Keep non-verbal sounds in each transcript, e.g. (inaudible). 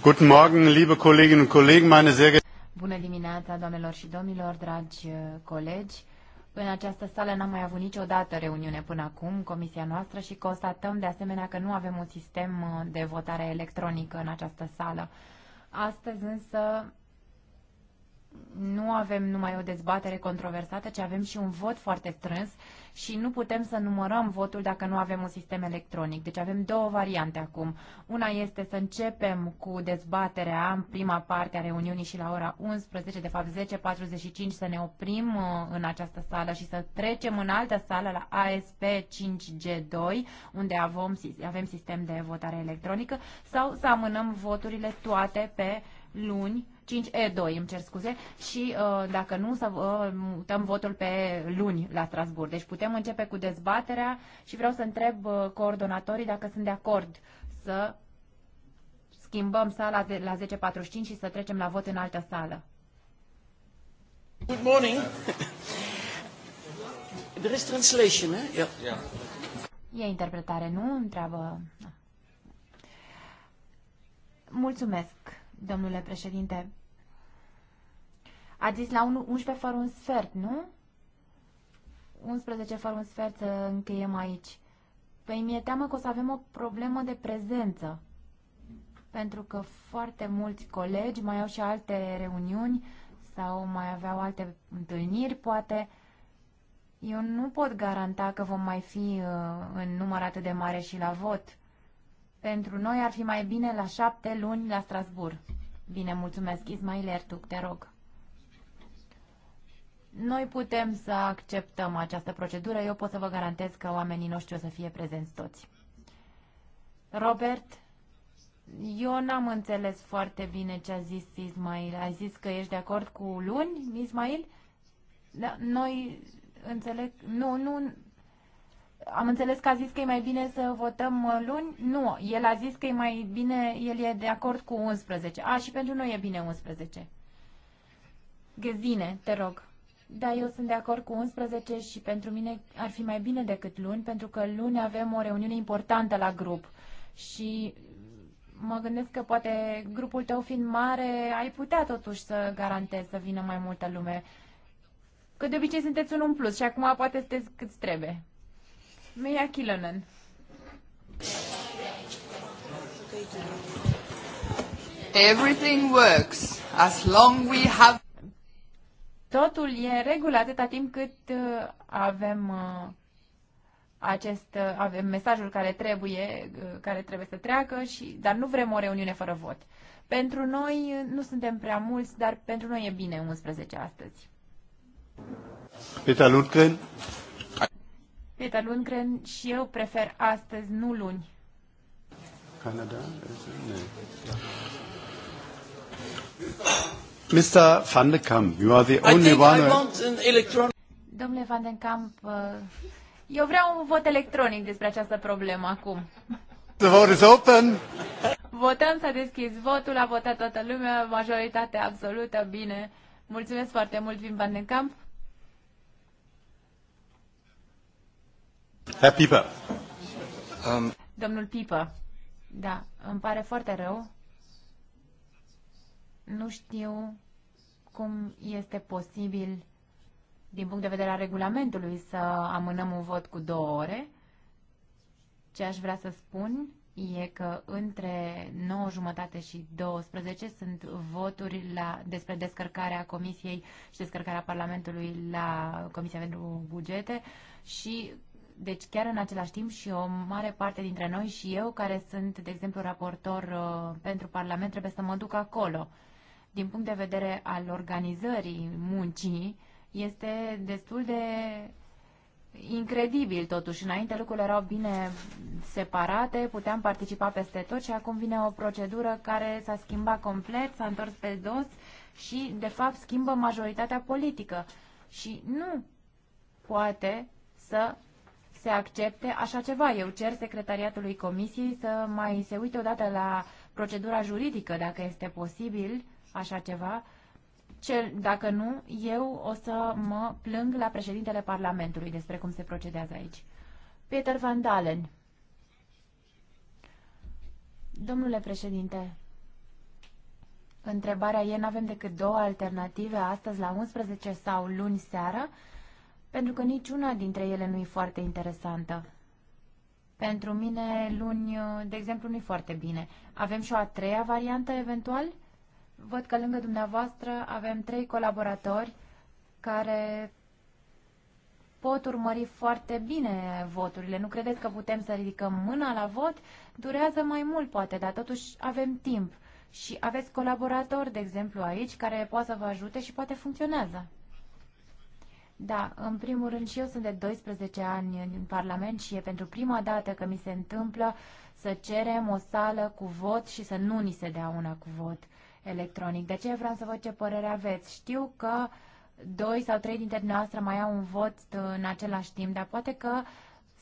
Guten Morgen, liebe Kolleginnen und Kollegen, meine sehr geehrten Bună dimineața, doamnelor și domnilor, dragi uh, colegi. În această sală n-am mai avut niciodată reuniune până acum, comisia noastră, și constatăm de asemenea că nu avem un sistem uh, de votare electronică în această sală. Astăzi însă nu avem numai o dezbatere controversată, ci avem și un vot foarte strâns și nu putem să numărăm votul dacă nu avem un sistem electronic. Deci avem două variante acum. Una este să începem cu dezbaterea în prima parte a reuniunii și la ora 11, de fapt 10.45 să ne oprim uh, în această sală și să trecem în altă sală la ASP 5G2 unde avem sistem de votare electronică sau să amânăm voturile toate pe luni 5E2, îmi cer scuze, și uh, dacă nu, să uh, mutăm votul pe luni la Strasburg. Deci putem începe cu dezbaterea și vreau să întreb uh, coordonatorii dacă sunt de acord să schimbăm sala de la 10.45 și să trecem la vot în altă sală. Good morning. There is translation, eh? Yeah. yeah. E interpretare, nu? Întreabă... Mulțumesc, domnule președinte. A zis la 11 fără un sfert, nu? 11 fără un sfert să încheiem aici. Păi mi-e teamă că o să avem o problemă de prezență. Pentru că foarte mulți colegi mai au și alte reuniuni sau mai aveau alte întâlniri, poate. Eu nu pot garanta că vom mai fi uh, în număr atât de mare și la vot. Pentru noi ar fi mai bine la șapte luni la Strasbourg. Bine, mulțumesc. Ismail Ertuc, te rog. Noi putem să acceptăm această procedură. Eu pot să vă garantez că oamenii noștri o să fie prezenți toți. Robert, eu n-am înțeles foarte bine ce a zis Ismail. Ai zis că ești de acord cu luni, Ismail? Da, noi înțeleg... Nu, nu... Am înțeles că a zis că e mai bine să votăm uh, luni? Nu, el a zis că e mai bine, el e de acord cu 11. A, și pentru noi e bine 11. Găzine, te rog. Da, eu sunt de acord cu 11 și pentru mine ar fi mai bine decât luni, pentru că luni avem o reuniune importantă la grup și mă gândesc că poate grupul tău fiind mare, ai putea totuși să garantezi să vină mai multă lume. Că de obicei sunteți unul în plus și acum poate sunteți cât trebuie. Meia Kilonen. Everything works as long we have totul e în regulă atâta timp cât uh, avem uh, acest, uh, avem mesajul care trebuie, care trebuie să treacă, și, dar nu vrem o reuniune fără vot. Pentru noi nu suntem prea mulți, dar pentru noi e bine 11 astăzi. Peter Lundgren. Peter Lundgren și eu prefer astăzi, nu luni. Canada? Ne. Mr. Van de Kamp, you are the only one. I want an electronic... Domnule Van de Kamp, uh, eu vreau un vot electronic despre această problemă acum. The vote is open. Votăm, s-a deschis votul, a votat toată lumea, majoritate absolută, bine. Mulțumesc foarte mult, Vin Van de Kamp. Herr Pieper. Um... Domnul Pipă, da, îmi pare foarte rău. Nu știu cum este posibil, din punct de vedere al regulamentului, să amânăm un vot cu două ore. Ce aș vrea să spun e că între 9 jumătate și 12 sunt voturi la, despre descărcarea Comisiei și descărcarea Parlamentului la Comisia pentru Bugete și deci chiar în același timp și o mare parte dintre noi și eu, care sunt, de exemplu, raportor uh, pentru Parlament, trebuie să mă duc acolo din punct de vedere al organizării muncii, este destul de incredibil totuși. Înainte lucrurile erau bine separate, puteam participa peste tot și acum vine o procedură care s-a schimbat complet, s-a întors pe dos și, de fapt, schimbă majoritatea politică. Și nu poate să se accepte așa ceva. Eu cer secretariatului comisiei să mai se uite odată la procedura juridică, dacă este posibil, așa ceva, cel, dacă nu, eu o să mă plâng la președintele Parlamentului despre cum se procedează aici. Peter Van Dalen. Domnule președinte, întrebarea e, n-avem decât două alternative astăzi la 11 sau luni seara, pentru că niciuna dintre ele nu e foarte interesantă. Pentru mine, luni, de exemplu, nu e foarte bine. Avem și o a treia variantă, eventual? Văd că lângă dumneavoastră avem trei colaboratori care pot urmări foarte bine voturile. Nu credeți că putem să ridicăm mâna la vot? Durează mai mult, poate, dar totuși avem timp. Și aveți colaboratori, de exemplu, aici, care poate să vă ajute și poate funcționează. Da, în primul rând și eu sunt de 12 ani în Parlament și e pentru prima dată că mi se întâmplă să cerem o sală cu vot și să nu ni se dea una cu vot electronic. De ce vreau să văd ce părere aveți? Știu că doi sau trei dintre dumneavoastră mai au un vot în același timp, dar poate că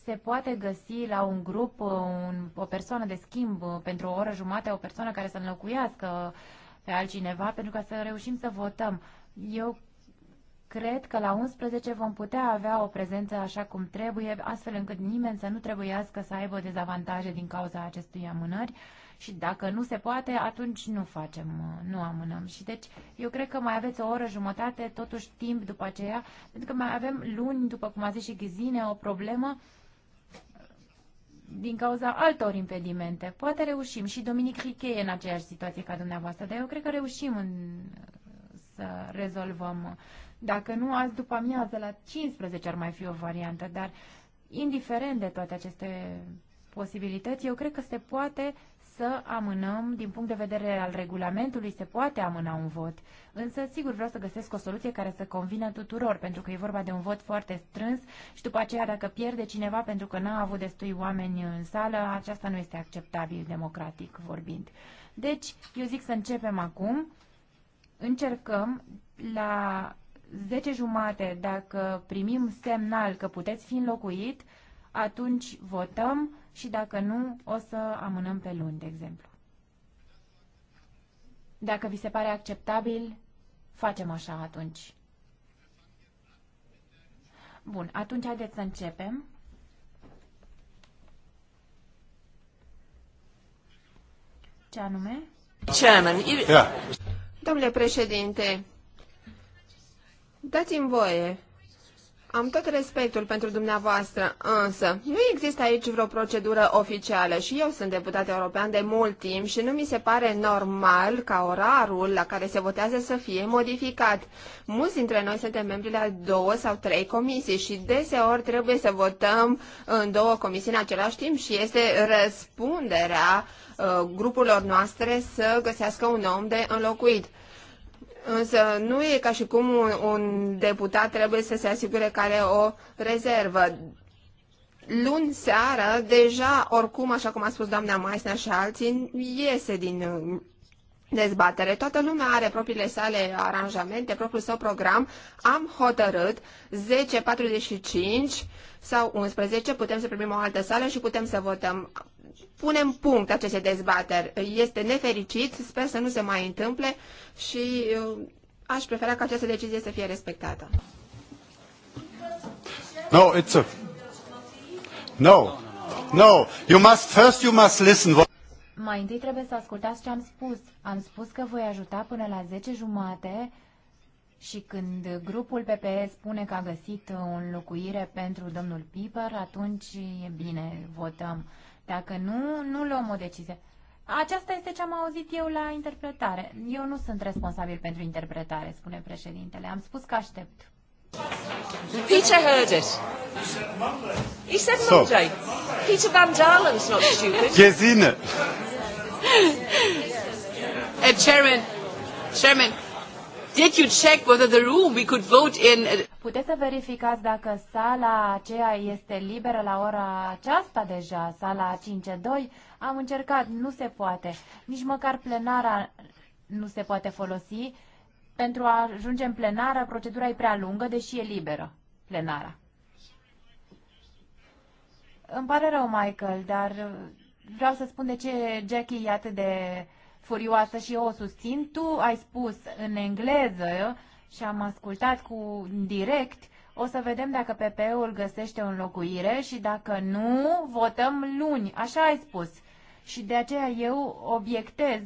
se poate găsi la un grup un, o persoană de schimb pentru o oră jumate, o persoană care să înlocuiască pe altcineva pentru ca să reușim să votăm. Eu cred că la 11 vom putea avea o prezență așa cum trebuie, astfel încât nimeni să nu trebuiască să aibă dezavantaje din cauza acestui amânări. Și dacă nu se poate, atunci nu facem, nu amânăm. Și deci eu cred că mai aveți o oră jumătate, totuși timp după aceea, pentru că mai avem luni, după cum a zis și Ghizine, o problemă din cauza altor impedimente. Poate reușim. Și Dominic Riche e în aceeași situație ca dumneavoastră, dar eu cred că reușim în, să rezolvăm. Dacă nu, azi după amiază la 15 ar mai fi o variantă, dar indiferent de toate aceste posibilități, eu cred că se poate să amânăm, din punct de vedere al regulamentului, se poate amâna un vot, însă sigur vreau să găsesc o soluție care să convină tuturor, pentru că e vorba de un vot foarte strâns și după aceea dacă pierde cineva pentru că n-a avut destui oameni în sală, aceasta nu este acceptabil democratic vorbind. Deci, eu zic să începem acum, încercăm la 10 jumate, dacă primim semnal că puteți fi înlocuit, atunci votăm și dacă nu, o să amânăm pe luni, de exemplu. Dacă vi se pare acceptabil, facem așa atunci. Bun, atunci haideți să începem. Ce anume? Chairman. Yeah. Domnule președinte, dați-mi voie am tot respectul pentru dumneavoastră, însă nu există aici vreo procedură oficială și eu sunt deputat european de mult timp și nu mi se pare normal ca orarul la care se votează să fie modificat. Mulți dintre noi suntem membri la două sau trei comisii și deseori trebuie să votăm în două comisii în același timp și este răspunderea uh, grupurilor noastre să găsească un om de înlocuit. Însă nu e ca și cum un, un deputat trebuie să se asigure că are o rezervă. Luni seară, deja, oricum, așa cum a spus doamna Maisna și alții, iese din uh, dezbatere. Toată lumea are propriile sale aranjamente, propriul său program. Am hotărât 10.45 sau 11, putem să primim o altă sală și putem să votăm punem punct aceste dezbateri. Este nefericit, sper să nu se mai întâmple și uh, aș prefera ca această decizie să fie respectată. No, it's a... No, no, you must, first you must listen what... Mai întâi trebuie să ascultați ce am spus. Am spus că voi ajuta până la 10 jumate și când grupul PPE spune că a găsit o înlocuire pentru domnul Piper, atunci e bine, votăm. Dacă nu, nu luăm o decizie. Aceasta este ce am auzit eu la interpretare. Eu nu sunt responsabil pentru interpretare, spune președintele. Am spus că aștept. Peter heard it. He said Monday. So. Peter Van Dalen's not stupid. Gesine. (laughs) uh, chairman, Chairman, Did you check whether the room we could vote in? Puteți să verificați dacă sala aceea este liberă la ora aceasta deja, sala 5-2? Am încercat, nu se poate. Nici măcar plenara nu se poate folosi. Pentru a ajunge în plenară, procedura e prea lungă, deși e liberă plenara. Îmi pare rău, Michael, dar vreau să spun de ce Jackie e atât de furioasă și eu o susțin. Tu ai spus în engleză și am ascultat cu direct. O să vedem dacă PP-ul găsește o înlocuire și dacă nu, votăm luni. Așa ai spus. Și de aceea eu obiectez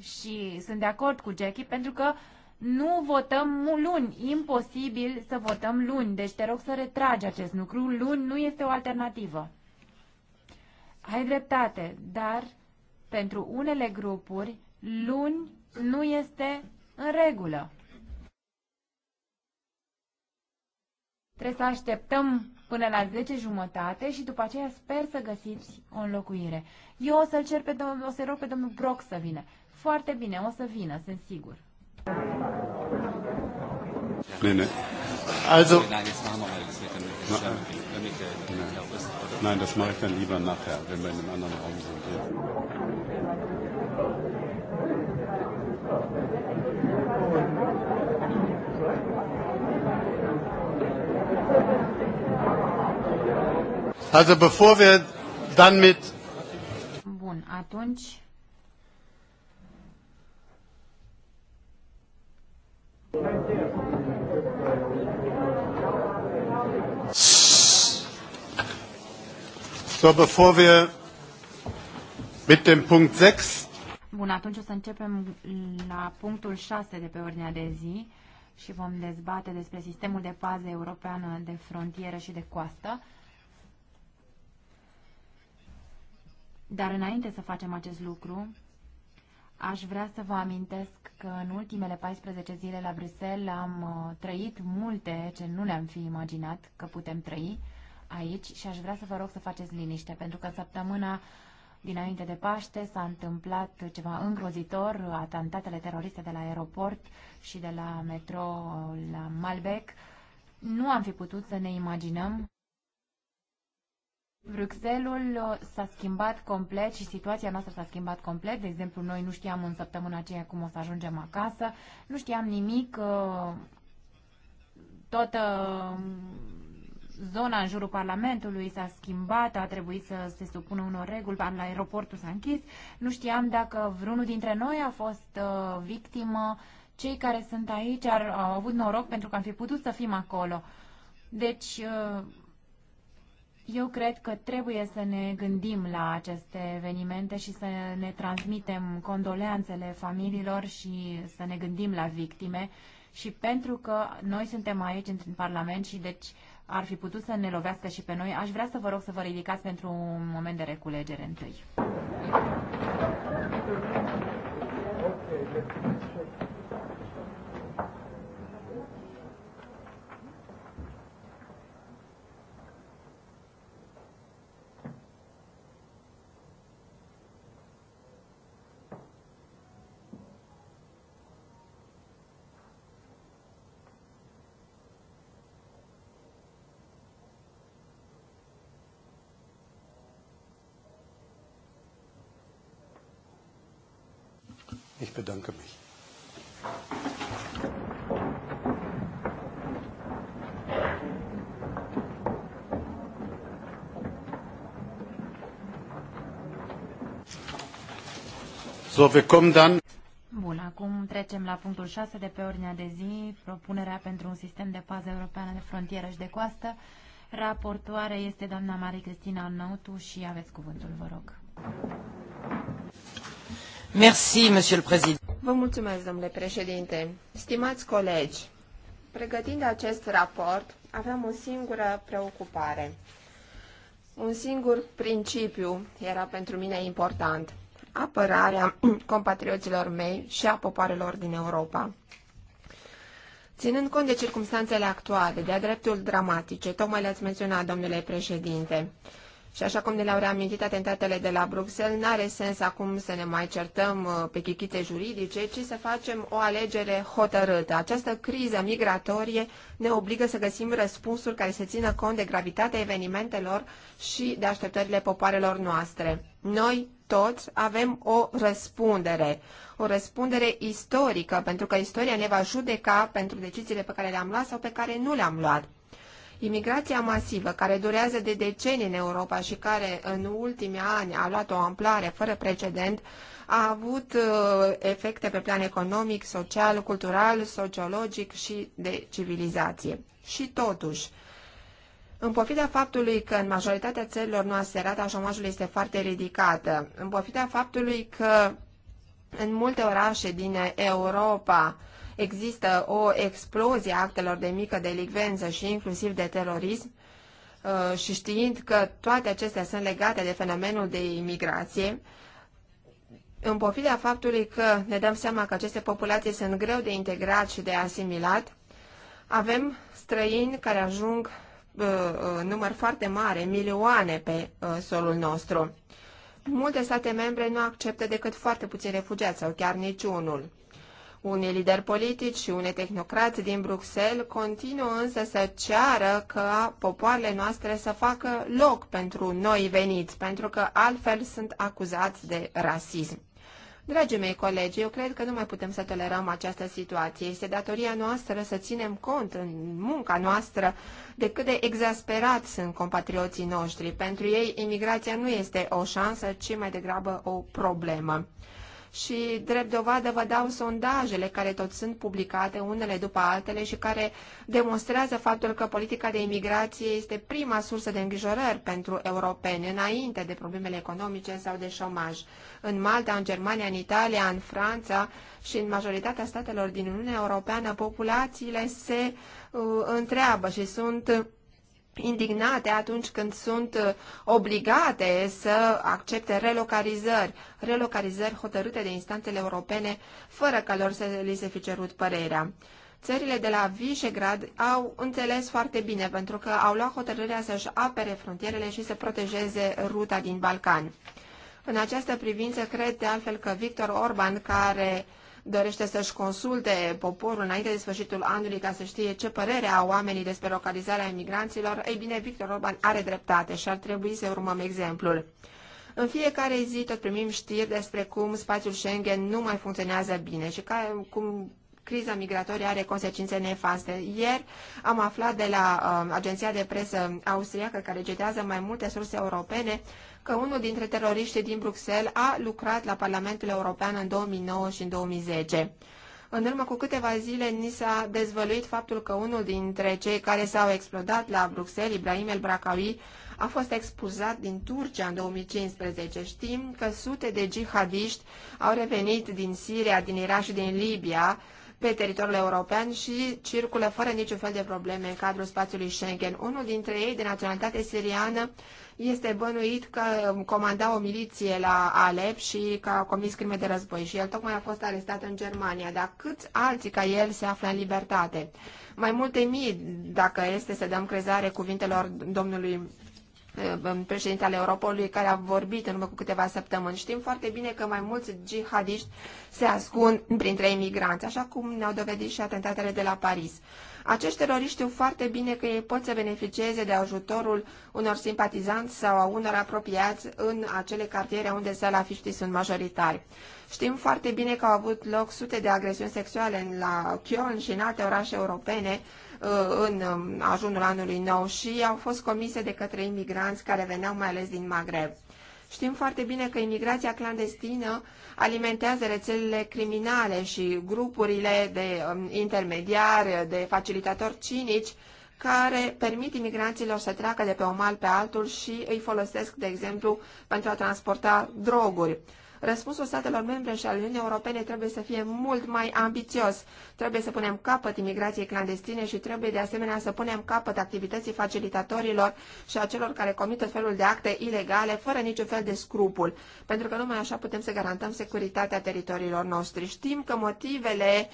și sunt de acord cu Jackie pentru că nu votăm luni. Imposibil să votăm luni. Deci te rog să retragi acest lucru. Luni nu este o alternativă. Ai dreptate, dar pentru unele grupuri, luni nu este în regulă. Trebuie să așteptăm până la 10 jumătate și după aceea sper să găsiți o înlocuire. Eu o să-l cer pe domnul, o să rog pe domnul Broc să vină. Foarte bine, o să vină, sunt sigur. Bine. Also, Nein, das mache ich dann lieber nachher, wenn wir in einem anderen Raum sind. Ja. Also bevor wir dann mit Bun, atunci Thank you. So, bevor wir mit dem Punkt 6 Bun, atunci o să începem la punctul 6 de pe ordinea de zi și vom dezbate despre sistemul de pază europeană de frontieră și de coastă. Dar înainte să facem acest lucru, aș vrea să vă amintesc că în ultimele 14 zile la Bruxelles am uh, trăit multe ce nu le-am fi imaginat că putem trăi aici și aș vrea să vă rog să faceți liniște, pentru că săptămâna dinainte de Paște s-a întâmplat ceva îngrozitor, atentatele teroriste de la aeroport și de la metro la Malbec. Nu am fi putut să ne imaginăm. Bruxelles uh, s-a schimbat complet și situația noastră s-a schimbat complet. De exemplu, noi nu știam în săptămâna aceea cum o să ajungem acasă, nu știam nimic, uh, toată zona în jurul Parlamentului s-a schimbat, a trebuit să se supună unor reguli, la aeroportul s-a închis. Nu știam dacă vreunul dintre noi a fost uh, victimă. Cei care sunt aici ar, au avut noroc pentru că am fi putut să fim acolo. Deci, uh, eu cred că trebuie să ne gândim la aceste evenimente și să ne transmitem condoleanțele familiilor și să ne gândim la victime. Și pentru că noi suntem aici în Parlament și deci uh, ar fi putut să ne lovească și pe noi, aș vrea să vă rog să vă ridicați pentru un moment de reculegere întâi. Okay, deci- bedanke mich. So, wir kommen dann Bun, acum trecem la punctul 6 de pe ordinea de zi, propunerea pentru un sistem de pază europeană de frontieră și de coastă. Raportoare este doamna Marie Cristina Arnautu și aveți cuvântul, vă rog. Merci, Monsieur le Président. Vă mulțumesc, domnule președinte. Stimați colegi, pregătind acest raport, aveam o singură preocupare. Un singur principiu era pentru mine important. Apărarea (clears throat) compatrioților mei și a popoarelor din Europa. Ținând cont de circumstanțele actuale, de-a dreptul dramatice, tocmai le-ați menționat, domnule președinte, și așa cum ne le-au reamintit atentatele de la Bruxelles, n-are sens acum să ne mai certăm uh, pe chichițe juridice, ci să facem o alegere hotărâtă. Această criză migratorie ne obligă să găsim răspunsuri care să țină cont de gravitatea evenimentelor și de așteptările popoarelor noastre. Noi toți avem o răspundere, o răspundere istorică, pentru că istoria ne va judeca pentru deciziile pe care le-am luat sau pe care nu le-am luat. Imigrația masivă, care durează de decenii în Europa și care în ultimii ani a luat o amplare fără precedent, a avut uh, efecte pe plan economic, social, cultural, sociologic și de civilizație. Și totuși, în pofida faptului că în majoritatea țărilor noastre rata șomajului este foarte ridicată, în pofida faptului că în multe orașe din Europa există o explozie a actelor de mică delicvență și inclusiv de terorism, uh, și știind că toate acestea sunt legate de fenomenul de imigrație, în pofida faptului că ne dăm seama că aceste populații sunt greu de integrat și de asimilat, avem străini care ajung în uh, uh, număr foarte mare, milioane pe solul nostru. Multe state membre nu acceptă decât foarte puțini refugiați sau chiar niciunul. Unii lideri politici și unii tehnocrați din Bruxelles continuă însă să ceară ca popoarele noastre să facă loc pentru noi veniți, pentru că altfel sunt acuzați de rasism. Dragii mei colegi, eu cred că nu mai putem să tolerăm această situație. Este datoria noastră să ținem cont în munca noastră de cât de exasperați sunt compatrioții noștri. Pentru ei, imigrația nu este o șansă, ci mai degrabă o problemă și drept dovadă vă dau sondajele care tot sunt publicate unele după altele și care demonstrează faptul că politica de imigrație este prima sursă de îngrijorări pentru europeni înainte de problemele economice sau de șomaj. În Malta, în Germania, în Italia, în Franța și în majoritatea statelor din Uniunea Europeană, populațiile se uh, întreabă și sunt indignate atunci când sunt uh, obligate să accepte relocalizări, relocalizări hotărâte de instanțele europene, fără ca lor să li se fi cerut părerea. Țările de la Visegrad au înțeles foarte bine, pentru că au luat hotărârea să-și apere frontierele și să protejeze ruta din Balcani. În această privință, cred de altfel că Victor Orban, care uh, dorește să-și consulte poporul înainte de sfârșitul anului ca să știe ce părere au oamenii despre localizarea imigranților, ei bine, Victor Orban are dreptate și ar trebui să urmăm exemplul. În fiecare zi tot primim știri despre cum spațiul Schengen nu mai funcționează bine și ca, cum criza migratorie are consecințe nefaste. Ieri am aflat de la uh, agenția de presă austriacă care cetează mai multe surse europene că unul dintre teroriștii din Bruxelles a lucrat la Parlamentul European în 2009 și în 2010. În urmă cu câteva zile ni s-a dezvăluit faptul că unul dintre cei care s-au explodat la Bruxelles, Ibrahim El Bracawi, a fost expulzat din Turcia în 2015. Știm că sute de jihadiști au revenit din Siria, din Irak și din Libia pe teritoriul european și circulă fără niciun fel de probleme în cadrul spațiului Schengen. Unul dintre ei, de naționalitate siriană, este bănuit că comanda o miliție la Alep și că a comis crime de război și el tocmai a fost arestat în Germania, dar câți alții ca el se află în libertate? Mai multe mii, dacă este să dăm crezare cuvintelor domnului Eh, președintele al Europolului, care a vorbit în urmă cu câteva săptămâni. Știm foarte bine că mai mulți jihadiști se ascund printre emigranți, așa cum ne-au dovedit și atentatele de la Paris. Acești teroriști știu foarte bine că ei pot să beneficieze de ajutorul unor simpatizanți sau a unor apropiați în acele cartiere unde salafiștii sunt majoritari. Știm foarte bine că au avut loc sute de agresiuni sexuale la Chion și în alte orașe europene, Uh, în um, ajunul anului nou și au fost comise de către imigranți care veneau mai ales din Maghreb. Știm foarte bine că imigrația clandestină alimentează rețelele criminale și grupurile de um, intermediari, de facilitatori cinici, care permit imigranților să treacă de pe un mal pe altul și îi folosesc, de exemplu, pentru a transporta droguri. Răspunsul statelor membre și al Uniunii Europene trebuie să fie mult mai ambițios. Trebuie să punem capăt imigrației clandestine și trebuie de asemenea să punem capăt activității facilitatorilor și a celor care comit tot felul de acte ilegale fără niciun fel de scrupul, pentru că numai așa putem să garantăm securitatea teritoriilor noștri. Știm că motivele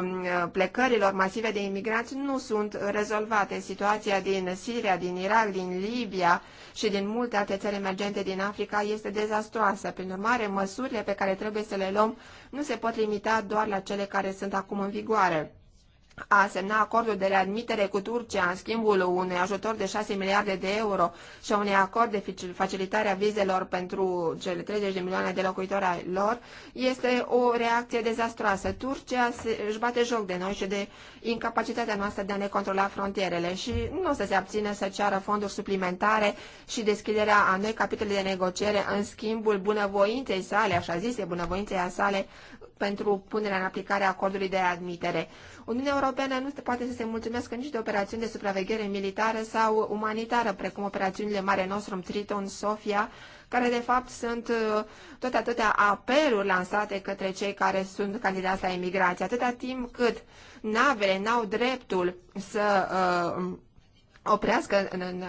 Um, plecărilor masive de imigranți nu sunt rezolvate. Situația din Siria, din Irak, din Libia și din multe alte țări emergente din Africa este dezastroasă. Prin urmare, măsurile pe care trebuie să le luăm nu se pot limita doar la cele care sunt acum în vigoare a semna acordul de readmitere cu Turcia în schimbul unui ajutor de 6 miliarde de euro și a unui acord de facilitare a vizelor pentru cele 30 de milioane de locuitori ai lor, este o reacție dezastroasă. Turcia își bate joc de noi și de incapacitatea noastră de a ne controla frontierele și nu o să se abțină să ceară fonduri suplimentare și deschiderea a noi capitole de negociere în schimbul bunăvoinței sale, așa zise, bunăvoinței a sale pentru punerea în aplicare a acordului de admitere. Uniunea Europeană nu se poate să se mulțumească nici de operațiuni de supraveghere militară sau umanitară, precum operațiunile Mare Nostrum, Triton, Sofia, care de fapt sunt uh, tot atâtea apeluri lansate către cei care sunt candidați la emigrație, atâta timp cât navele n-au dreptul să uh, oprească în, în,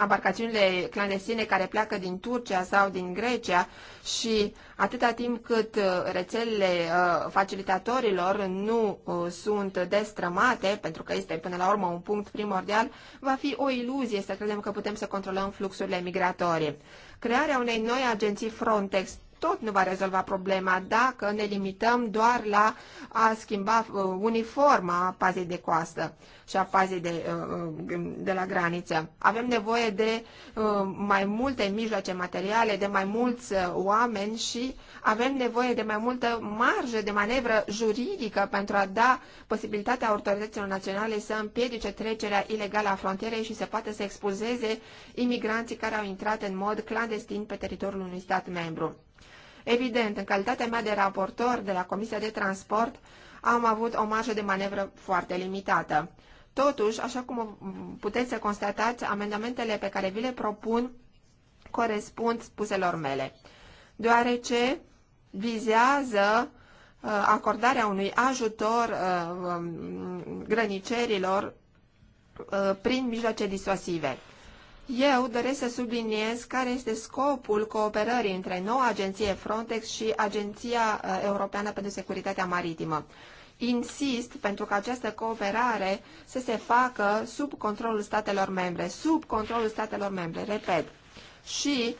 embarcațiunile clandestine care pleacă din Turcia sau din Grecia și atâta timp cât uh, rețelele uh, facilitatorilor nu uh, sunt destrămate, pentru că este până la urmă un punct primordial, va fi o iluzie să credem că putem să controlăm fluxurile migratorii. Crearea unei noi agenții Frontex tot nu va rezolva problema dacă ne limităm doar la a schimba uh, uniforma pazei de coastă și a pazei de, uh, uh, de la graniță. Avem nevoie de mai multe mijloace materiale, de mai mulți oameni și avem nevoie de mai multă marjă de manevră juridică pentru a da posibilitatea autorităților naționale să împiedice trecerea ilegală a frontierei și să poată să expulzeze imigranții care au intrat în mod clandestin pe teritoriul unui stat membru. Evident, în calitatea mea de raportor de la Comisia de Transport, am avut o marjă de manevră foarte limitată. Totuși, așa cum puteți să constatați, amendamentele pe care vi le propun corespund spuselor mele, deoarece vizează uh, acordarea unui ajutor uh, um, grănicerilor uh, prin mijloace disuasive. Eu doresc să subliniez care este scopul cooperării între noua agenție Frontex și Agenția uh, Europeană pentru Securitatea Maritimă. Insist pentru că această cooperare să se facă sub controlul statelor membre, sub controlul statelor membre, repet. Și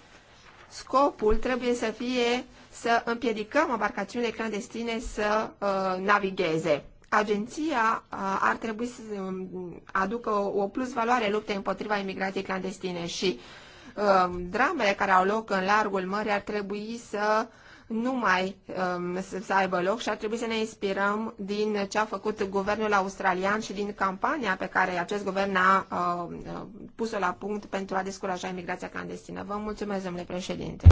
scopul trebuie să fie să împiedicăm embarcațiunile clandestine să uh, navigheze agenția ar trebui să um, aducă o plus valoare luptei împotriva imigrației clandestine și um, dramele care au loc în largul mării ar trebui să nu mai um, să, aibă loc și ar trebui să ne inspirăm din ce a făcut guvernul australian și din campania pe care acest guvern a pus-o la punct pentru a descuraja imigrația clandestină. Vă mulțumesc, domnule președinte.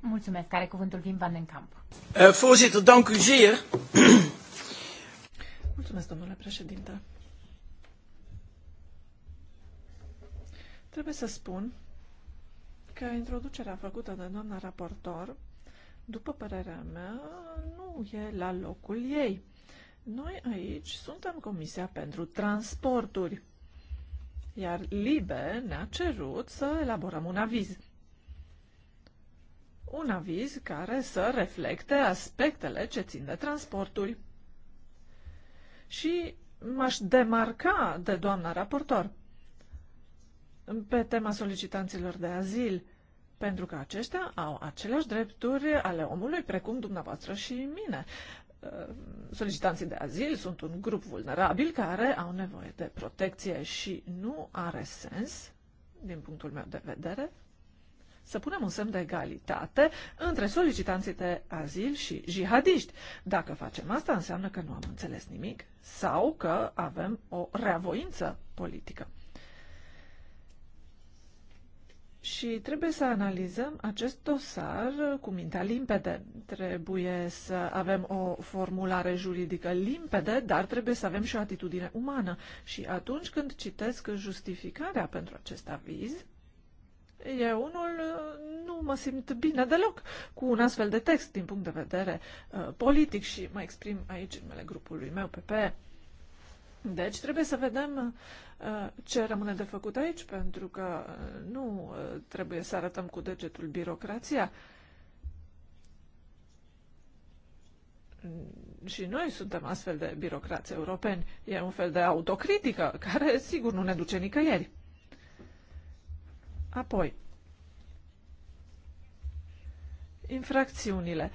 Mulțumesc. Care cuvântul Wim van den Kamp? Uh, voorzitter, dank u zeer. Mulțumesc, domnule președinte. Trebuie să spun că introducerea făcută de doamna raportor, după părerea mea, nu e la locul ei. Noi aici suntem Comisia pentru Transporturi, iar LIBE ne-a cerut să elaborăm un aviz. Un aviz care să reflecte aspectele ce țin de transporturi și m-aș demarca de doamna raportor pe tema solicitanților de azil, pentru că aceștia au aceleași drepturi ale omului precum dumneavoastră și mine. Solicitanții de azil sunt un grup vulnerabil care au nevoie de protecție și nu are sens, din punctul meu de vedere, să punem un semn de egalitate între solicitanții de azil și jihadiști. Dacă facem asta, înseamnă că nu am înțeles nimic sau că avem o reavoință politică. Și trebuie să analizăm acest dosar cu mintea limpede. Trebuie să avem o formulare juridică limpede, dar trebuie să avem și o atitudine umană. Și atunci când citesc justificarea pentru acest aviz, eu unul nu mă simt bine deloc cu un astfel de text din punct de vedere uh, politic și mă exprim aici în mele grupului meu, PP. Deci trebuie să vedem uh, ce rămâne de făcut aici, pentru că uh, nu uh, trebuie să arătăm cu degetul birocrația. și noi suntem astfel de birocrați europeni. E un fel de autocritică care, sigur, nu ne duce nicăieri. Apoi, infracțiunile.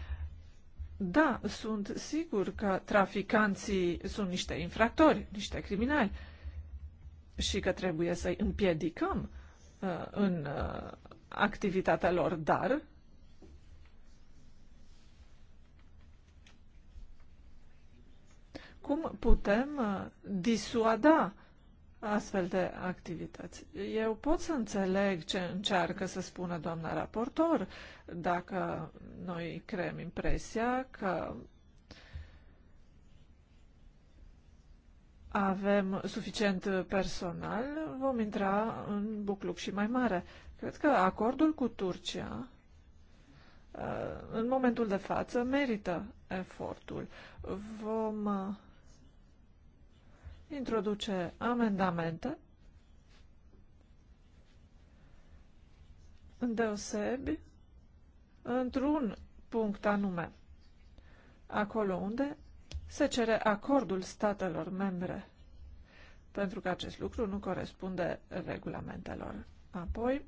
Da, sunt sigur că traficanții sunt niște infractori, niște criminali și că trebuie să-i împiedicăm uh, în uh, activitatea lor, dar cum putem uh, disuada astfel de activități. Eu pot să înțeleg ce încearcă să spună doamna raportor dacă noi creăm impresia că avem suficient personal, vom intra în bucluc și mai mare. Cred că acordul cu Turcia uh, în momentul de față merită efortul. Vom uh, introduce amendamente îndeosebi într-un punct anume, acolo unde se cere acordul statelor membre, pentru că acest lucru nu corespunde regulamentelor. Apoi,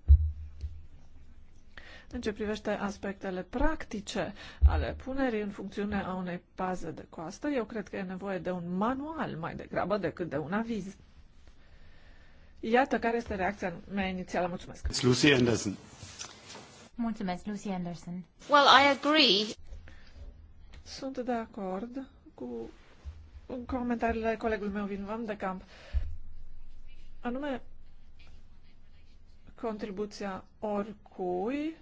în ce privește aspectele practice ale punerii în funcțiune a unei paze de coastă, eu cred că e nevoie de un manual mai degrabă decât de un aviz. Iată care este reacția mea inițială. Mulțumesc. It's Lucy Anderson. Mulțumesc, Lucy Anderson. Well, I agree. Sunt de acord cu comentariile colegului meu Vin Van de Camp. Anume, contribuția oricui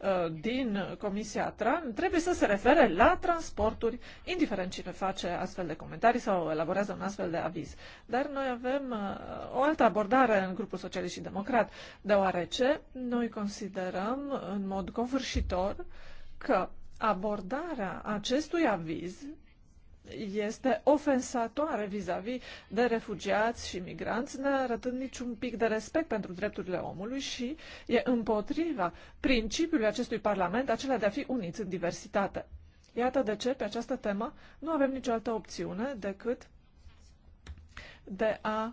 Uh, din Comisia TRAN trebuie să se refere la transporturi, indiferent cine face astfel de comentarii sau elaborează un astfel de aviz. Dar noi avem uh, o altă abordare în grupul socialist și democrat, deoarece noi considerăm în mod covârșitor că abordarea acestui aviz este ofensatoare vis-a-vis -vis de refugiați și migranți, ne arătând niciun pic de respect pentru drepturile omului și e împotriva principiului acestui Parlament, acela de a fi uniți în diversitate. Iată de ce, pe această temă, nu avem nicio altă opțiune decât de a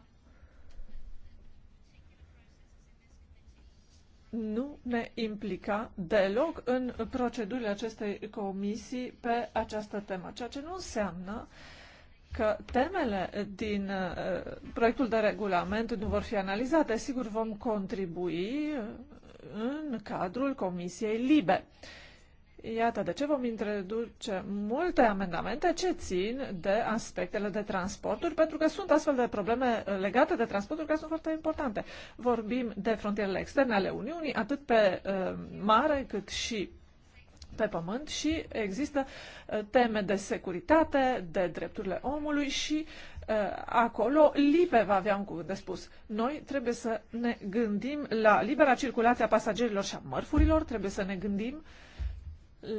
nu ne implica deloc în procedurile acestei comisii pe această temă, ceea ce nu înseamnă că temele din uh, proiectul de regulament nu vor fi analizate. Sigur, vom contribui în cadrul Comisiei Libe. Iată de ce vom introduce multe amendamente ce țin de aspectele de transporturi, pentru că sunt astfel de probleme legate de transporturi care sunt foarte importante. Vorbim de frontierele externe ale Uniunii, atât pe uh, mare cât și pe pământ și există uh, teme de securitate, de drepturile omului și uh, acolo LIPE va avea un cuvânt de spus. Noi trebuie să ne gândim la libera circulație a pasagerilor și a mărfurilor, trebuie să ne gândim uh,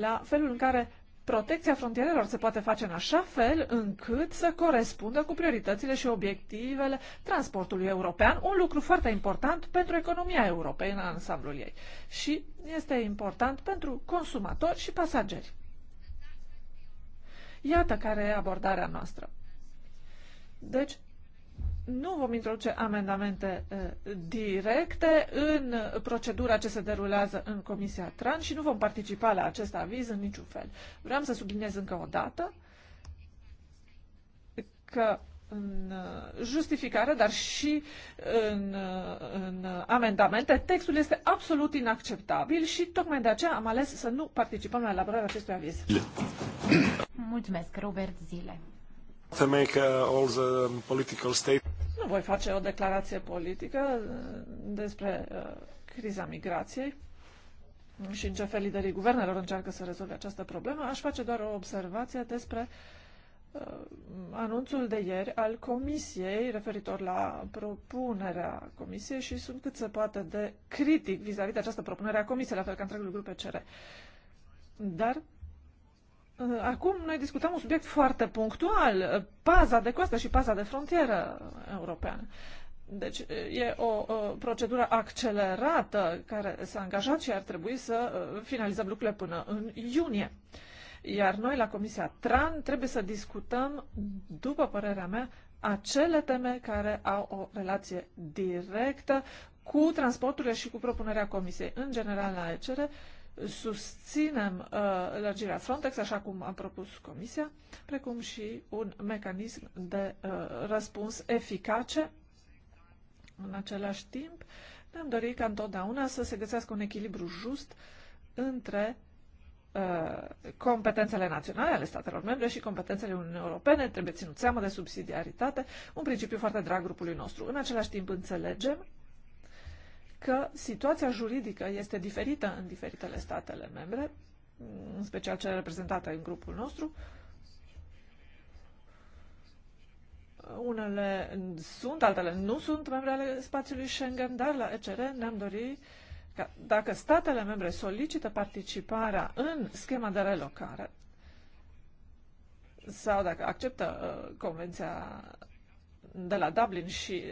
la felul în care protecția frontierelor se poate face în așa fel încât să corespundă cu prioritățile și obiectivele transportului european, un lucru foarte important pentru economia europeană în ansamblul ei și este important pentru consumatori și pasageri. Iată care e abordarea noastră. Deci, nu vom introduce amendamente directe în procedura ce se derulează în Comisia Tran și nu vom participa la acest aviz în niciun fel. Vreau să subliniez încă o dată că în justificare, dar și în, în amendamente, textul este absolut inacceptabil și tocmai de aceea am ales să nu participăm la elaborarea acestui aviz. Mulțumesc, Robert Zile. To make, uh, all the political state. Nu voi face o declarație politică uh, despre uh, criza migrației și în ce fel liderii guvernelor încearcă să rezolve această problemă. Aș face doar o observație despre uh, anunțul de ieri al Comisiei referitor la propunerea Comisiei și sunt cât se poate de critic vis-a-vis -vis de această propunere a Comisiei, la fel ca întregul grup PCR. Dar Uh, acum noi discutăm un subiect foarte punctual, uh, paza de coastă și paza de frontieră europeană. Deci uh, e o, o procedură accelerată care s-a angajat și ar trebui să finalizăm lucrurile până în iunie. Iar noi la Comisia TRAN trebuie să discutăm, după părerea mea, acele teme care au o relație directă cu transporturile și cu propunerea Comisiei. În general, la ECR, susținem uh, lărgirea Frontex, așa cum a propus Comisia, precum și un mecanism de uh, răspuns eficace. În același timp, ne-am dorit ca întotdeauna să se găsească un echilibru just între uh, competențele naționale ale statelor membre și competențele Uniunii Europene, trebuie ținut seama de subsidiaritate, un principiu foarte drag grupului nostru. În același timp înțelegem că situația juridică este diferită în diferitele statele membre, în special cele reprezentate în grupul nostru. Unele sunt, altele nu sunt membre ale spațiului Schengen, dar la ECR ne-am dorit ca dacă statele membre solicită participarea în schema de relocare sau dacă acceptă uh, Convenția de la Dublin și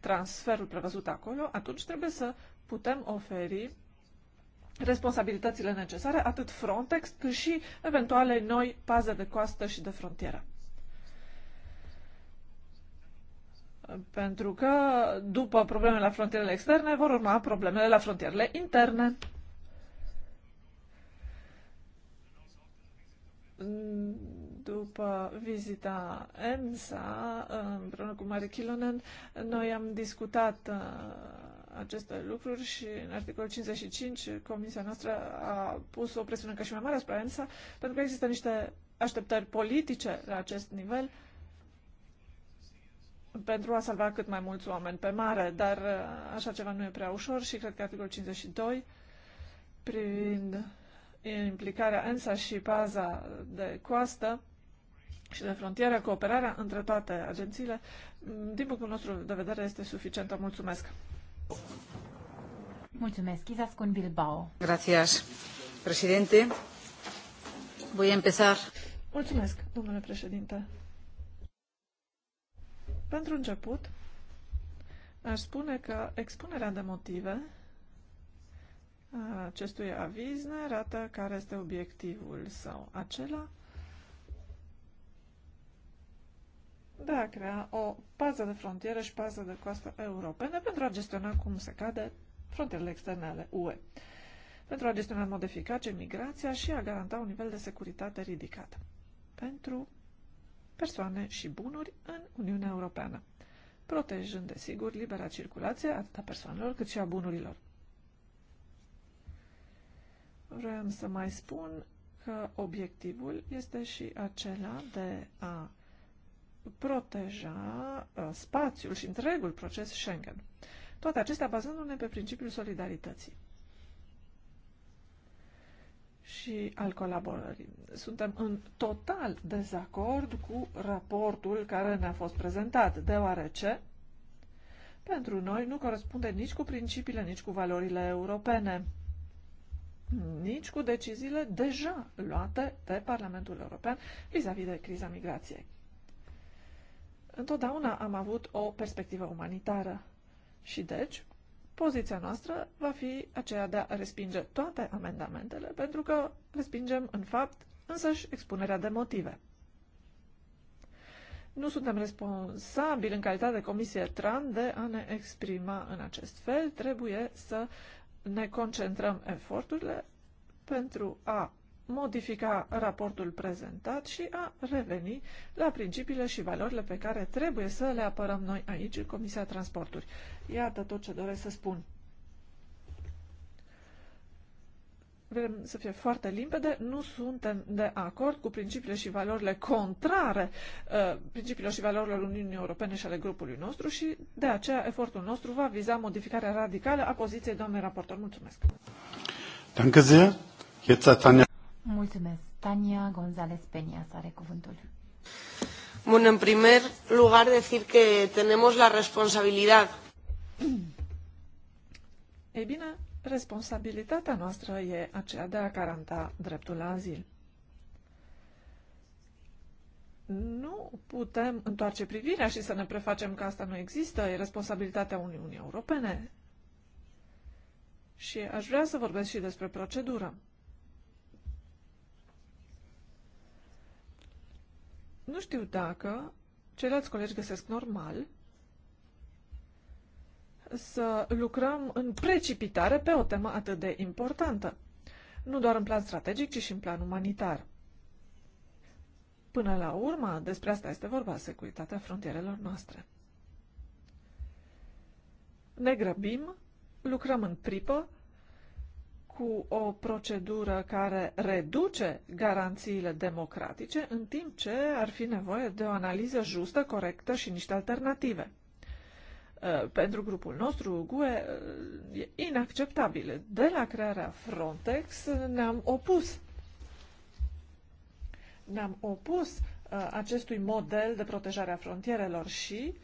transferul prevăzut acolo, atunci trebuie să putem oferi responsabilitățile necesare atât Frontex cât și eventuale noi paze de coastă și de frontieră. Pentru că după problemele la frontierele externe vor urma problemele la frontierele interne. După vizita EMSA, împreună cu Mari Kilonen, noi am discutat uh, aceste lucruri și în articolul 55 comisia noastră a pus o presiune ca și mai mare asupra EMSA pentru că există niște așteptări politice la acest nivel pentru a salva cât mai mulți oameni pe mare, dar uh, așa ceva nu e prea ușor și cred că articolul 52 privind implicarea ENSA și paza de coastă și de frontieră, cooperarea între toate agențiile, mm, din punctul nostru de vedere, este suficientă. Mulțumesc! Mulțumesc, Scun Bilbao. Gracias, președinte. Voi începe. Mulțumesc, domnule președinte. Pentru început, aș spune că expunerea de motive acestui aviz ne arată care este obiectivul sau acela de a crea o pază de frontieră și pază de coastă europene pentru a gestiona cum se cade frontierele externe ale UE, pentru a gestiona în mod eficace migrația și a garanta un nivel de securitate ridicat pentru persoane și bunuri în Uniunea Europeană, protejând, desigur, libera circulație atât a persoanelor cât și a bunurilor. Vreau să mai spun că obiectivul este și acela de a proteja uh, spațiul și întregul proces Schengen. Toate acestea bazându-ne pe principiul solidarității și al colaborării. Suntem în total dezacord cu raportul care ne-a fost prezentat, deoarece pentru noi nu corespunde nici cu principiile, nici cu valorile europene, nici cu deciziile deja luate de Parlamentul European vis-a-vis -vis de criza migrației. Întotdeauna am avut o perspectivă umanitară și deci poziția noastră va fi aceea de a respinge toate amendamentele pentru că respingem în fapt însăși expunerea de motive. Nu suntem responsabili în calitate de Comisie TRAN de a ne exprima în acest fel. Trebuie să ne concentrăm eforturile pentru a modifica raportul prezentat și a reveni la principiile și valorile pe care trebuie să le apărăm noi aici, în Comisia Transporturi. Iată tot ce doresc să spun. Vrem să fie foarte limpede, nu suntem de acord cu principiile și valorile contrare uh, principiilor și valorilor Uniunii Europene și ale grupului nostru și de aceea efortul nostru va viza modificarea radicală a poziției doamnei raportor. Mulțumesc! Danke sehr. Jetzt hat Tanja Mulțumesc. Tania González Peña are cuvântul. Bueno, en primer lugar decir que tenemos la responsabilidad. Ei bine, responsabilitatea noastră e aceea de a garanta dreptul la azil. Nu putem întoarce privirea și să ne prefacem că asta nu există, e responsabilitatea Uniunii Europene. Și aș vrea să vorbesc și despre procedură. Nu știu dacă ceilalți colegi găsesc normal să lucrăm în precipitare pe o temă atât de importantă, nu doar în plan strategic, ci și în plan umanitar. Până la urmă, despre asta este vorba, securitatea frontierelor noastre. Ne grăbim, lucrăm în pripă cu o procedură care reduce garanțiile democratice, în timp ce ar fi nevoie de o analiză justă, corectă și niște alternative. Uh, pentru grupul nostru, GUE, uh, e inacceptabil. De la crearea Frontex uh, ne-am opus. Ne-am opus acestui model de protejare a frontierelor și,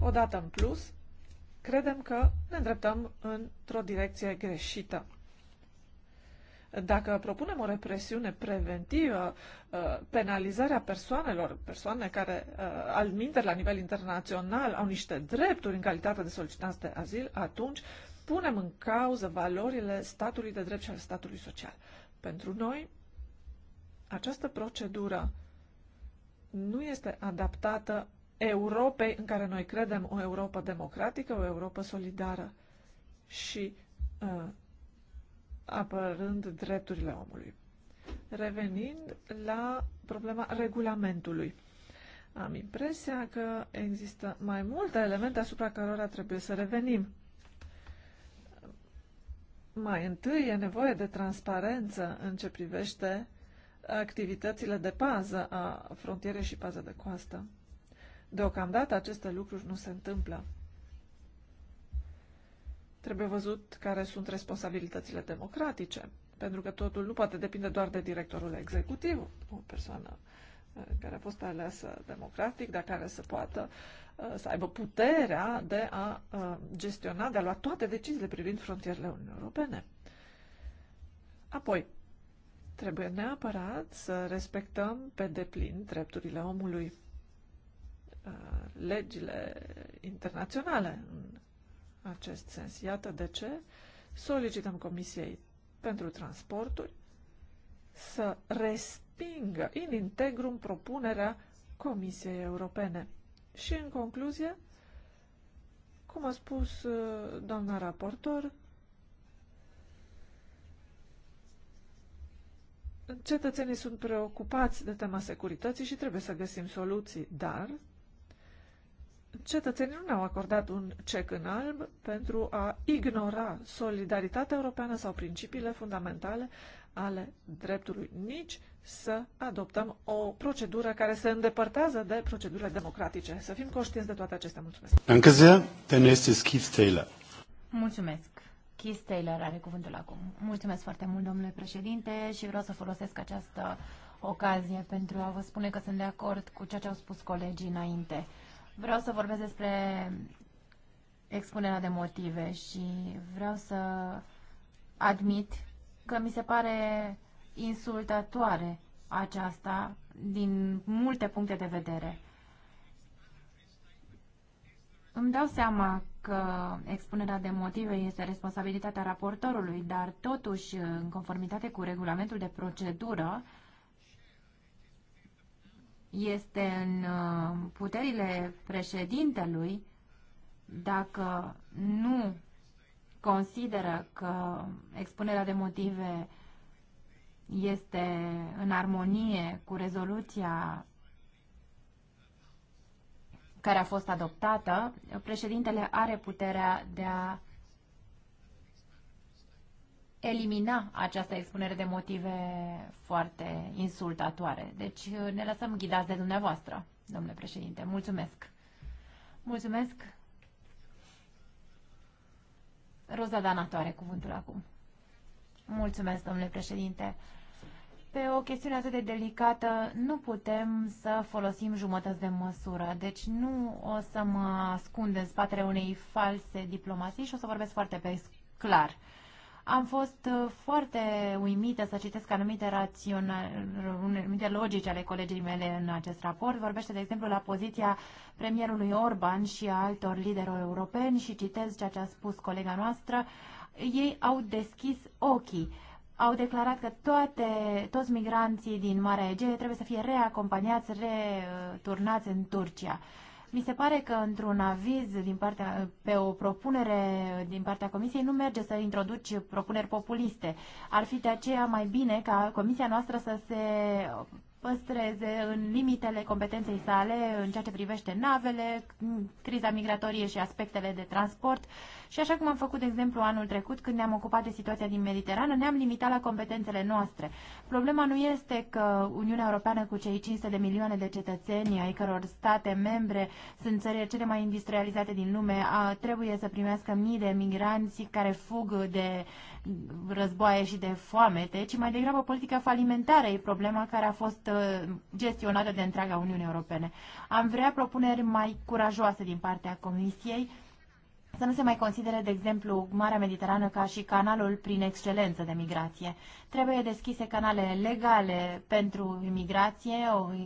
odată în plus, credem că ne îndreptăm într-o direcție greșită dacă propunem o represiune preventivă, uh, penalizarea persoanelor, persoane care, uh, al la nivel internațional, au niște drepturi în calitate de solicitanți de azil, atunci punem în cauză valorile statului de drept și al statului social. Pentru noi, această procedură nu este adaptată Europei în care noi credem o Europa democratică, o Europa solidară. Și uh, apărând drepturile omului. Revenind la problema regulamentului. Am impresia că există mai multe elemente asupra cărora trebuie să revenim. Mai întâi e nevoie de transparență în ce privește activitățile de pază a frontierei și pază de coastă. Deocamdată aceste lucruri nu se întâmplă. Trebuie văzut care sunt responsabilitățile democratice, pentru că totul nu poate depinde doar de directorul executiv, o persoană eh, care a fost aleasă democratic, dar care să poată eh, să aibă puterea de a eh, gestiona, de a lua toate deciziile privind frontierele Uniunii Europene. Apoi, trebuie neapărat să respectăm pe deplin drepturile omului, legile internaționale în acest sens. Iată de ce solicităm Comisiei pentru Transporturi să respingă in integrum propunerea Comisiei Europene. Și în concluzie, cum a spus uh, doamna raportor, cetățenii sunt preocupați de tema securității și trebuie să găsim soluții, dar cetățenii nu ne-au acordat un cec în alb pentru a ignora solidaritatea europeană sau principiile fundamentale ale dreptului, nici să adoptăm o procedură care se îndepărtează de procedurile democratice. Să fim conștienți de toate acestea. Mulțumesc. Încă zi, Keith Taylor. Mulțumesc. Keith Taylor are cuvântul acum. Mulțumesc foarte mult, domnule președinte, și vreau să folosesc această ocazie pentru a vă spune că sunt de acord cu ceea ce au spus colegii înainte. Vreau să vorbesc despre expunerea de motive și vreau să admit că mi se pare insultătoare aceasta din multe puncte de vedere. Îmi dau seama că expunerea de motive este responsabilitatea raportorului, dar totuși, în conformitate cu regulamentul de procedură, este în uh, puterile președintelui dacă nu consideră că expunerea de motive este în armonie cu rezoluția care a fost adoptată, președintele are puterea de a elimina această expunere de motive foarte insultatoare. Deci uh, ne lăsăm ghidați de dumneavoastră, domnule președinte. Mulțumesc! Mulțumesc! Roza Danatoare, cuvântul acum. Mulțumesc, domnule președinte. Pe o chestiune atât de delicată nu putem să folosim jumătăți de măsură, deci nu o să mă ascund în spatele unei false diplomații și o să vorbesc foarte pe clar. Am fost uh, foarte uimită să citesc anumite, rațional, anumite logici ale colegii mele în acest raport. Vorbește, de exemplu, la poziția premierului Orban și a altor lideri europeni și citez ceea ce a spus colega noastră. Ei au deschis ochii au declarat că toate, toți migranții din Marea Egee trebuie să fie reacompaniați, returnați în Turcia. Mi se pare că într-un aviz din partea, pe o propunere din partea Comisiei nu merge să introduci propuneri populiste. Ar fi de aceea mai bine ca Comisia noastră să se păstreze în limitele competenței sale în ceea ce privește navele, criza migratorie și aspectele de transport. Și așa cum am făcut, de exemplu, anul trecut, când ne-am ocupat de situația din Mediterană, ne-am limitat la competențele noastre. Problema nu este că Uniunea Europeană cu cei 500 de milioane de cetățeni ai căror state membre sunt țările cele mai industrializate din lume, a, trebuie să primească mii de migranți care fug de războaie și de foamete, ci mai degrabă politica falimentară e problema care a fost uh, gestionată de întreaga Uniune Europene. Am vrea propuneri mai curajoase din partea Comisiei, să nu se mai considere, de exemplu, Marea Mediterană ca și canalul prin excelență de migrație. Trebuie deschise canale legale pentru imigrație,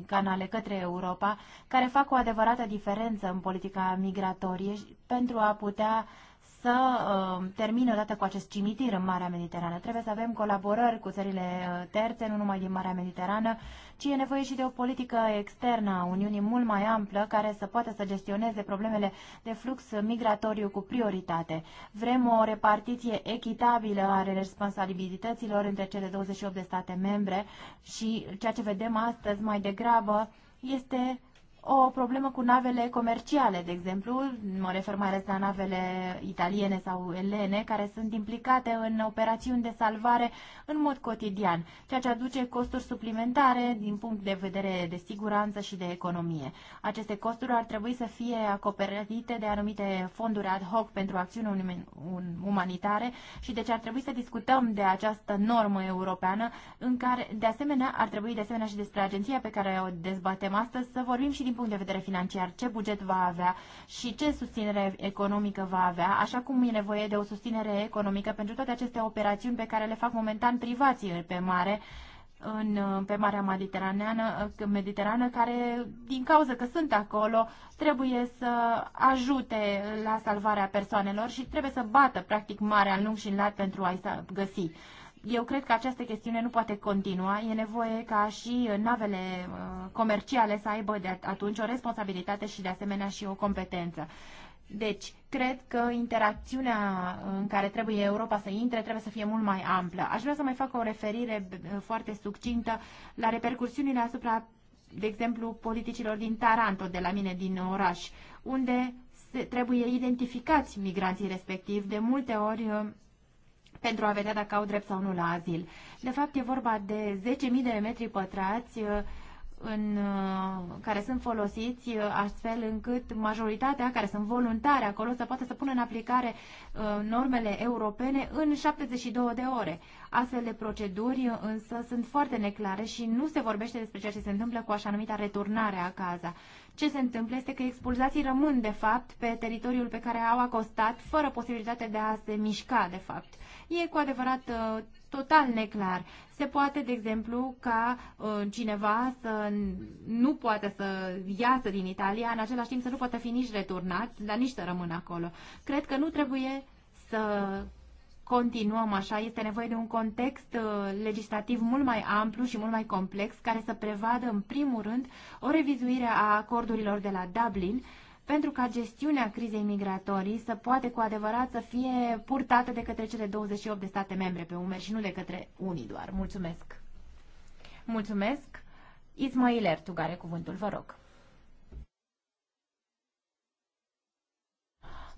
canale către Europa, care fac o adevărată diferență în politica migratorie pentru a putea uh, să uh, termine odată cu acest cimitir în Marea Mediterană. Trebuie să avem colaborări cu țările uh, terțe, nu numai din Marea Mediterană, ci e nevoie și de o politică externă a Uniunii mult mai amplă, care să poată să gestioneze problemele de flux migratoriu cu prioritate. Vrem o repartiție echitabilă a responsabilităților între cele 28 de state membre și ceea ce vedem astăzi mai degrabă este o problemă cu navele comerciale, de exemplu, mă refer mai ales la navele italiene sau elene, care sunt implicate în operațiuni de salvare în mod cotidian, ceea ce aduce costuri suplimentare din punct de vedere de siguranță și de economie. Aceste costuri ar trebui să fie acoperite de anumite fonduri ad hoc pentru acțiuni umanitare și deci ar trebui să discutăm de această normă europeană în care, de asemenea, ar trebui de asemenea și despre agenția pe care o dezbatem astăzi să vorbim și din din punct de vedere financiar, ce buget va avea și ce susținere economică va avea, așa cum e nevoie de o susținere economică pentru toate aceste operațiuni pe care le fac momentan privații pe mare, în, pe Marea Mediteraneană, Mediterană, care, din cauza că sunt acolo, trebuie să ajute la salvarea persoanelor și trebuie să bată, practic, marea în lung și în lat pentru a-i găsi eu cred că această chestiune nu poate continua. E nevoie ca și navele uh, comerciale să aibă de atunci o responsabilitate și de asemenea și o competență. Deci, cred că interacțiunea în care trebuie Europa să intre trebuie să fie mult mai amplă. Aș vrea să mai fac o referire uh, foarte succintă la repercursiunile asupra, de exemplu, politicilor din Taranto, de la mine din oraș, unde trebuie identificați migranții respectiv. De multe ori uh, pentru a vedea dacă au drept sau nu la azil. De fapt, e vorba de 10.000 de metri pătrați în, uh, care sunt folosiți uh, astfel încât majoritatea care sunt voluntari acolo să poată să pună în aplicare uh, normele europene în 72 de ore. Astfel de proceduri însă sunt foarte neclare și nu se vorbește despre ceea ce se întâmplă cu așa numita returnare a Ce se întâmplă este că expulzații rămân de fapt pe teritoriul pe care au acostat fără posibilitatea de a se mișca de fapt. E cu adevărat total neclar. Se poate, de exemplu, ca uh, cineva să nu poată să iasă din Italia, în același timp să nu poată fi nici returnat, dar nici să rămână acolo. Cred că nu trebuie să continuăm așa. Este nevoie de un context uh, legislativ mult mai amplu și mult mai complex, care să prevadă, în primul rând, o revizuire a acordurilor de la Dublin, uh, pentru ca gestiunea crizei migratorii să poate cu adevărat să fie purtată de către cele 28 de state membre pe umeri și nu de către unii doar. Mulțumesc! Mulțumesc! Ismail Ertugare, are cuvântul, vă rog.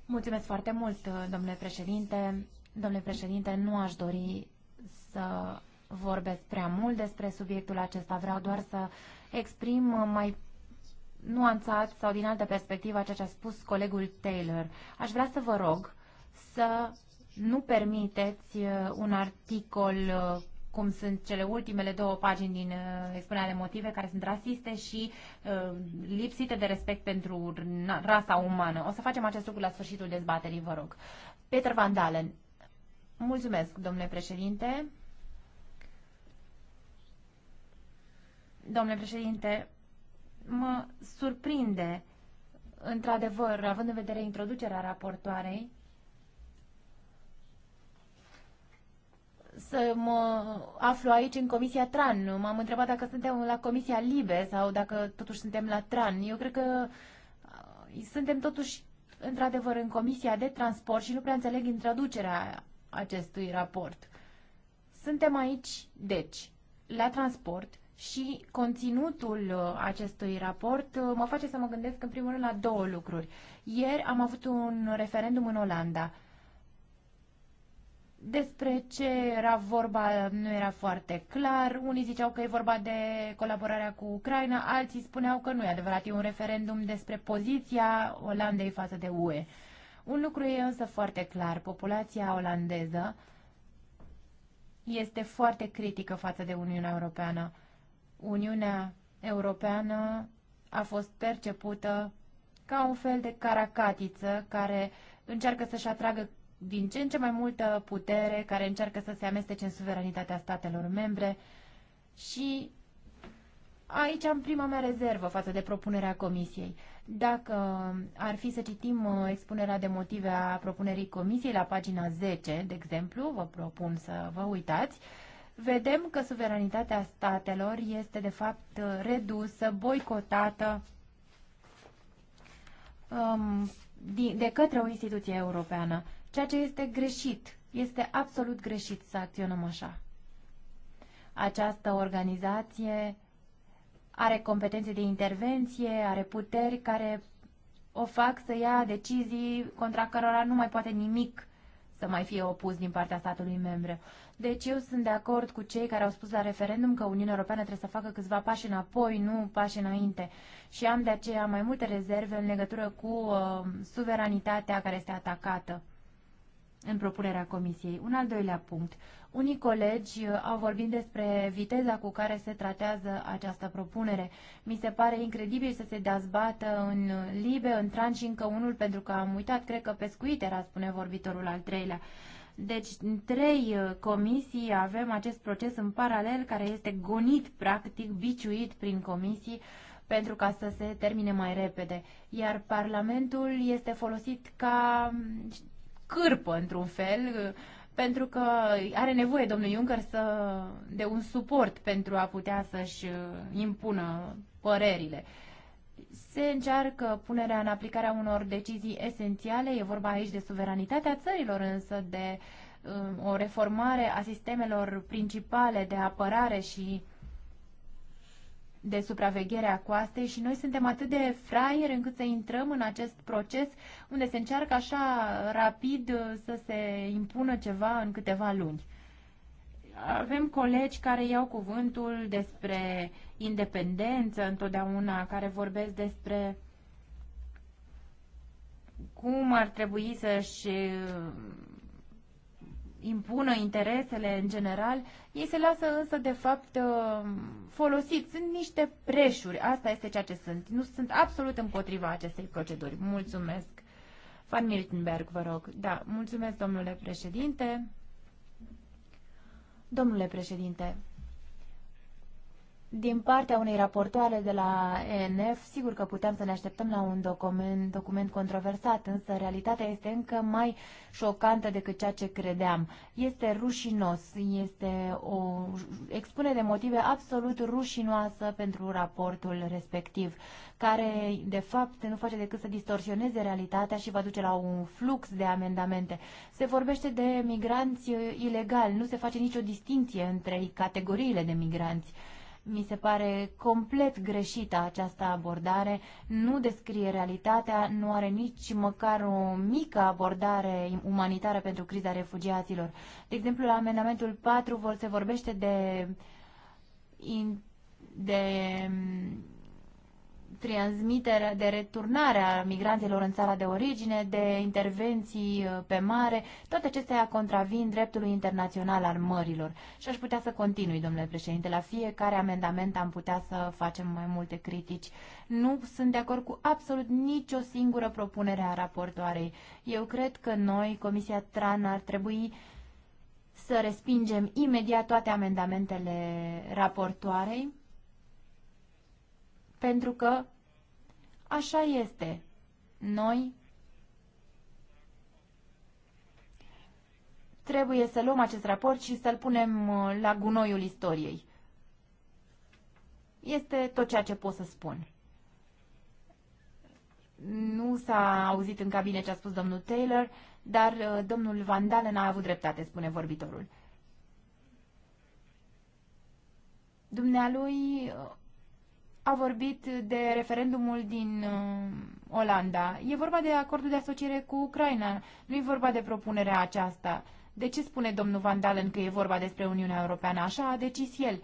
Mulțumesc foarte mult, domnule președinte. Domnule președinte, nu aș dori să vorbesc prea mult despre subiectul acesta. Vreau doar să exprim mai nuanțat sau din altă perspectivă a ceea ce a spus colegul Taylor. Aș vrea să vă rog să nu permiteți uh, un articol uh, cum sunt cele ultimele două pagini din uh, expunerea de motive, care sunt rasiste și uh, lipsite de respect pentru rasa umană. O să facem acest lucru la sfârșitul dezbaterii, vă rog. Peter Van Dalen. Mulțumesc, domnule președinte. Domnule președinte, mă surprinde, într-adevăr, având în vedere introducerea raportoarei, să mă aflu aici în Comisia TRAN. M-am întrebat dacă suntem la Comisia LIBE sau dacă totuși suntem la TRAN. Eu cred că uh, suntem totuși într-adevăr în Comisia de Transport și nu prea înțeleg introducerea acestui raport. Suntem aici, deci, la transport și conținutul uh, acestui raport uh, mă face să mă gândesc în primul rând la două lucruri. Ieri am avut un referendum în Olanda. Despre ce era vorba nu era foarte clar. Unii ziceau că e vorba de colaborarea cu Ucraina, alții spuneau că nu e adevărat, e un referendum despre poziția Olandei față de UE. Un lucru e însă foarte clar, populația olandeză este foarte critică față de Uniunea Europeană Uniunea Europeană a fost percepută ca un fel de caracatiță care încearcă să-și atragă din ce în ce mai multă putere, care încearcă să se amestece în suveranitatea statelor membre și aici am prima mea rezervă față de propunerea Comisiei. Dacă ar fi să citim uh, expunerea de motive a propunerii Comisiei la pagina 10, de exemplu, vă propun să vă uitați, uh, vedem că suveranitatea statelor este de fapt redusă, boicotată um, de către o instituție europeană, ceea ce este greșit. Este absolut greșit să acționăm așa. Această organizație are competențe de intervenție, are puteri care o fac să ia decizii contra cărora nu mai poate nimic să mai fie opus din partea statului membre. Deci eu sunt de acord cu cei care au spus la referendum că Uniunea Europeană trebuie să facă câțiva pași înapoi, nu pași înainte. Și am de aceea mai multe rezerve în legătură cu uh, suveranitatea care este atacată în propunerea comisiei. Un al doilea punct. Unii colegi uh, au vorbit despre viteza cu care se tratează această propunere. Mi se pare incredibil să se dezbată în libe, în tranci încă unul, pentru că am uitat, cred că pescuit era, spune vorbitorul al treilea. Deci, în trei uh, comisii avem acest proces în paralel care este gonit, practic, biciuit prin comisii pentru ca să se termine mai repede. Iar Parlamentul este folosit ca cârpă, într-un fel, pentru că are nevoie domnul Juncker să, de un suport pentru a putea să-și uh, impună părerile. Se încearcă punerea în aplicare a unor decizii esențiale, e vorba aici de suveranitatea țărilor, însă de um, o reformare a sistemelor principale de apărare și de supraveghere a coastei și noi suntem atât de fraieri încât să intrăm în acest proces unde se încearcă așa rapid uh, să se impună ceva în câteva luni. Avem colegi care iau cuvântul despre independență întotdeauna, care vorbesc despre cum ar trebui să-și uh, impună interesele în general, ei se lasă însă de fapt uh, folosiți. Sunt niște preșuri, asta este ceea ce sunt. Nu sunt absolut împotriva acestei proceduri. Mulțumesc. Van Miltenberg, vă rog. Da, mulțumesc, domnule președinte. Domnule președinte, din partea unei raportoare de la ENF, sigur că putem să ne așteptăm la un document, document controversat, însă realitatea este încă mai șocantă decât ceea ce credeam. Este rușinos, este o expune de motive absolut rușinoasă pentru raportul respectiv, care de fapt nu face decât să distorsioneze realitatea și va duce la un flux de amendamente. Se vorbește de migranți ilegali, nu se face nicio distinție între categoriile de migranți mi se pare complet greșită această abordare, nu descrie realitatea, nu are nici măcar o mică abordare umanitară pentru criza refugiaților. De exemplu, la amendamentul 4 vor, se vorbește de, de transmiterea, de returnarea migranților în țara de origine, de intervenții uh, pe mare, toate acestea contravin dreptului internațional al mărilor. Și aș putea să continui, domnule președinte, la fiecare amendament am putea să facem mai multe critici. Nu sunt de acord cu absolut nicio singură propunere a raportoarei. Eu cred că noi, Comisia TRAN, ar trebui să respingem imediat toate amendamentele raportoarei, pentru că Așa este. Noi trebuie să luăm acest raport și să-l punem uh, la gunoiul istoriei. Este tot ceea ce pot să spun. Nu s-a auzit în cabine ce a spus domnul Taylor, dar uh, domnul Van Dalen a avut dreptate, spune vorbitorul. Dumnealui uh, a vorbit de referendumul din uh, Olanda. E vorba de acordul de asociere cu Ucraina, nu e vorba de propunerea aceasta. De ce spune domnul Van Dalen că e vorba despre Uniunea Europeană? Așa a decis el.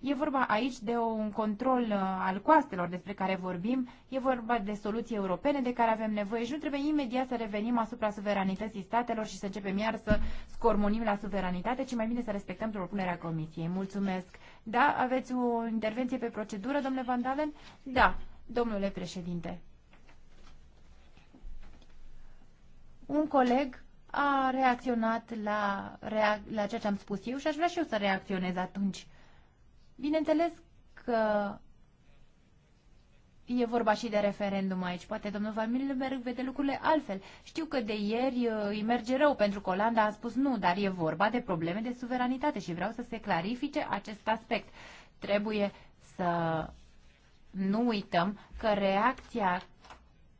E vorba aici de un control uh, al coastelor despre care vorbim, e vorba de soluții europene de care avem nevoie și nu trebuie imediat să revenim asupra suveranității statelor și să începem iar să scormonim la suveranitate, ci mai bine să respectăm propunerea Comisiei. Mulțumesc! Da? Aveți o intervenție pe procedură, domnule Van Dalen? Da, domnule președinte. Un coleg a reacționat la, la ceea ce am spus eu și aș vrea și eu să reacționez atunci. Bineînțeles că E vorba și de referendum aici. Poate domnul Van Millenberg vede lucrurile altfel. Știu că de ieri uh, îi merge rău pentru că Olanda a spus nu, dar e vorba de probleme de suveranitate și vreau să se clarifice acest aspect. Trebuie să nu uităm că reacția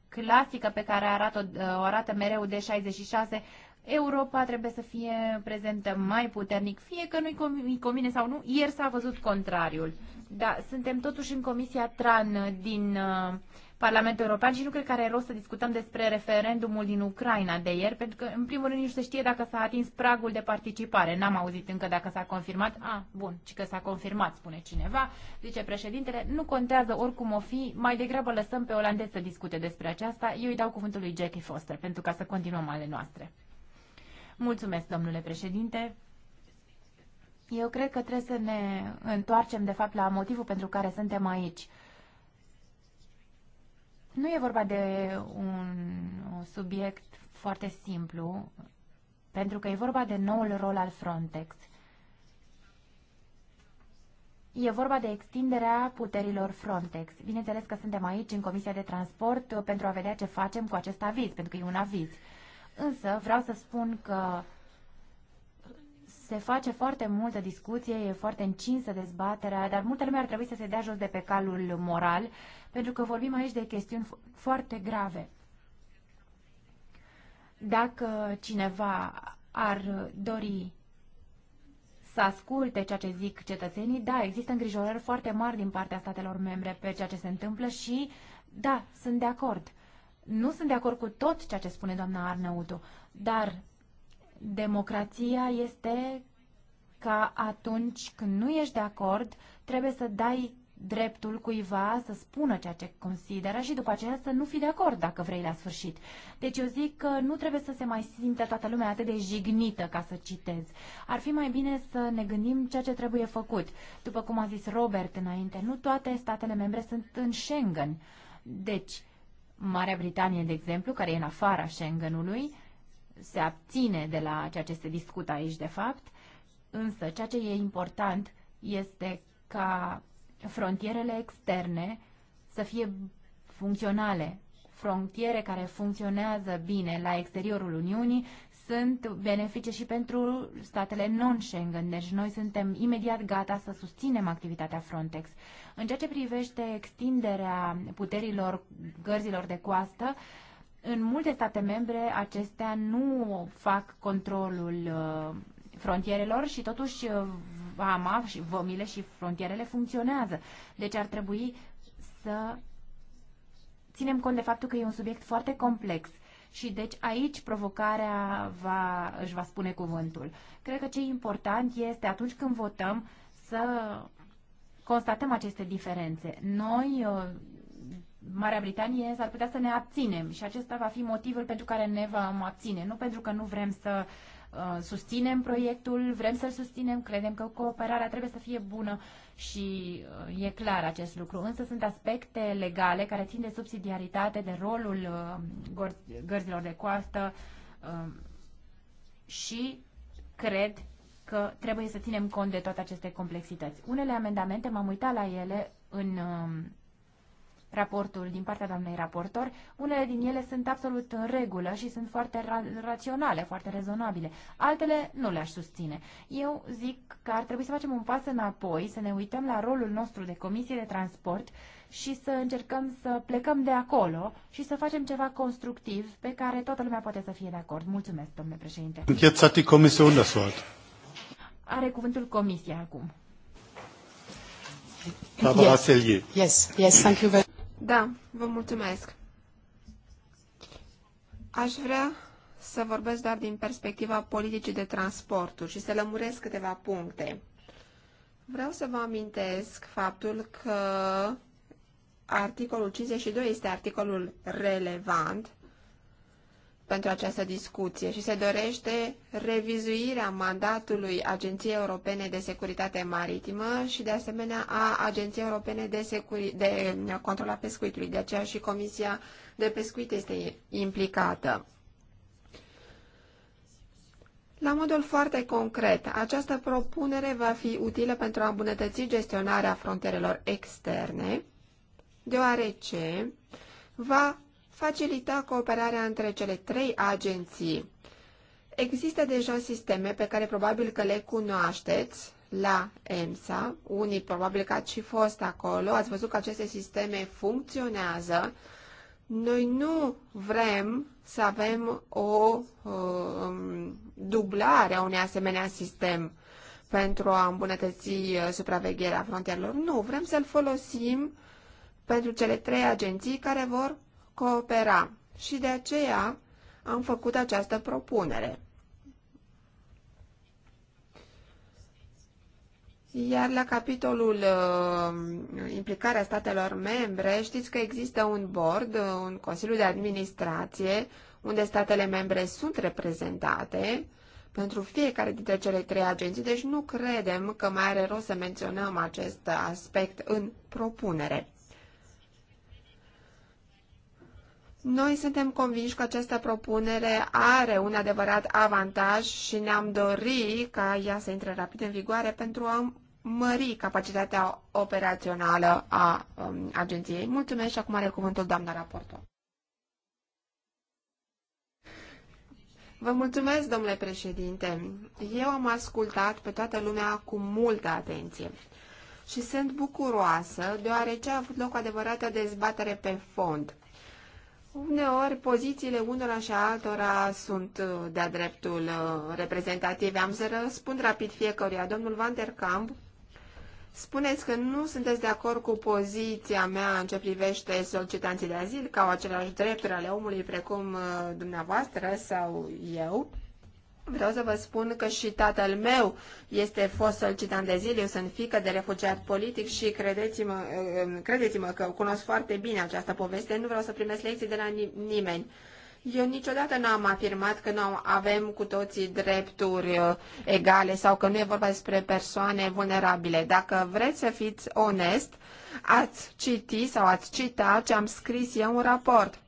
clasică pe care arată, uh, o arată mereu de 66 Europa trebuie să fie prezentă mai puternic, fie că nu-i convine sau nu, ieri s-a văzut contrariul. Da, suntem totuși în Comisia TRAN din uh, Parlamentul European și nu cred că are rost să discutăm despre referendumul din Ucraina de ieri, pentru că, în primul rând, nu se știe dacă s-a atins pragul de participare. N-am auzit încă dacă s-a confirmat. A, ah, bun, ci că s-a confirmat, spune cineva. Zice președintele, nu contează oricum o fi, mai degrabă lăsăm pe olandez să discute despre aceasta. Eu îi dau cuvântul lui Jackie Foster, pentru ca să continuăm ale noastre. Mulțumesc, domnule președinte. Eu cred că trebuie să ne întoarcem, de fapt, la motivul pentru care suntem aici. Nu e vorba de un subiect foarte simplu, pentru că e vorba de noul rol al Frontex. E vorba de extinderea puterilor Frontex. Bineînțeles că suntem aici, în Comisia de Transport, pentru a vedea ce facem cu acest aviz, pentru că e un aviz. Însă vreau să spun că se face foarte multă discuție, e foarte încinsă dezbaterea, dar multă lume ar trebui să se dea jos de pe calul moral, pentru că vorbim aici de chestiuni foarte grave. Dacă cineva ar dori să asculte ceea ce zic cetățenii, da, există îngrijorări foarte mari din partea statelor membre pe ceea ce se întâmplă și, da, sunt de acord. Nu sunt de acord cu tot ceea ce spune doamna Arnăutu, dar democrația este ca atunci când nu ești de acord, trebuie să dai dreptul cuiva să spună ceea ce consideră și după aceea să nu fi de acord dacă vrei la sfârșit. Deci eu zic că nu trebuie să se mai simte toată lumea atât de jignită ca să citez. Ar fi mai bine să ne gândim ceea ce trebuie făcut. După cum a zis Robert înainte, nu toate statele membre sunt în Schengen. Deci, Marea Britanie, de exemplu, care e în afara Schengenului, se abține de la ceea ce se discută aici de fapt, însă ceea ce e important este ca frontierele externe să fie funcționale. Frontiere care funcționează bine la exteriorul Uniunii sunt benefice și pentru statele non-Schengen, deci noi suntem imediat gata să susținem activitatea Frontex. În ceea ce privește extinderea puterilor gărzilor de coastă, în multe state membre, acestea nu fac controlul uh, frontierelor și totuși uh, vama și vămile și frontierele funcționează. Deci ar trebui să ținem cont de faptul că e un subiect foarte complex și deci aici provocarea va, își va spune cuvântul. Cred că ce e important este atunci când votăm să constatăm aceste diferențe. Noi uh, Marea Britanie, s-ar putea să ne abținem și acesta va fi motivul pentru care ne vom abține. Nu pentru că nu vrem să uh, susținem proiectul, vrem să-l susținem, credem că cooperarea trebuie să fie bună și uh, e clar acest lucru. Însă sunt aspecte legale care țin de subsidiaritate, de rolul uh, gărzilor de coastă um, și cred că trebuie să ținem cont de toate aceste complexități. Unele amendamente, m-am uitat la ele în um, raportul din partea doamnei raportor, unele din ele sunt absolut în regulă și sunt foarte ra- raționale, foarte rezonabile. Altele nu le-aș susține. Eu zic că ar trebui să facem un pas înapoi, să ne uităm la rolul nostru de comisie de transport și să încercăm să plecăm de acolo și să facem ceva constructiv pe care toată lumea poate să fie de acord. Mulțumesc, domnule președinte. Are cuvântul comisia acum. yes. Yes, yes, thank you very da, vă mulțumesc. Aș vrea să vorbesc doar din perspectiva politicii de transporturi și să lămuresc câteva puncte. Vreau să vă amintesc faptul că articolul 52 este articolul relevant pentru această discuție și se dorește revizuirea mandatului Agenției Europene de Securitate Maritimă și de asemenea a Agenției Europene de, Securi- de Control a Pescuitului. De aceea și Comisia de Pescuit este implicată. La modul foarte concret, această propunere va fi utilă pentru a îmbunătăți gestionarea frontierelor externe, deoarece va facilita cooperarea între cele trei agenții. Există deja sisteme pe care probabil că le cunoașteți la EMSA, unii probabil că ați și fost acolo, ați văzut că aceste sisteme funcționează. Noi nu vrem să avem o uh, dublare a unei asemenea sistem pentru a îmbunătăți uh, supravegherea frontierelor. Nu, vrem să-l folosim pentru cele trei agenții care vor coopera și de aceea am făcut această propunere. Iar la capitolul uh, implicarea statelor membre, știți că există un board, uh, un Consiliu de Administrație, unde statele membre sunt reprezentate pentru fiecare dintre cele trei agenții, deci nu credem că mai are rost să menționăm acest aspect în propunere. Noi suntem convinși că această propunere are un adevărat avantaj și ne-am dori ca ea să intre rapid în vigoare pentru a mări capacitatea operațională a um, agenției. Mulțumesc și acum are cuvântul doamna raportor. Vă mulțumesc, domnule președinte. Eu am ascultat pe toată lumea cu multă atenție și sunt bucuroasă, deoarece a avut loc o adevărată dezbatere pe fond. Uneori, pozițiile unora și altora sunt uh, de-a dreptul uh, reprezentative. Am să răspund rapid fiecăruia. Domnul Van der Kamp, spuneți că nu sunteți de acord cu poziția mea în ce privește solicitanții de azil, că au aceleași drepturi ale omului precum uh, dumneavoastră sau eu. Vreau să vă spun că și tatăl meu este fost solicitant de zile eu sunt fică de refugiat politic și credeți-mă, uh, uh, credeți-mă că cunosc foarte bine această poveste, nu vreau să primesc lecții de la nimeni. Eu niciodată nu am afirmat că nu avem cu toții drepturi uh, egale sau că nu e vorba despre persoane vulnerabile. Dacă vreți să fiți onest, ați citi sau ați cita ce am scris eu în raport.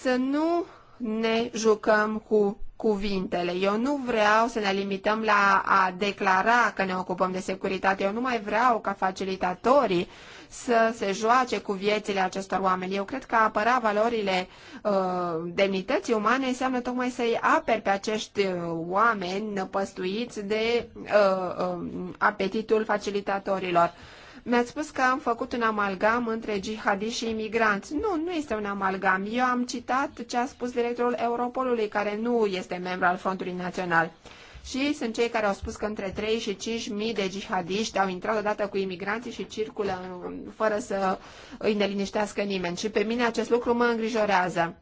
Să nu ne jucăm cu cuvintele. Eu nu vreau să ne limităm la a declara că ne ocupăm de securitate. Eu nu mai vreau ca facilitatorii să se joace cu viețile acestor oameni. Eu cred că a apăra valorile uh, demnității umane înseamnă tocmai să-i aperi pe acești uh, oameni năpăstuiți de uh, uh, apetitul facilitatorilor. Mi-ați spus că am făcut un amalgam între jihadiști și imigranți. Nu, nu este un amalgam. Eu am citat ce a spus directorul Europolului, care nu este membru al Frontului Național. Și ei sunt cei care au spus că între 3 și 5 mii de jihadiști au intrat odată cu imigranții și circulă fără să îi neliniștească nimeni. Și pe mine acest lucru mă îngrijorează.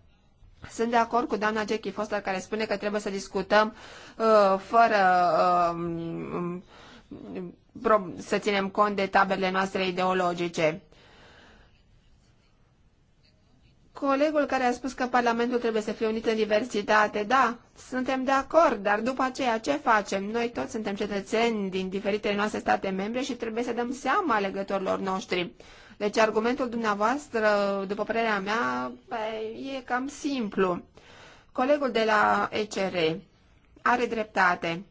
Sunt de acord cu doamna Jackie Foster care spune că trebuie să discutăm uh, fără uh, um, să ținem cont de taberele noastre ideologice. Colegul care a spus că Parlamentul trebuie să fie unit în diversitate, da, suntem de acord, dar după aceea ce facem? Noi toți suntem cetățeni din diferitele noastre state membre și trebuie să dăm seama alegătorilor noștri. Deci argumentul dumneavoastră, după părerea mea, e cam simplu. Colegul de la ECR are dreptate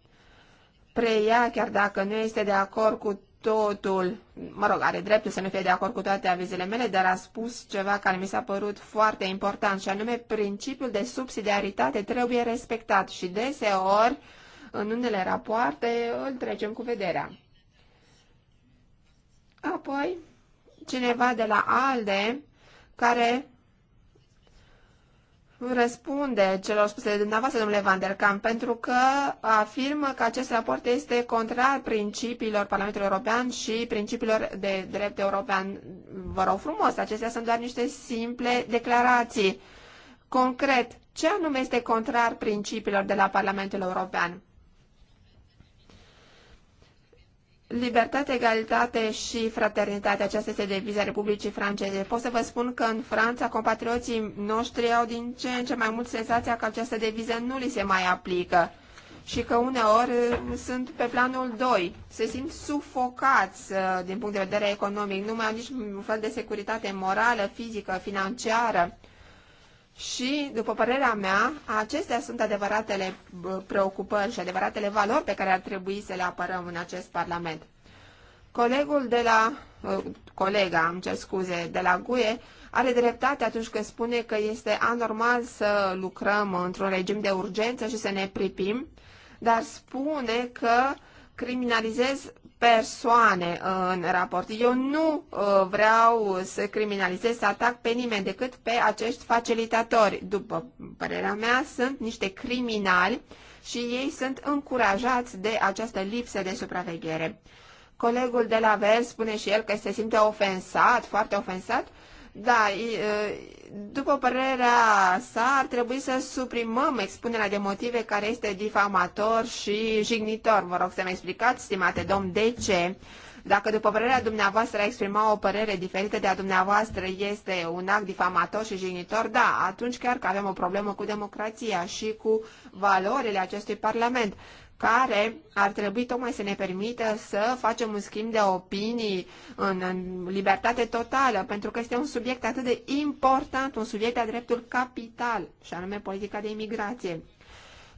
preia, chiar dacă nu este de acord cu totul, mă rog, are dreptul să nu fie de acord cu toate avizele mele, dar a spus ceva care mi s-a părut foarte important, și anume principiul de subsidiaritate trebuie respectat și deseori, în unele rapoarte, îl trecem cu vederea. Apoi, cineva de la ALDE, care răspunde celor spuse de dumneavoastră, domnule Van der Kamp, pentru că afirmă că acest raport este contrar principiilor Parlamentului European și principiilor de drept european. Vă rog frumos, acestea sunt doar niște simple declarații. Concret, ce anume este contrar principiilor de la Parlamentul European? Libertate, egalitate și fraternitate, aceasta este deviza Republicii Franceze. Pot să vă spun că în Franța compatrioții noștri au din ce în ce mai mult senzația că această deviză nu li se mai aplică și că uneori uh, sunt pe planul 2, se simt sufocați uh, din punct de vedere economic, nu mai au nici un fel de securitate morală, fizică, financiară. Și, după părerea mea, acestea sunt adevăratele preocupări și adevăratele valori pe care ar trebui să le apărăm în acest Parlament. Colegul de la, ă, colega, îmi cer scuze, de la GUE, are dreptate atunci când spune că este anormal să lucrăm într-un regim de urgență și să ne pripim, dar spune că criminalizez persoane în raport. Eu nu uh, vreau să criminalizez, să atac pe nimeni decât pe acești facilitatori. După părerea mea, sunt niște criminali și ei sunt încurajați de această lipsă de supraveghere. Colegul de la VER spune și el că se simte ofensat, foarte ofensat, da, după părerea sa, ar trebui să suprimăm expunerea de motive care este difamator și jignitor. Vă rog să-mi explicați, stimate domn, de ce? Dacă după părerea dumneavoastră a exprima o părere diferită de a dumneavoastră este un act difamator și jignitor, da, atunci chiar că avem o problemă cu democrația și cu valorile acestui Parlament care ar trebui tocmai să ne permită să facem un schimb de opinii în, în libertate totală, pentru că este un subiect atât de important, un subiect de-a dreptul capital, și anume politica de imigrație.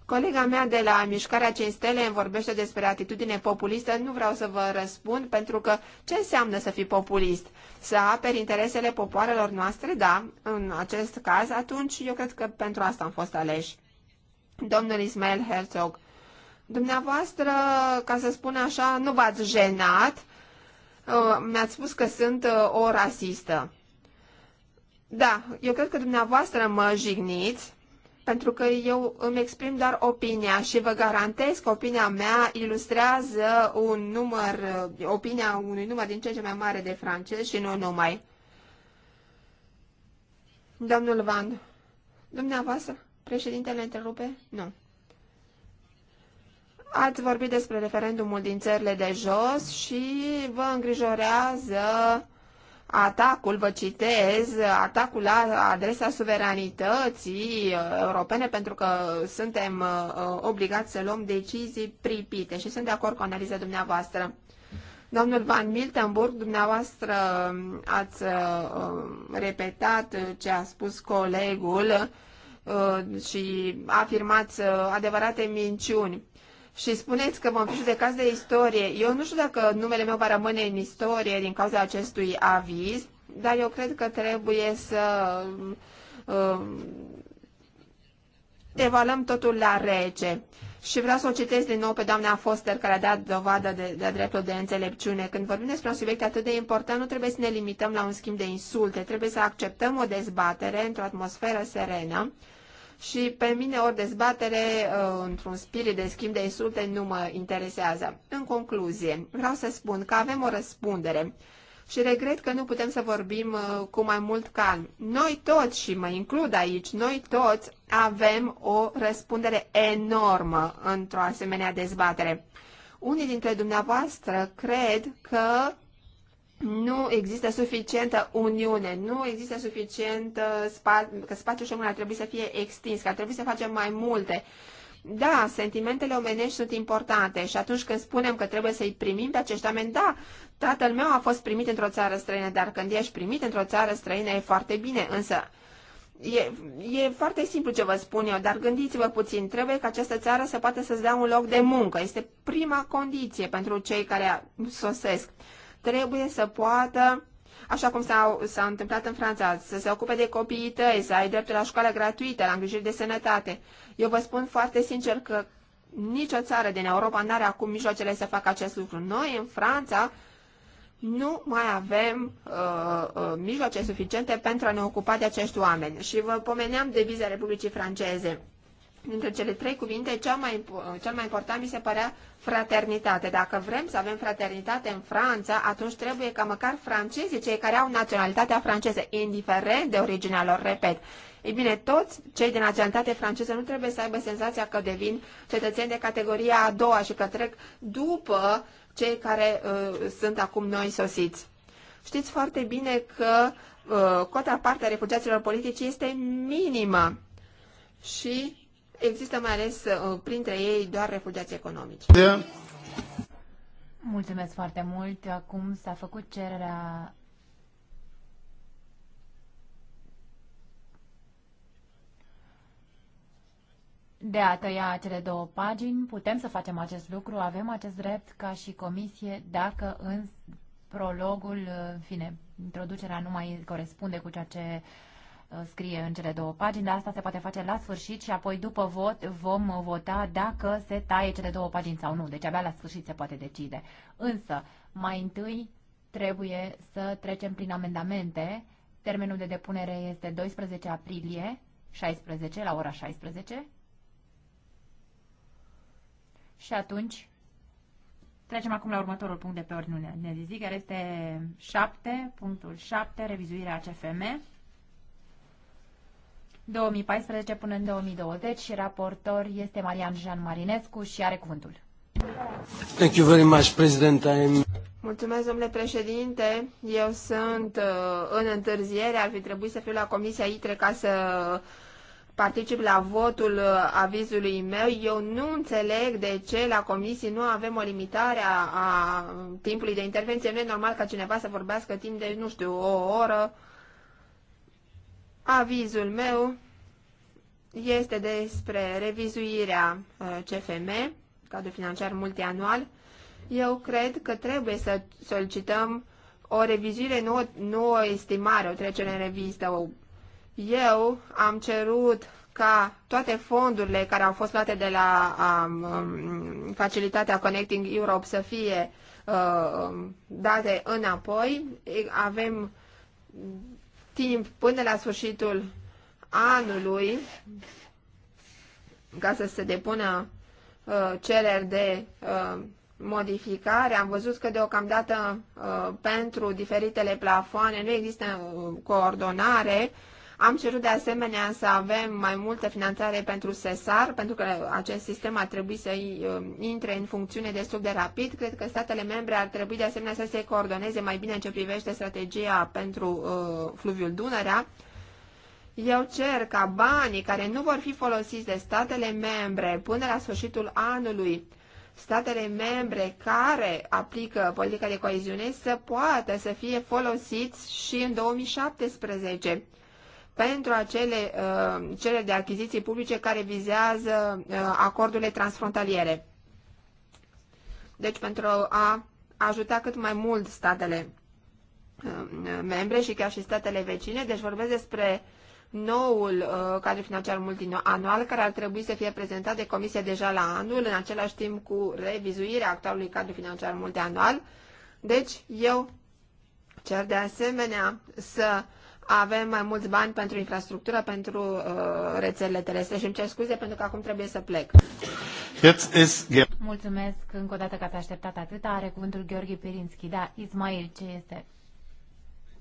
Colega mea de la Mișcarea Cinstele îmi vorbește despre atitudine populistă. Nu vreau să vă răspund, pentru că ce înseamnă să fii populist? Să aperi interesele popoarelor noastre? Da, în acest caz, atunci eu cred că pentru asta am fost aleși. Domnul Ismail Herzog, Dumneavoastră, ca să spun așa, nu v-ați jenat. Uh, mi-ați spus că sunt uh, o rasistă. Da, eu cred că dumneavoastră mă jigniți, pentru că eu îmi exprim doar opinia și vă garantez că opinia mea ilustrează un număr, uh, opinia unui număr din ce ce mai mare de francezi și nu numai. Domnul Van, dumneavoastră, președintele întrerupe? Nu. Ați vorbit despre referendumul din țările de jos și vă îngrijorează atacul, vă citez, atacul la adresa suveranității uh, europene pentru că suntem uh, uh, obligați să luăm decizii pripite și sunt de acord cu analiza dumneavoastră. Domnul Van Miltenburg, dumneavoastră ați repetat ce a spus colegul și afirmați adevărate minciuni și spuneți că vom fi judecați de istorie. Eu nu știu dacă numele meu va rămâne în istorie din cauza acestui aviz, dar eu cred că trebuie să uh, um, evaluăm totul la rece. Și vreau să o citesc din nou pe doamna Foster, care a dat dovadă de, de dreptul de înțelepciune. Când vorbim despre un subiect atât de important, nu trebuie să ne limităm la un schimb de insulte. Trebuie să acceptăm o dezbatere într-o atmosferă serenă și pe mine ori dezbatere uh, într-un spirit de schimb de insulte nu mă interesează. În concluzie, vreau să spun că avem o răspundere și regret că nu putem să vorbim uh, cu mai mult calm. Noi toți, și mă includ aici, noi toți avem o răspundere enormă într-o asemenea dezbatere. Unii dintre dumneavoastră cred că nu există suficientă uniune, nu există suficient spa, că spațiul șomului ar trebui să fie extins, că ar trebui să facem mai multe. Da, sentimentele omenești sunt importante și atunci când spunem că trebuie să-i primim pe acești oameni, da, tatăl meu a fost primit într-o țară străină, dar când ești primit într-o țară străină e foarte bine, însă E, e foarte simplu ce vă spun eu, dar gândiți-vă puțin. Trebuie ca această țară să poată să-ți dea un loc de muncă. Este prima condiție pentru cei care sosesc trebuie să poată, așa cum s-a, întâmplat în Franța, să se ocupe de copiii tăi, să ai dreptul la școală gratuită, la îngrijiri de sănătate. Eu vă spun foarte sincer că nicio țară din Europa nu are acum mijloacele să facă acest lucru. Noi, în Franța, nu mai avem uh, uh, mijloace suficiente pentru a ne ocupa de acești oameni. Și vă pomeneam de viza Republicii Franceze dintre cele trei cuvinte, cea mai, cel mai important mi se părea fraternitate. Dacă vrem să avem fraternitate în Franța, atunci trebuie ca măcar francezii, cei care au naționalitatea franceză, indiferent de originea lor, repet, ei bine, toți cei de naționalitate franceză nu trebuie să aibă senzația că devin cetățeni de categoria a doua și că trec după cei care uh, sunt acum noi sosiți. Știți foarte bine că uh, cota parte a refugiaților politici este minimă și Există mai ales uh, printre ei doar refugiați economici. Mulțumesc foarte mult. Acum s-a făcut cererea de a tăia acele două pagini. Putem să facem acest lucru, avem acest drept ca și comisie, dacă în prologul, în fine, introducerea nu mai corespunde cu ceea ce uh, scrie în cele două pagini, dar asta se poate face la sfârșit și apoi după vot vom vota dacă se taie cele două pagini sau nu. Deci abia la sfârșit se poate decide. Însă, mai întâi trebuie să trecem prin amendamente. Termenul de depunere este 12 aprilie, 16, la ora 16. Și atunci Trecem acum la următorul punct de pe ordine de zi, care este 7.7, punctul revizuirea CFM. 2014 până în 2020 și raportor este Marian Jean Marinescu și are cuvântul. Thank you very much, President. I'm... Mulțumesc, domnule președinte. Eu sunt uh, în întârziere, ar fi trebuit să fiu la Comisia ITRE ca să particip la votul uh, avizului meu. Eu nu înțeleg de ce la comisii nu avem o limitare a, a timpului de intervenție. Nu e normal ca cineva să vorbească timp de, nu știu, o oră uh, Avizul meu este despre revizuirea uh, CFM, cadrul financiar multianual. Eu cred că trebuie să solicităm o revizuire, nu nu o estimare, o trecere în revistă. Eu am cerut ca toate fondurile care au fost luate de la um, facilitatea Connecting Europe să fie uh, um, date înapoi. Avem timp până la sfârșitul anului ca să se depună uh, cereri de uh, modificare. Am văzut că deocamdată uh, pentru diferitele plafoane nu există uh, coordonare uh, am cerut de asemenea să avem mai multă finanțare pentru SESAR, pentru că acest sistem ar trebui să um, intre în funcțiune destul de rapid. Cred că statele membre ar trebui de asemenea să se coordoneze mai bine în ce privește strategia pentru uh, fluviul Dunărea. Eu cer ca banii care nu vor fi folosiți de statele membre până la sfârșitul anului, statele membre care aplică politica de coeziune să poată să fie folosiți și în 2017 pentru acele uh, cele de achiziții publice care vizează uh, acordurile transfrontaliere. Deci pentru a ajuta cât mai mult statele uh, membre și chiar și statele vecine, deci vorbesc despre noul uh, cadru financiar multianual care ar trebui să fie prezentat de Comisie deja la anul, în același timp cu revizuirea actualului cadru financiar multianual. Deci eu cer de asemenea să avem mai mulți bani pentru infrastructură, pentru uh, rețelele terestre și îmi cer scuze pentru că acum trebuie să plec. Mulțumesc încă o dată că ați așteptat atâta. Are cuvântul Gheorghe Pirinski. Da, Ismail, ce este?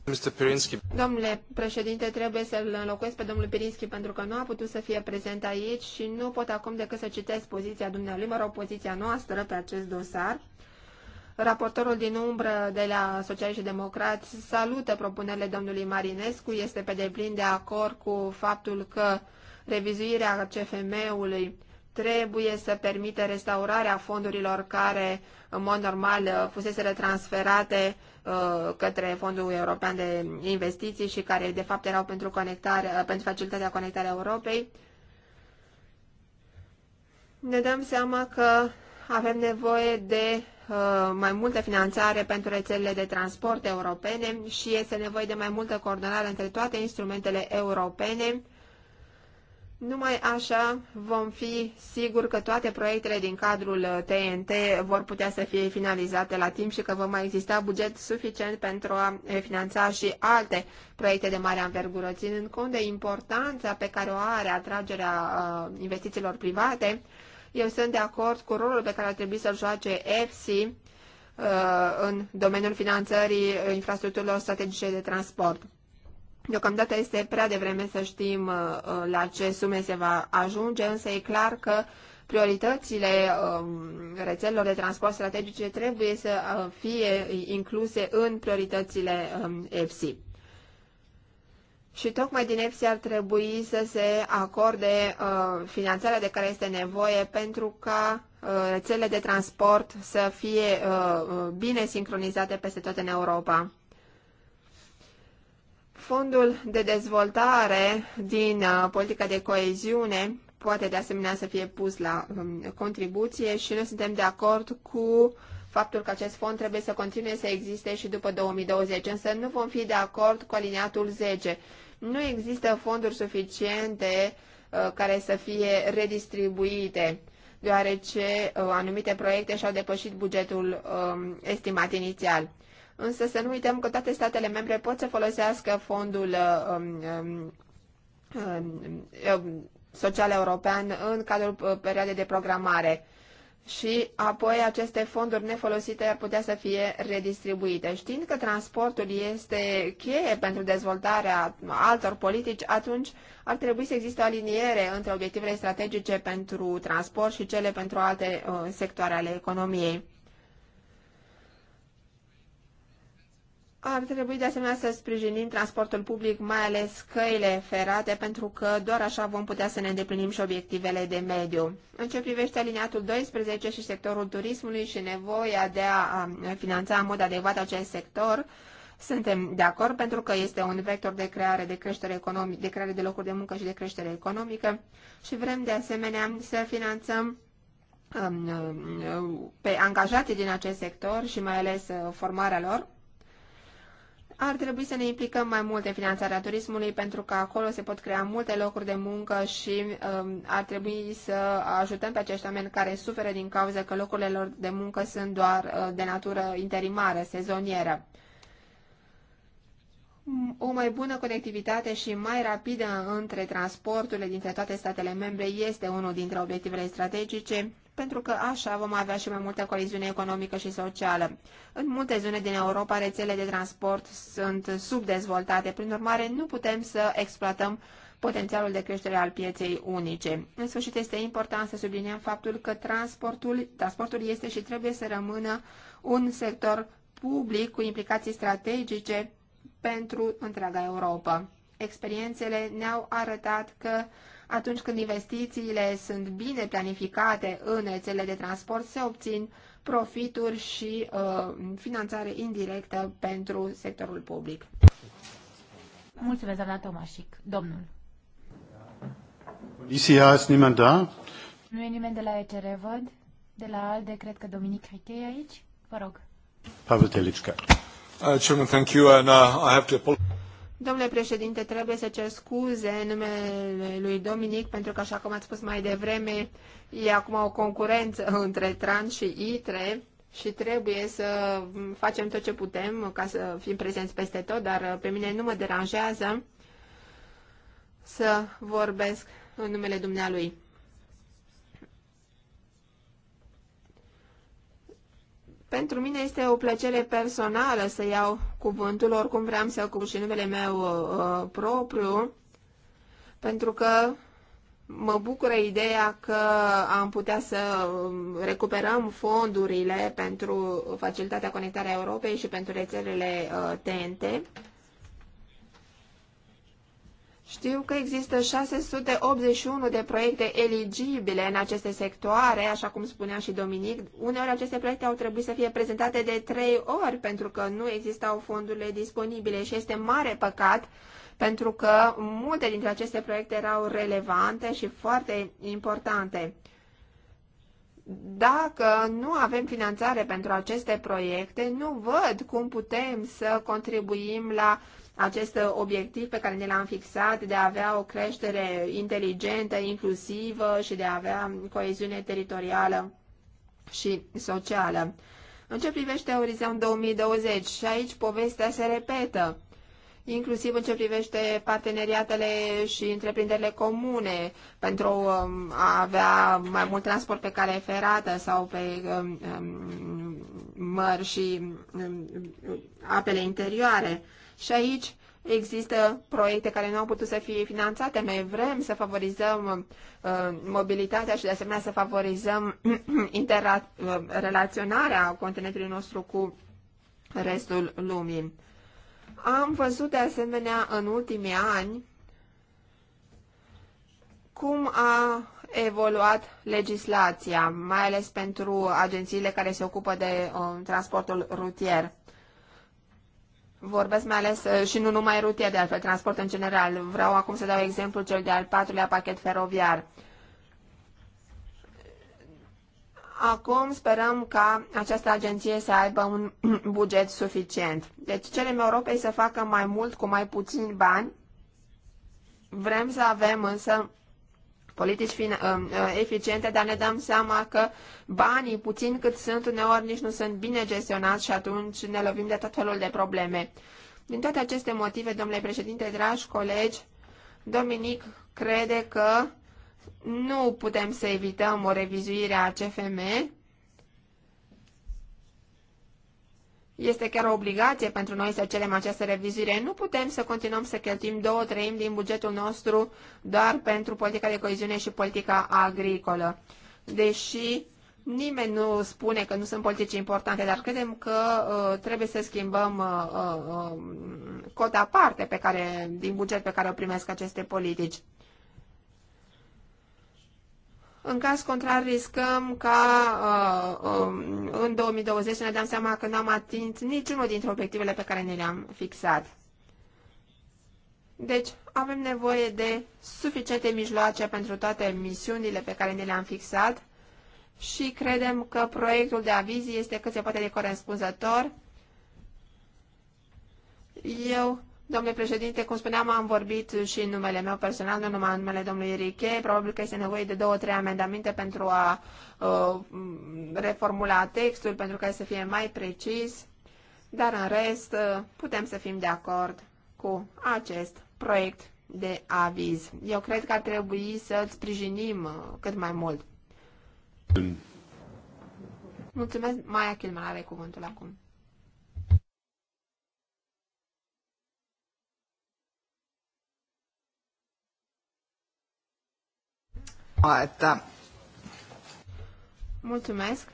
Mr. Pirinski. Domnule președinte, trebuie să-l înlocuiesc pe domnul Pirinski pentru că nu a putut să fie prezent aici și nu pot acum decât să citesc poziția dumnealui, mă rog, poziția noastră pe acest dosar. Raportorul din umbră de la Socialiști și Democrați salută propunerile domnului Marinescu, este pe deplin de acord cu faptul că revizuirea CFM-ului trebuie să permită restaurarea fondurilor care, în mod normal, fuseseră transferate uh, către Fondul European de Investiții și care, de fapt, erau pentru, conectare, uh, pentru facilitatea conectarea Europei. Ne dăm seama că avem nevoie de Uh, mai multă finanțare pentru rețelele de transport europene și este nevoie de mai multă coordonare între toate instrumentele europene. Numai așa vom fi siguri că toate proiectele din cadrul TNT uh, vor putea să fie finalizate la timp și că vom mai exista buget suficient pentru a eh, finanța și alte proiecte de mare anvergură, ținând cont de importanța pe care o are atragerea uh, investițiilor private eu sunt de acord cu rolul pe care ar trebui să-l joace EFSI uh, în domeniul finanțării infrastructurilor strategice de transport. Deocamdată este prea devreme să știm uh, uh, la ce sume se va ajunge, însă e clar că prioritățile um, rețelelor de transport strategice trebuie să fie incluse în prioritățile EFSI. Um, și tocmai din EPSI ar trebui să se acorde uh, finanțarea de care este nevoie pentru ca uh, rețelele de transport să fie uh, uh, bine sincronizate peste tot în Europa. Fondul de dezvoltare din uh, politica de coeziune poate de asemenea să fie pus la um, contribuție și noi suntem de acord cu faptul că acest fond trebuie să continue să existe și după 2020, însă nu vom fi de acord cu aliniatul 10 nu există fonduri suficiente uh, care să fie redistribuite, deoarece uh, anumite proiecte și-au depășit bugetul um, estimat inițial. Însă să nu uităm că toate statele membre pot să folosească fondul uh, um, um, social european în cadrul perioadei de programare și apoi aceste fonduri nefolosite ar putea să fie redistribuite. Știind că transportul este cheie pentru dezvoltarea altor politici, atunci ar trebui să existe o aliniere între obiectivele strategice pentru transport și cele pentru alte uh, sectoare ale economiei. Ar trebui de asemenea să sprijinim transportul public, mai ales căile ferate, pentru că doar așa vom putea să ne îndeplinim și obiectivele de mediu. În ce privește aliniatul 12 și sectorul turismului și nevoia de a finanța în mod adecvat acest sector, suntem de acord pentru că este un vector de creare de creștere economică, de creare de locuri de muncă și de creștere economică și vrem de asemenea să finanțăm um, um, pe angajații din acest sector și mai ales uh, formarea lor ar trebui să ne implicăm mai mult în finanțarea turismului pentru că acolo se pot crea multe locuri de muncă și um, ar trebui să ajutăm pe acești oameni care suferă din cauza că locurile lor de muncă sunt doar uh, de natură interimară, sezonieră. O mai bună conectivitate și mai rapidă între transporturile dintre toate statele membre este unul dintre obiectivele strategice pentru că așa vom avea și mai multă coliziune economică și socială. În multe zone din Europa, rețele de transport sunt subdezvoltate, prin urmare nu putem să exploatăm potențialul de creștere al pieței unice. În sfârșit, este important să subliniem faptul că transportul, transportul este și trebuie să rămână un sector public cu implicații strategice pentru întreaga Europa. Experiențele ne-au arătat că atunci când investițiile sunt bine planificate în rețele de transport, se obțin profituri și uh, finanțare indirectă pentru sectorul public. Mulțumesc, doamna Tomașic. Domnul. Poliția, este nimeni da? Nu e nimeni de la ECR, văd. De la ALDE, cred că Dominic Riche aici. Vă rog. Pavel Telicca. Uh, chairman, thank you, and uh, I have to apologize. Domnule președinte, trebuie să cer scuze în numele lui Dominic, pentru că, așa cum ați spus mai devreme, e acum o concurență (laughs) între Tran și ITRE și trebuie să facem tot ce putem ca să fim prezenți peste tot, dar pe mine nu mă deranjează să vorbesc în numele dumnealui. Pentru mine este o plăcere personală să iau cuvântul, oricum vreau să iau cuvântul și numele meu uh, uh, propriu, pentru că mă bucură ideea că am putea să um, recuperăm fondurile pentru Facilitatea Conectarea Europei și pentru rețelele uh, TNT. Știu că există 681 de proiecte eligibile în aceste sectoare, așa cum spunea și Dominic. Uneori aceste proiecte au trebuit să fie prezentate de trei ori pentru că nu existau fondurile disponibile și este mare păcat pentru că multe dintre aceste proiecte erau relevante și foarte importante. Dacă nu avem finanțare pentru aceste proiecte, nu văd cum putem să contribuim la uh, acest obiectiv pe care ne l-am fixat de a avea o creștere inteligentă, inclusivă și de a avea coeziune teritorială și socială. În ce privește Orizont 2020, și aici povestea se repetă, inclusiv în ce privește parteneriatele și întreprinderile comune pentru um, a avea mai mult transport pe cale ferată sau pe um, um, măr și apele interioare și aici există proiecte care nu au putut să fie finanțate. Noi vrem să favorizăm uh, mobilitatea și de asemenea să favorizăm (clears throat) interrelaționarea uh, continentului nostru cu restul lumii. Am văzut de asemenea în ultimii ani cum a evoluat legislația, mai ales pentru agențiile care se ocupă de uh, transportul rutier. Vorbesc mai ales uh, și nu numai rutier, de altfel, transport în general. Vreau acum să dau exemplu cel de-al patrulea pachet feroviar. Acum sperăm ca această agenție să aibă un (clears throat) buget suficient. Deci cerem Europei să facă mai mult cu mai puțini bani. Vrem să avem însă politici ă, ă, eficiente, dar ne dăm seama că banii, puțin cât sunt, uneori nici nu sunt bine gestionați și atunci ne lovim de tot felul de probleme. Din toate aceste motive, domnule președinte, dragi colegi, Dominic crede că nu putem să evităm o revizuire a CFM, Este chiar o obligație pentru noi să cerem această revizuire. Nu putem să continuăm să cheltuim două treimi din bugetul nostru doar pentru politica de coeziune și politica agricolă. Deși nimeni nu spune că nu sunt politici importante, dar credem că uh, trebuie să schimbăm uh, uh, um, cota parte pe care, din buget pe care o primesc aceste politici. În caz contrar, riscăm ca uh, um, în 2020 să ne dăm seama că n-am atins niciunul dintre obiectivele pe care ne le-am fixat. Deci, avem nevoie de suficiente mijloace pentru toate misiunile pe care ne le-am fixat și credem că proiectul de avizii este cât se poate de corespunzător. Eu Domnule președinte, cum spuneam, am vorbit și în numele meu personal, nu numai în numele domnului Riche. Probabil că este nevoie de două, trei amendamente pentru a uh, reformula textul, pentru ca să fie mai precis. Dar în rest, uh, putem să fim de acord cu acest proiect de aviz. Eu cred că ar trebui să sprijinim uh, cât mai mult. Mulțumesc, Maia Chilman are cuvântul acum. Aetta. Mulțumesc.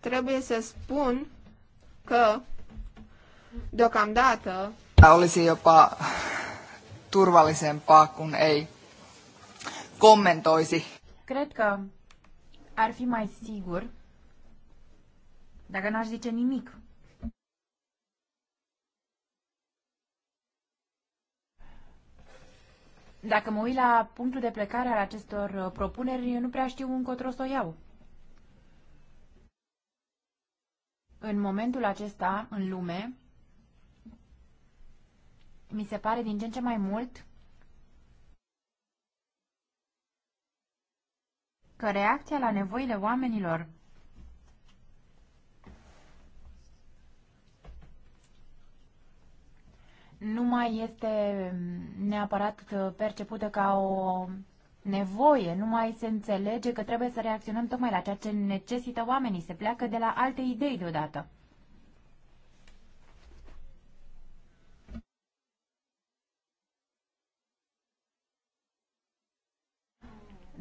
Trebuie să spun că deocamdată olisi jopa turvallisempaa, kun ei kommentoisi. Cred că ar fi mai sigur dacă n-aș zice nimic. Dacă mă uit la punctul de plecare al acestor uh, propuneri, eu nu prea știu încotro să o iau. În momentul acesta, în lume, mi se pare din ce în ce mai mult că reacția la nevoile oamenilor nu mai este neapărat percepută ca o nevoie, nu mai se înțelege că trebuie să reacționăm tocmai la ceea ce necesită oamenii, se pleacă de la alte idei deodată.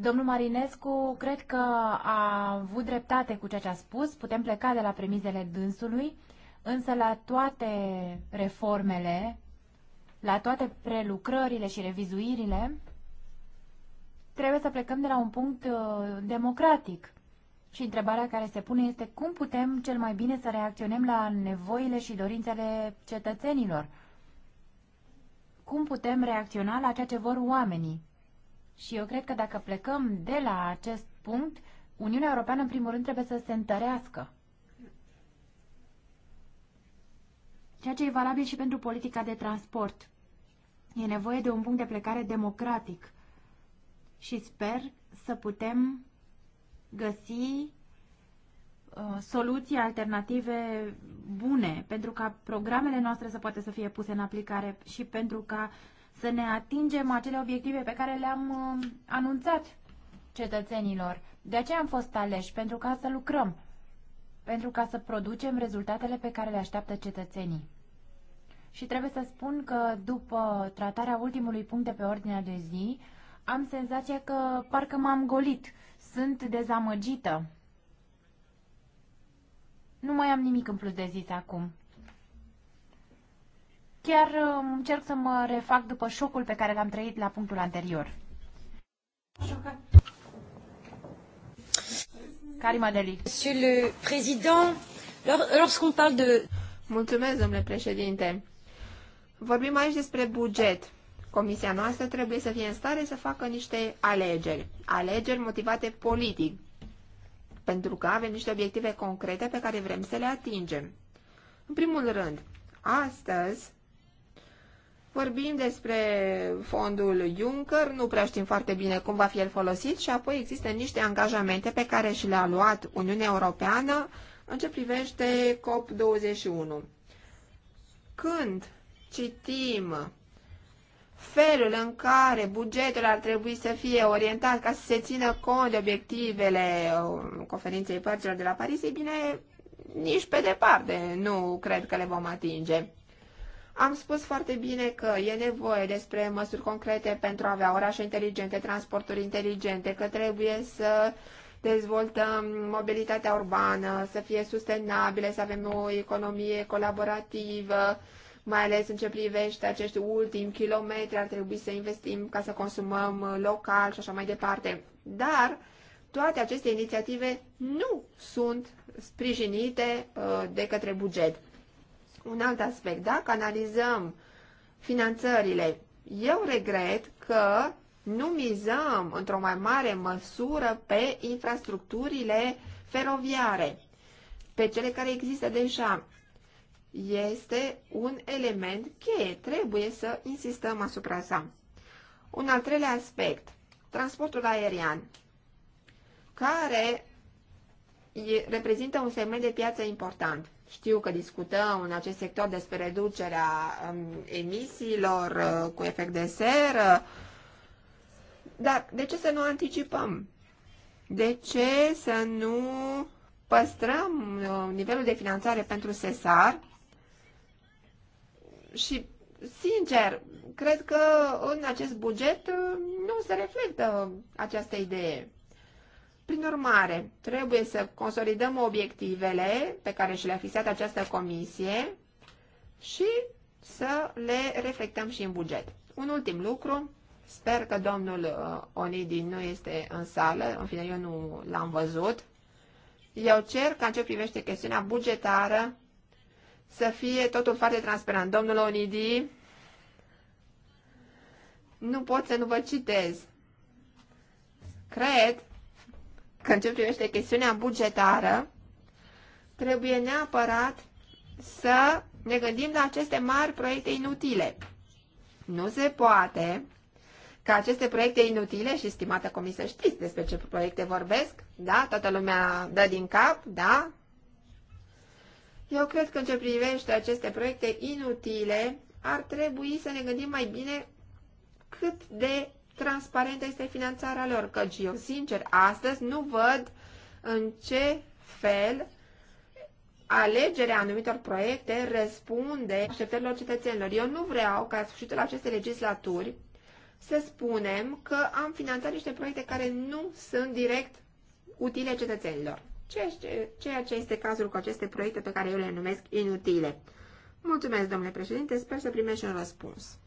Domnul Marinescu, cred că a avut dreptate cu ceea ce a spus, putem pleca de la premizele dânsului, însă la toate reformele la toate prelucrările și revizuirile, trebuie să plecăm de la un punct uh, democratic. Și întrebarea care se pune este cum putem cel mai bine să reacționăm la nevoile și dorințele cetățenilor? Cum putem reacționa la ceea ce vor oamenii? Și eu cred că dacă plecăm de la acest punct, Uniunea Europeană, în primul rând, trebuie să se întărească. Ceea ce e valabil și pentru politica de transport. E nevoie de un punct de plecare democratic și sper să putem găsi uh, soluții alternative bune pentru ca programele noastre să poată să fie puse în aplicare și pentru ca să ne atingem acele obiective pe care le-am uh, anunțat cetățenilor. De aceea am fost aleși, pentru ca să lucrăm, pentru ca să producem rezultatele pe care le așteaptă cetățenii și trebuie să spun că după tratarea ultimului punct de pe ordinea de zi, am senzația că parcă m-am golit. Sunt dezamăgită. Nu mai am nimic în plus de zis acum. Chiar um, încerc să mă refac după șocul pe care l-am trăit la punctul anterior. Karima Deli. Monsieur le Président, lorsqu'on parle de... Mulțumesc, domnule președinte. Vorbim aici despre buget. Comisia noastră trebuie să fie în stare să facă niște alegeri, alegeri motivate politic, pentru că avem niște obiective concrete pe care vrem să le atingem. În primul rând, astăzi vorbim despre fondul Juncker, nu prea știm foarte bine cum va fi el folosit și apoi există niște angajamente pe care și le-a luat Uniunea Europeană în ce privește COP21. Când citim felul în care bugetul ar trebui să fie orientat ca să se țină cont de obiectivele uh, conferinței părților de la Paris, e bine, nici pe departe nu cred că le vom atinge. Am spus foarte bine că e nevoie despre măsuri concrete pentru a avea orașe inteligente, transporturi inteligente, că trebuie să dezvoltăm mobilitatea urbană, să fie sustenabile, să avem o economie colaborativă, mai ales în ce privește acești ultimi kilometri, ar trebui să investim ca să consumăm uh, local și așa mai departe. Dar toate aceste inițiative nu sunt sprijinite uh, de către buget. Un alt aspect, dacă analizăm finanțările, eu regret că nu mizăm într-o mai mare măsură pe infrastructurile feroviare, pe cele care există deja este un element cheie. Trebuie să insistăm asupra sa. Un al treilea aspect, transportul aerian, care reprezintă un segment de piață important. Știu că discutăm în acest sector despre reducerea um, emisiilor uh, cu efect de seră, dar de ce să nu anticipăm? De ce să nu păstrăm uh, nivelul de finanțare pentru SESAR și, sincer, cred că în acest buget uh, nu se reflectă această idee. Prin urmare, trebuie să consolidăm obiectivele pe care și le-a fixat această comisie și să le reflectăm și în buget. Un ultim lucru, sper că domnul uh, Onidi nu este în sală, în fine eu nu l-am văzut. Eu cer ca în ce privește chestiunea bugetară să fie totul foarte transparent. Domnul Onidi, nu pot să nu vă citez. Cred că în ce privește chestiunea bugetară, trebuie neapărat să ne gândim la aceste mari proiecte inutile. Nu se poate ca aceste proiecte inutile, și stimată comisă știți despre ce proiecte vorbesc, da, toată lumea dă din cap, da, eu cred că în ce privește aceste proiecte inutile, ar trebui să ne gândim mai bine cât de transparentă este finanțarea lor, căci eu, sincer, astăzi nu văd în ce fel alegerea anumitor proiecte răspunde așteptărilor cetățenilor. Eu nu vreau ca sfârșitul acestei legislaturi să spunem că am finanțat niște proiecte care nu sunt direct utile cetățenilor ceea ce este cazul cu aceste proiecte pe care eu le numesc inutile. Mulțumesc, domnule președinte, sper să primești un răspuns.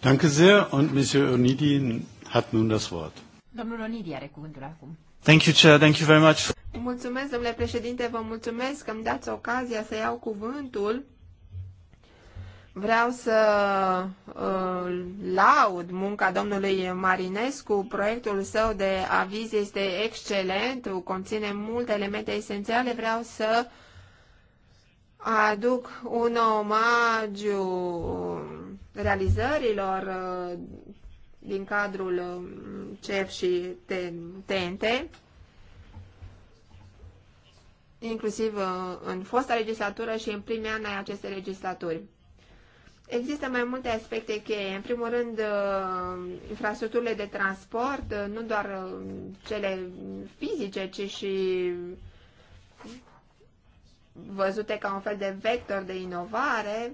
Danke sehr und Monsieur Onidi hat nun das Wort. Domnul Onidi are cuvântul acum. Thank you, Chair. Thank you very much. Mulțumesc, domnule președinte, vă mulțumesc că îmi dați ocazia să iau cuvântul Vreau să uh, laud munca domnului Marinescu. Proiectul său de aviz este excelent, conține multe elemente esențiale. Vreau să aduc un omagiu realizărilor uh, din cadrul uh, CEF și TNT, inclusiv uh, în fosta legislatură și în primii ani ai acestei legislaturi. Există mai multe aspecte cheie. În primul rând, uh, infrastructurile de transport, uh, nu doar uh, cele fizice, ci și văzute ca un fel de vector de inovare.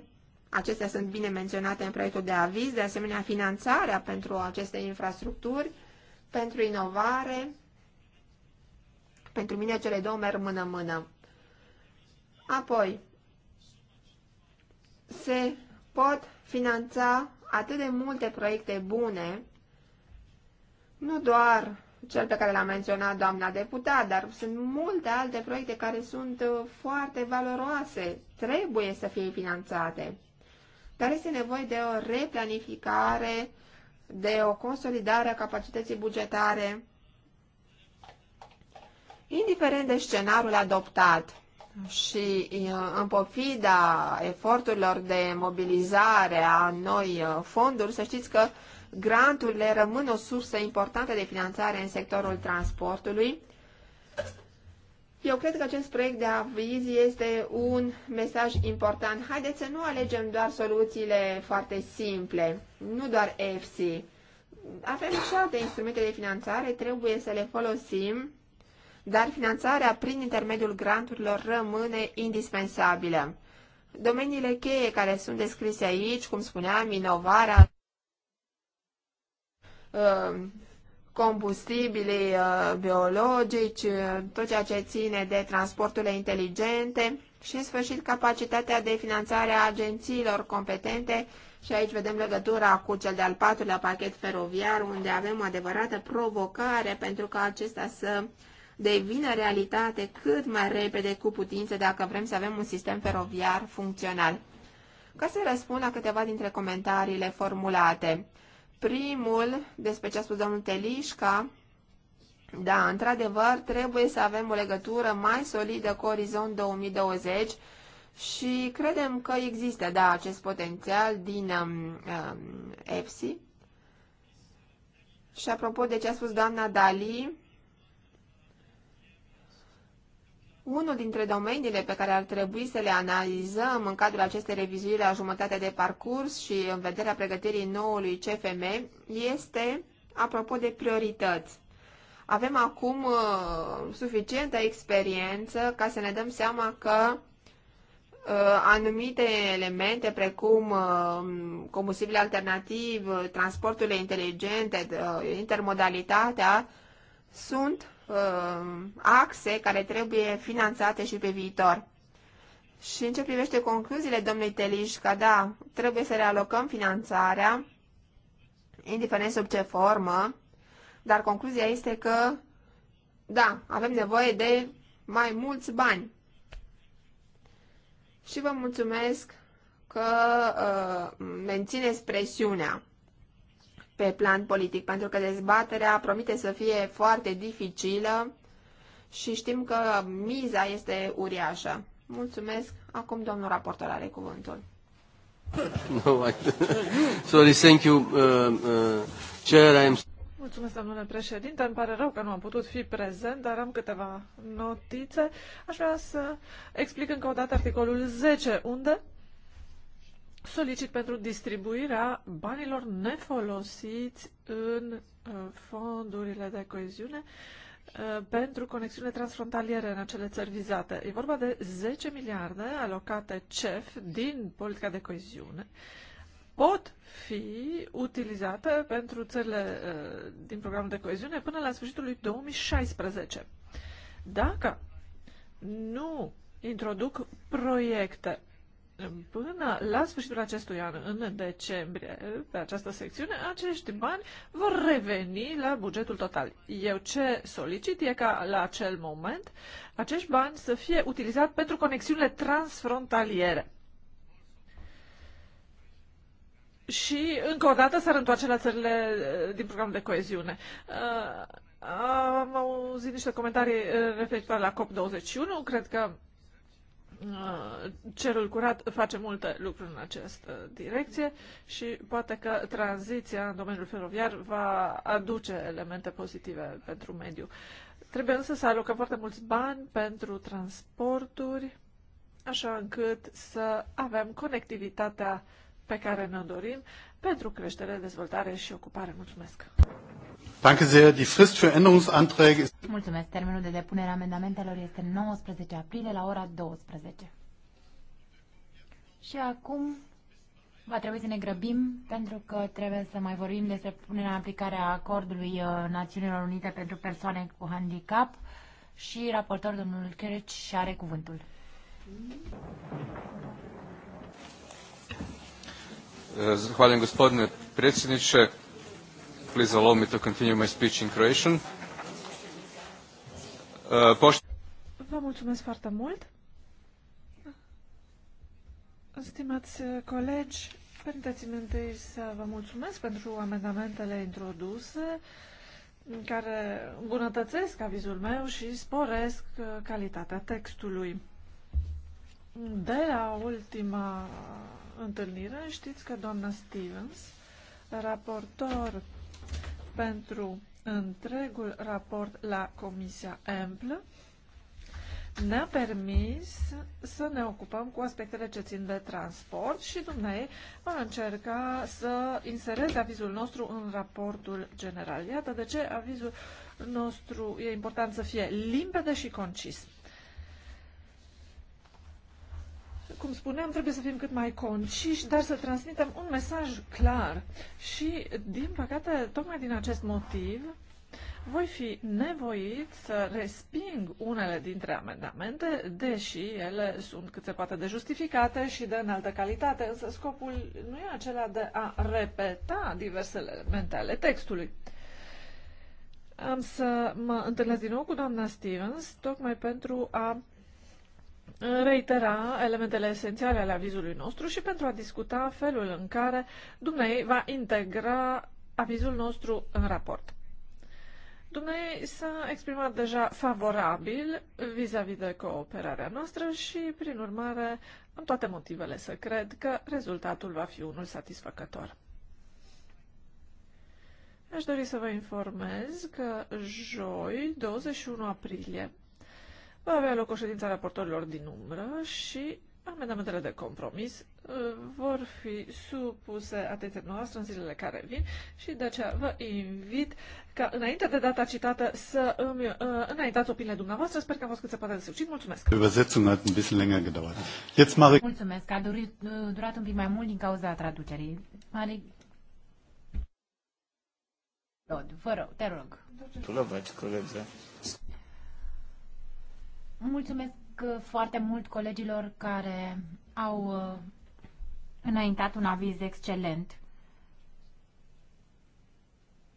Acestea sunt bine menționate în proiectul de aviz, de asemenea finanțarea pentru aceste infrastructuri, pentru inovare. Pentru mine cele două merg mână-mână. Apoi, se pot finanța atât de multe proiecte bune, nu doar cel pe care l-a menționat doamna deputat, dar sunt multe alte proiecte care sunt uh, foarte valoroase, trebuie să fie finanțate. Dar este nevoie de o replanificare, de o consolidare a capacității bugetare, indiferent de scenariul adoptat și uh, în pofida eforturilor de mobilizare a noi uh, fonduri, să știți că granturile rămân o sursă importantă de finanțare în sectorul transportului. Eu cred că acest proiect de aviz este un mesaj important. Haideți să nu alegem doar soluțiile foarte simple, nu doar EFSI. Avem și alte instrumente de finanțare, trebuie să le folosim dar finanțarea prin intermediul granturilor rămâne indispensabilă. Domeniile cheie care sunt descrise aici, cum spuneam, inovarea, uh, combustibili uh, biologici, uh, tot ceea ce ține de transporturile inteligente și, în sfârșit, capacitatea de finanțare a agențiilor competente și aici vedem legătura cu cel de-al patrulea pachet feroviar, unde avem o adevărată provocare pentru ca acesta să uh, devină realitate cât mai repede cu putință dacă vrem să avem un sistem feroviar funcțional. Ca să răspund la câteva dintre comentariile formulate. Primul, despre ce a spus domnul Telișca, da, într-adevăr, trebuie să avem o legătură mai solidă cu Orizont 2020 și credem că există, da, acest potențial din um, EPSI. Um, și apropo de ce a spus doamna Dali, Unul dintre domeniile pe care ar trebui să le analizăm în cadrul acestei revizuiri la jumătate de parcurs și în vederea pregătirii noului CFM este, apropo de priorități. Avem acum uh, suficientă experiență ca să ne dăm seama că uh, anumite elemente precum uh, combustibile alternativ, transporturile inteligente, uh, intermodalitatea sunt Uh, axe care trebuie finanțate și pe viitor. Și în ce privește concluziile domnului Teliș, că da, trebuie să realocăm finanțarea, indiferent sub ce formă, dar concluzia este că, da, avem nevoie de mai mulți bani. Și vă mulțumesc că uh, mențineți presiunea pe plan politic, pentru că dezbaterea promite să fie foarte dificilă și știm că miza este uriașă. Mulțumesc. Acum domnul raportor are cuvântul. (laughs) No, I... Sorry, thank you, uh, uh, chair, Mulțumesc, domnule președinte. Îmi pare rău că nu am putut fi prezent, dar am câteva notițe. Aș vrea să explic încă o dată articolul 10, unde solicit pentru distribuirea banilor nefolosiți în uh, fondurile de coeziune uh, pentru conexiune transfrontaliere în acele țări vizate. E vorba de 10 miliarde alocate CEF din politica de coeziune pot fi utilizate pentru țările uh, din programul de coeziune până la sfârșitul lui 2016. Dacă nu introduc proiecte Până la sfârșitul acestui an, în decembrie, pe această secțiune, acești bani vor reveni la bugetul total. Eu ce solicit e ca la acel moment acești bani să fie utilizați pentru conexiunile transfrontaliere. Și, încă o dată, s-ar întoarce la țările eh, din programul de coeziune. Eh, am auzit niște comentarii eh, referitoare la COP21. Cred că cerul curat face multe lucruri în această direcție și poate că tranziția în domeniul feroviar va aduce elemente pozitive pentru mediu. Trebuie însă să alocăm foarte mulți bani pentru transporturi, așa încât să avem conectivitatea pe care ne-o dorim pentru creștere, dezvoltare și ocupare. Mulțumesc! Danke sehr. Die Frist für Änderungsanträge ist... Mulțumesc. Termenul de depunere a amendamentelor este 19 aprilie la ora 12. Și acum va trebui să ne grăbim pentru că trebuie să mai vorbim despre punerea în aplicare a acordului uh, Națiunilor Unite pentru persoane cu handicap și raportor domnul și are cuvântul. Zahvaljujem gospodine predsjedniče. Please allow me to continue my speech in Croatian. Uh, Vă mulțumesc foarte mult. Stimați uh, colegi, permiteți-mi întâi să vă mulțumesc pentru amendamentele introduse care îmbunătățesc avizul meu și sporesc uh, calitatea textului. De la ultima întâlnire știți că doamna Stevens, raportor pentru întregul raport la Comisia Amplă ne-a permis să ne ocupăm cu aspectele ce țin de transport și dumneai va încerca să insereze avizul nostru în raportul general. Iată de ce avizul nostru e important să fie limpede și concis. cum spuneam, trebuie să fim cât mai conciși, dar să transmitem un mesaj clar. Și, din păcate, tocmai din acest motiv, voi fi nevoit să resping unele dintre amendamente, deși ele sunt cât se poate de justificate și de înaltă calitate, însă scopul nu e acela de a repeta diversele elemente ale textului. Am să mă întâlnesc din nou cu doamna Stevens, tocmai pentru a reitera elementele esențiale ale avizului nostru și pentru a discuta felul în care Dumnezeu va integra avizul nostru în raport. Dumnezeu s-a exprimat deja favorabil vis-a-vis -vis de cooperarea noastră și, prin urmare, am toate motivele să cred că rezultatul va fi unul satisfăcător. Aș dori să vă informez că joi, 21 aprilie, Va avea loc o ședință a raportorilor din umbră și amendamentele de compromis uh, vor fi supuse atenției noastre în zilele care vin și de aceea vă invit ca înainte de data citată să îmi uh, înaintați opiniile dumneavoastră. Sper că am fost cât se poate de succint. Mulțumesc! Mulțumesc! A durit, uh, durat un pic mai mult din cauza traducerii. Mare... vă rog, te rog. Tu la colegi. Eh? Mulțumesc uh, foarte mult colegilor care au uh, înaintat un aviz excelent.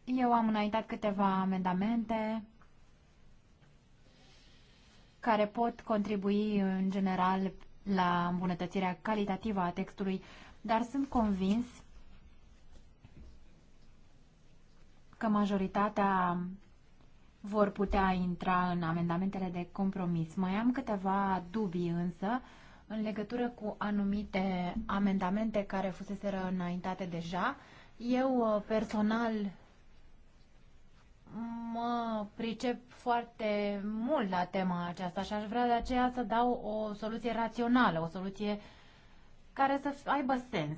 Eu am înaintat câteva amendamente care pot contribui în general la îmbunătățirea calitativă a textului, dar sunt convins că majoritatea vor putea intra în amendamentele de compromis. Mai am câteva dubii însă în legătură cu anumite amendamente care fuseseră înaintate deja. Eu uh, personal mă pricep foarte mult la tema aceasta și aș vrea de aceea să dau o soluție rațională, o soluție care să aibă sens.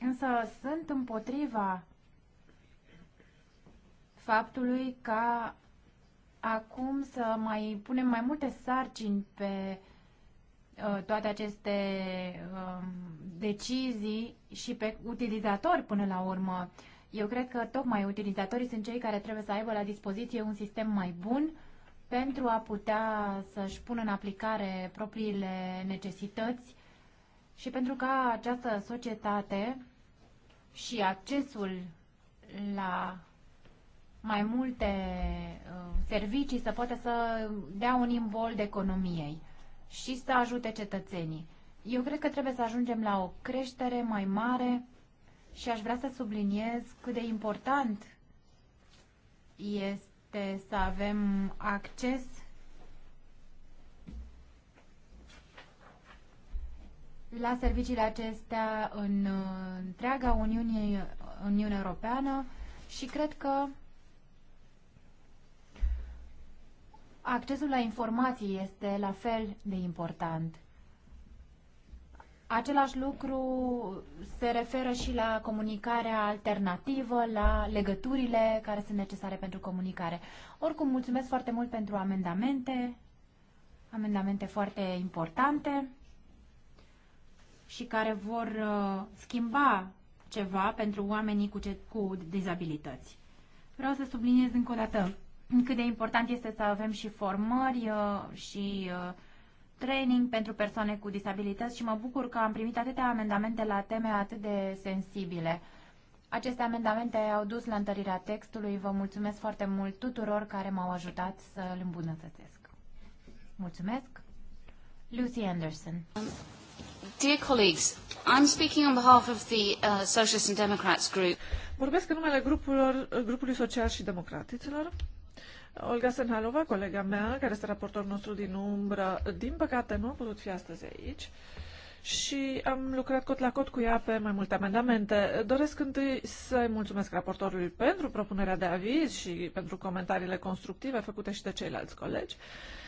Însă sunt împotriva faptului ca acum să mai punem mai multe sarcini pe uh, toate aceste um, decizii și pe utilizatori până la urmă. Eu cred că tocmai utilizatorii sunt cei care trebuie să aibă la dispoziție un sistem mai bun pentru a putea să-și pună în aplicare propriile necesități și pentru ca această societate și accesul la mai multe uh, servicii să poată să dea un imbol de economiei și să ajute cetățenii. Eu cred că trebuie să ajungem la o creștere mai mare și aș vrea să subliniez cât de important este să avem acces la serviciile acestea în uh, întreaga Uniune, Uniune Europeană și cred că Accesul la informații este la fel de important. Același lucru se referă și la comunicarea alternativă, la legăturile care sunt necesare pentru comunicare. Oricum, mulțumesc foarte mult pentru amendamente, amendamente foarte importante și care vor uh, schimba ceva pentru oamenii cu, ce, cu dizabilități. Vreau să subliniez încă o dată cât de important este să avem și formări uh, și uh, training pentru persoane cu disabilități și mă bucur că am primit atâtea amendamente la teme atât de sensibile. Aceste amendamente au dus la întărirea textului. Vă mulțumesc foarte mult tuturor care m-au ajutat să îl îmbunătățesc. Mulțumesc. Lucy Anderson. Dear colleagues, I'm speaking on behalf of the uh, Socialist and Democrats group. Vorbesc în numele grupurilor, grupului social și democratiților Olga Senhalova, colega mea, care este raportorul nostru din umbră, din păcate nu a putut fi astăzi aici și am lucrat cot la cot cu ea pe mai multe amendamente. Doresc întâi să-i mulțumesc raportorului pentru propunerea de aviz și pentru comentariile constructive făcute și de ceilalți colegi. Uh,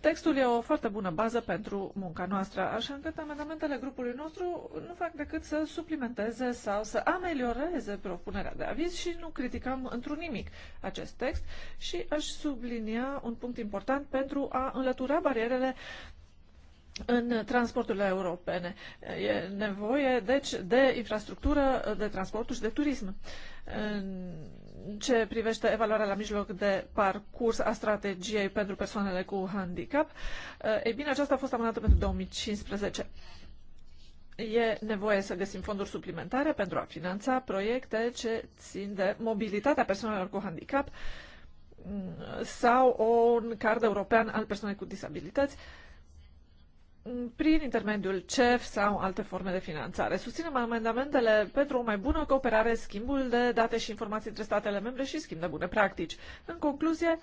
Textul e o foarte bună bază pentru munca noastră, așa încât amendamentele grupului nostru nu fac decât să suplimenteze sau să amelioreze propunerea de aviz și nu criticăm într-un nimic acest text și aș sublinia un punct important pentru a înlătura barierele în transporturile europene. E nevoie, deci, de infrastructură, de transporturi și de turism. În ce privește evaluarea la mijloc de parcurs a strategiei pentru persoanele cu handicap, e eh, bine, aceasta a fost amânată pentru 2015. E nevoie să găsim fonduri suplimentare pentru a finanța proiecte ce țin de mobilitatea persoanelor cu handicap mm, sau un card european al persoanei cu disabilități, prin intermediul CEF sau alte forme de finanțare. Susținem amendamentele pentru o mai bună cooperare, schimbul de date și informații între statele membre și schimb de bune practici. În concluzie,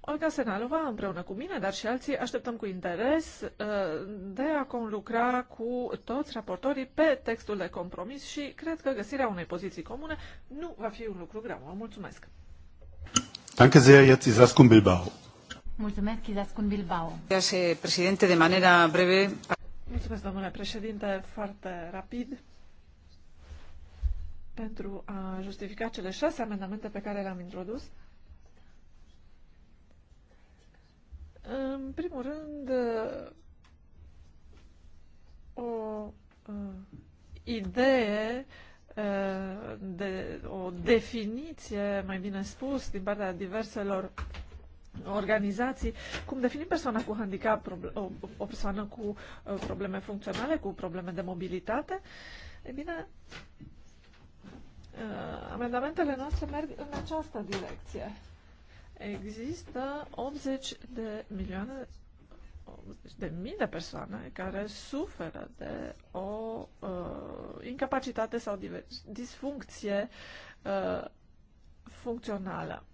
Olga Senalova, împreună cu mine, dar și alții, așteptăm cu interes uh, de a conlucra cu toți raportorii pe textul de compromis și cred că găsirea unei poziții comune nu va fi un lucru greu. Vă mulțumesc! Danke sehr, jetzt ist Bilbao. Mulțumesc, Izascun Bilbao. Eh, președinte, de manera breve. Mulțumesc, domnule președinte, foarte rapid. Pentru a justifica cele șase amendamente pe care le-am introdus, În primul rând, o uh, idee, uh, de, o definiție, mai bine spus, din partea diverselor organizații, cum definim persoana cu handicap, o persoană cu uh, probleme funcționale, cu probleme de mobilitate, e bine, uh, amendamentele noastre merg în această direcție. Există 80 de milioane, 80 de mii de persoane care suferă de o uh, incapacitate sau disfuncție uh, funcțională.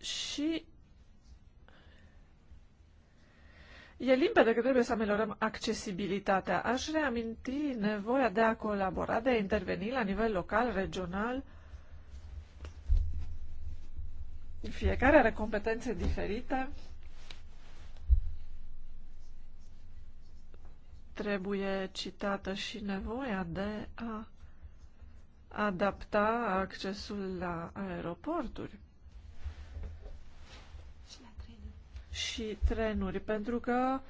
Și E limpede că trebuie să ameliorăm accesibilitatea. Aș reaminti nevoia de a colabora, de a interveni la nivel local, regional. Fiecare are competențe diferite. Trebuie citată și nevoia de a adapta accesul la aeroporturi. și trenuri, pentru că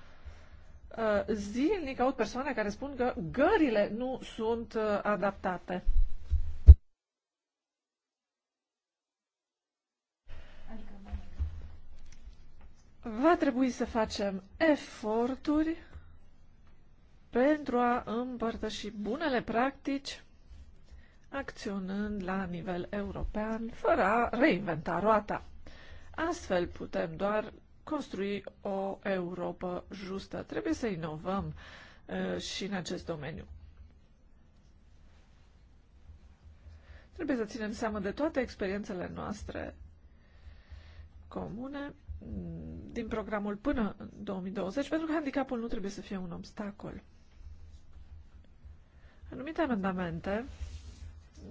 uh, zilnic aud persoane care spun că gările nu sunt uh, adaptate. Va trebui să facem eforturi pentru a împărtăși bunele practici acționând la nivel european, fără a reinventa roata. Astfel putem doar construi o Europa justă. Trebuie să inovăm uh, și în acest domeniu. Trebuie să ținem seama de toate experiențele noastre comune mm, din programul până în 2020, pentru că handicapul nu trebuie să fie un obstacol. Anumite amendamente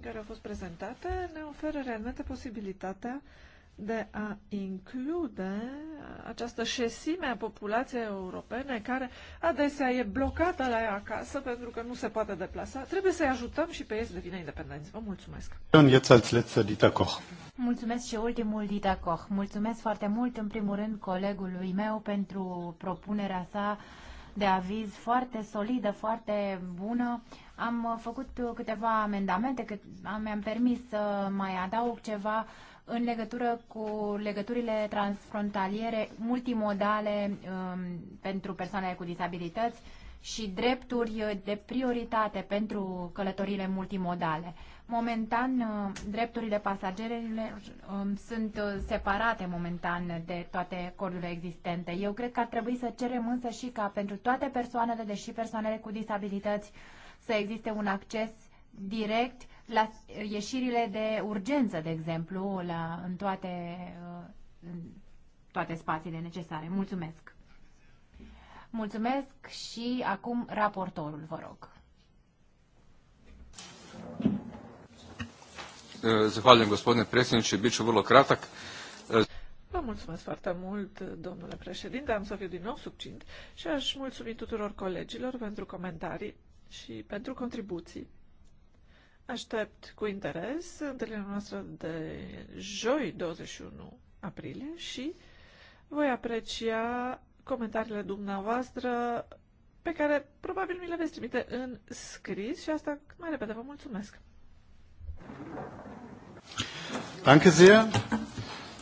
care au fost prezentate ne oferă realmente posibilitatea uh, de a include această șesime a populației europene care adesea e blocată la ea acasă pentru că nu se poate deplasa. Trebuie să-i ajutăm și pe ei să devină independenți. Vă mulțumesc! Mulțumesc și ultimul Dita Koch. Mulțumesc foarte mult în primul rând colegului meu pentru propunerea sa de aviz foarte solidă, foarte bună. Am făcut câteva amendamente, că mi-am permis să mai adaug ceva în legătură cu legăturile transfrontaliere multimodale um, pentru persoanele cu dizabilități și drepturi de prioritate pentru călătorile multimodale. Momentan, uh, drepturile pasagerilor um, sunt uh, separate momentan de toate acordurile existente. Eu cred că ar trebui să cerem însă și ca pentru toate persoanele, deși persoanele cu disabilități, să existe un acces direct la ieșirile de urgență, de exemplu, la, în toate, uh, în toate spațiile necesare. Mulțumesc! Mulțumesc și acum raportorul, vă rog. Uh, zahvaljujem, gospodine predsjedniče, bit ću vrlo kratak. Uh, vă mulțumesc foarte mult, domnule președinte, am să fiu din nou subcint și aș mulțumi tuturor colegilor pentru comentarii și pentru contribuții Aștept cu interes întâlnirea noastră de joi 21 aprilie și voi aprecia comentariile dumneavoastră pe care probabil mi le veți trimite în scris și asta mai repede. Vă mulțumesc! Danke sehr.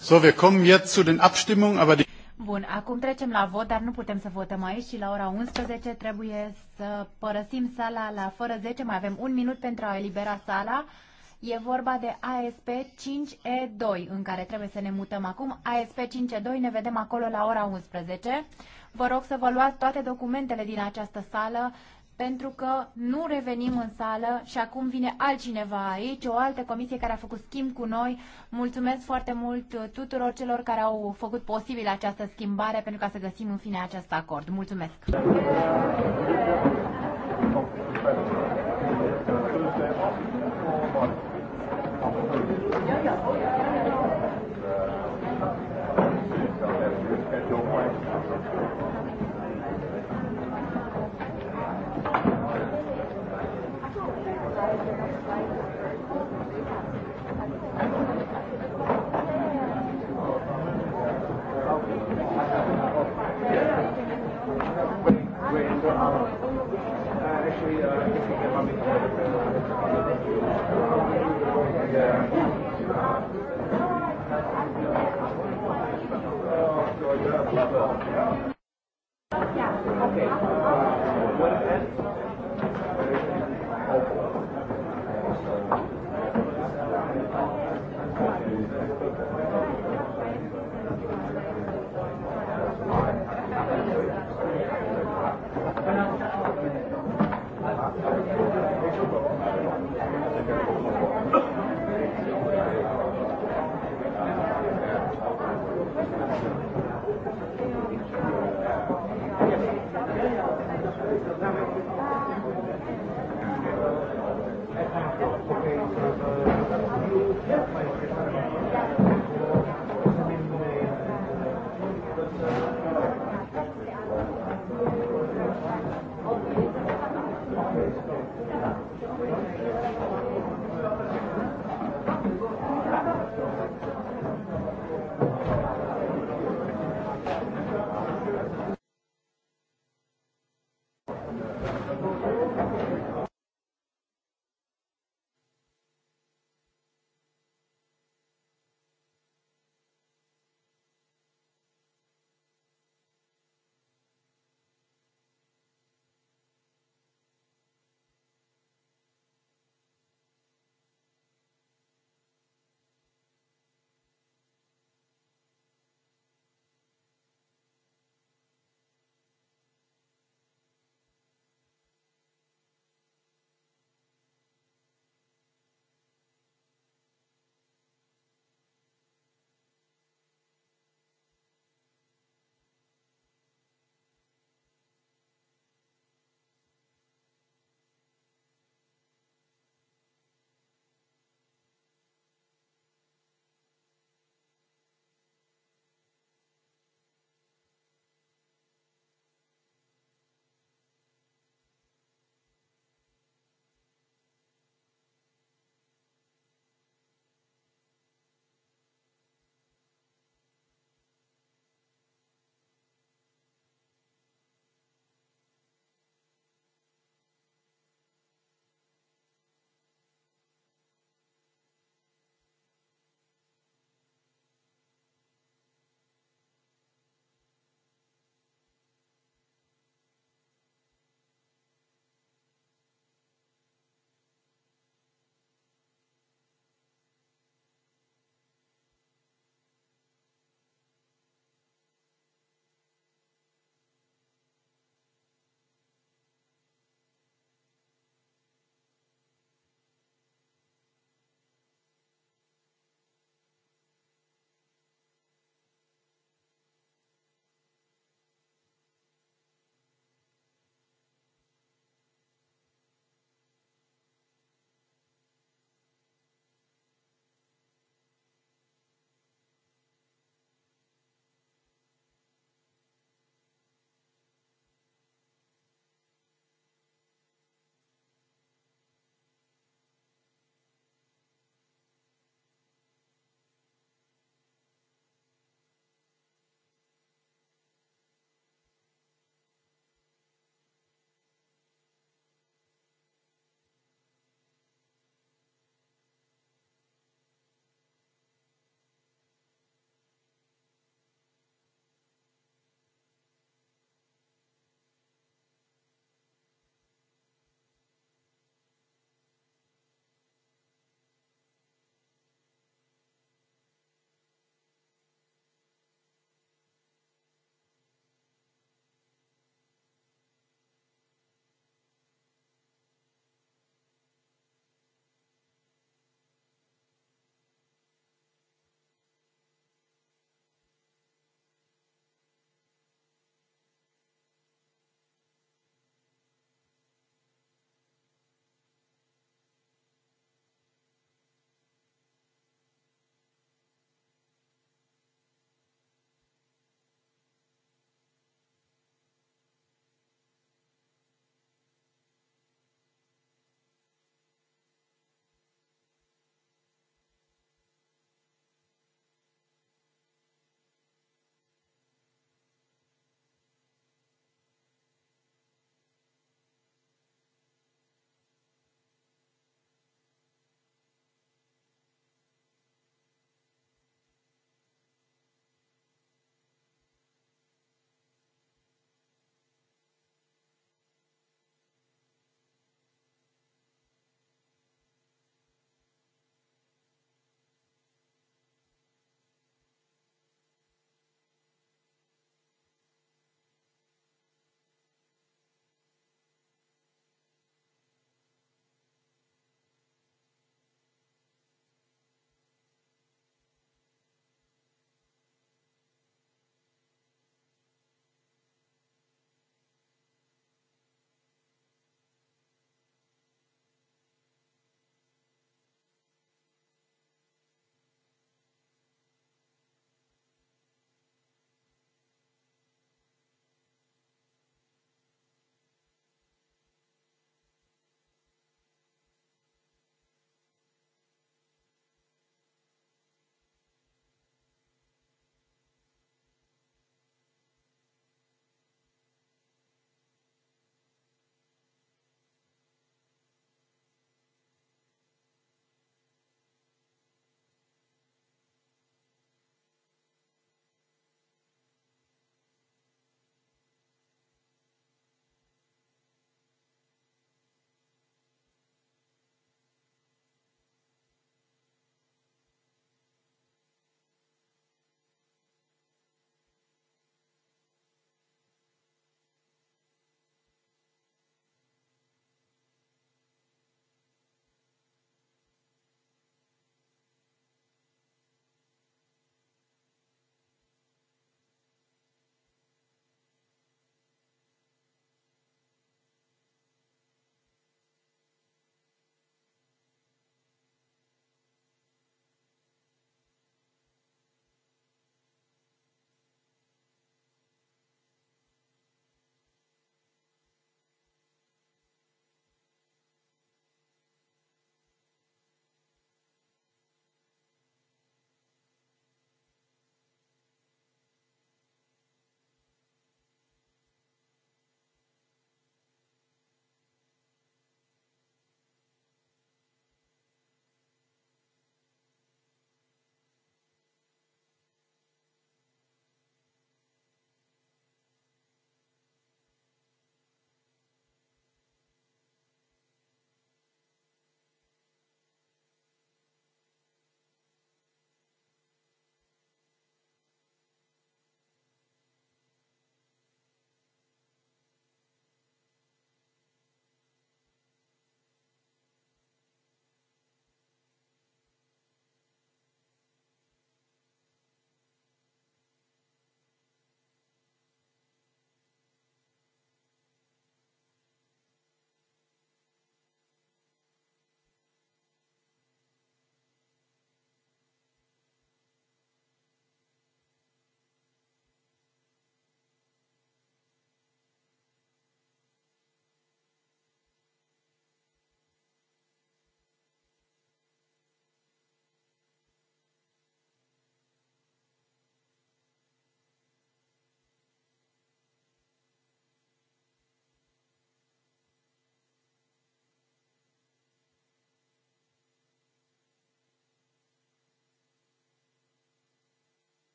So, wir kommen jetzt zu den Abstimmungen, aber die Bun, acum trecem la vot, dar nu putem să votăm aici și la ora 11 trebuie să părăsim sala la fără 10. Mai avem un minut pentru a elibera sala. E vorba de ASP 5E2, în care trebuie să ne mutăm acum. ASP 5E2, ne vedem acolo la ora 11. Vă rog să vă luați toate documentele din această sală, pentru că nu revenim în sală și acum vine altcineva aici, o altă comisie care a făcut schimb cu noi. Mulțumesc foarte mult uh, tuturor celor care au făcut posibil această schimbare pentru ca să găsim în fine acest acord. Mulțumesc!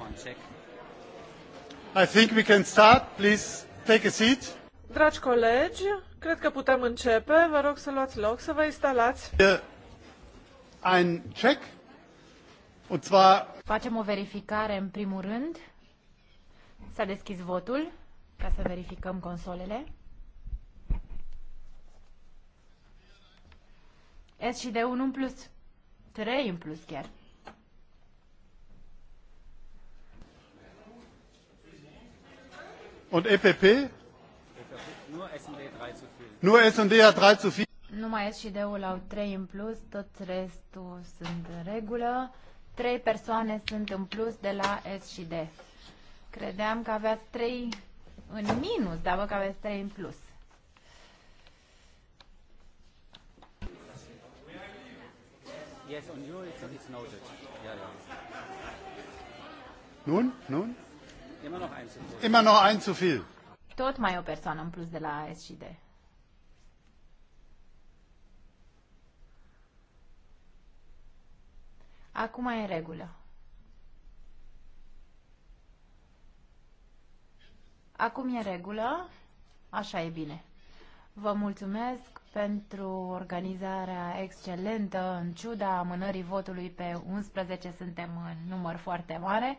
One sec. I think we can start. Please take a seat. Dragi colegi, cred că putem începe. Vă rog să luați loc, să vă instalați. Ein check. Und zwar... Facem o verificare în primul rând. S-a deschis votul ca să verificăm consolele. S și D1 în plus. 3 în plus chiar. Und EPP? Nur S&D hat 3 zu 4. Numai S ul au 3 în plus, tot restul sunt în regulă. 3 persoane sunt în plus de la S Credeam că aveați 3 în minus, dar vă că aveți 3 în plus. Yes, on you it's, it's noted. Yeah, yeah. Nun? Nun? Immer noch ein zu viel. Immer noch ein zu viel. Tot mai o persoană în plus de la și D. Acum e în regulă. Acum e în regulă. Așa e bine. Vă mulțumesc pentru organizarea excelentă, în ciuda amânării votului pe 11, suntem în număr foarte mare.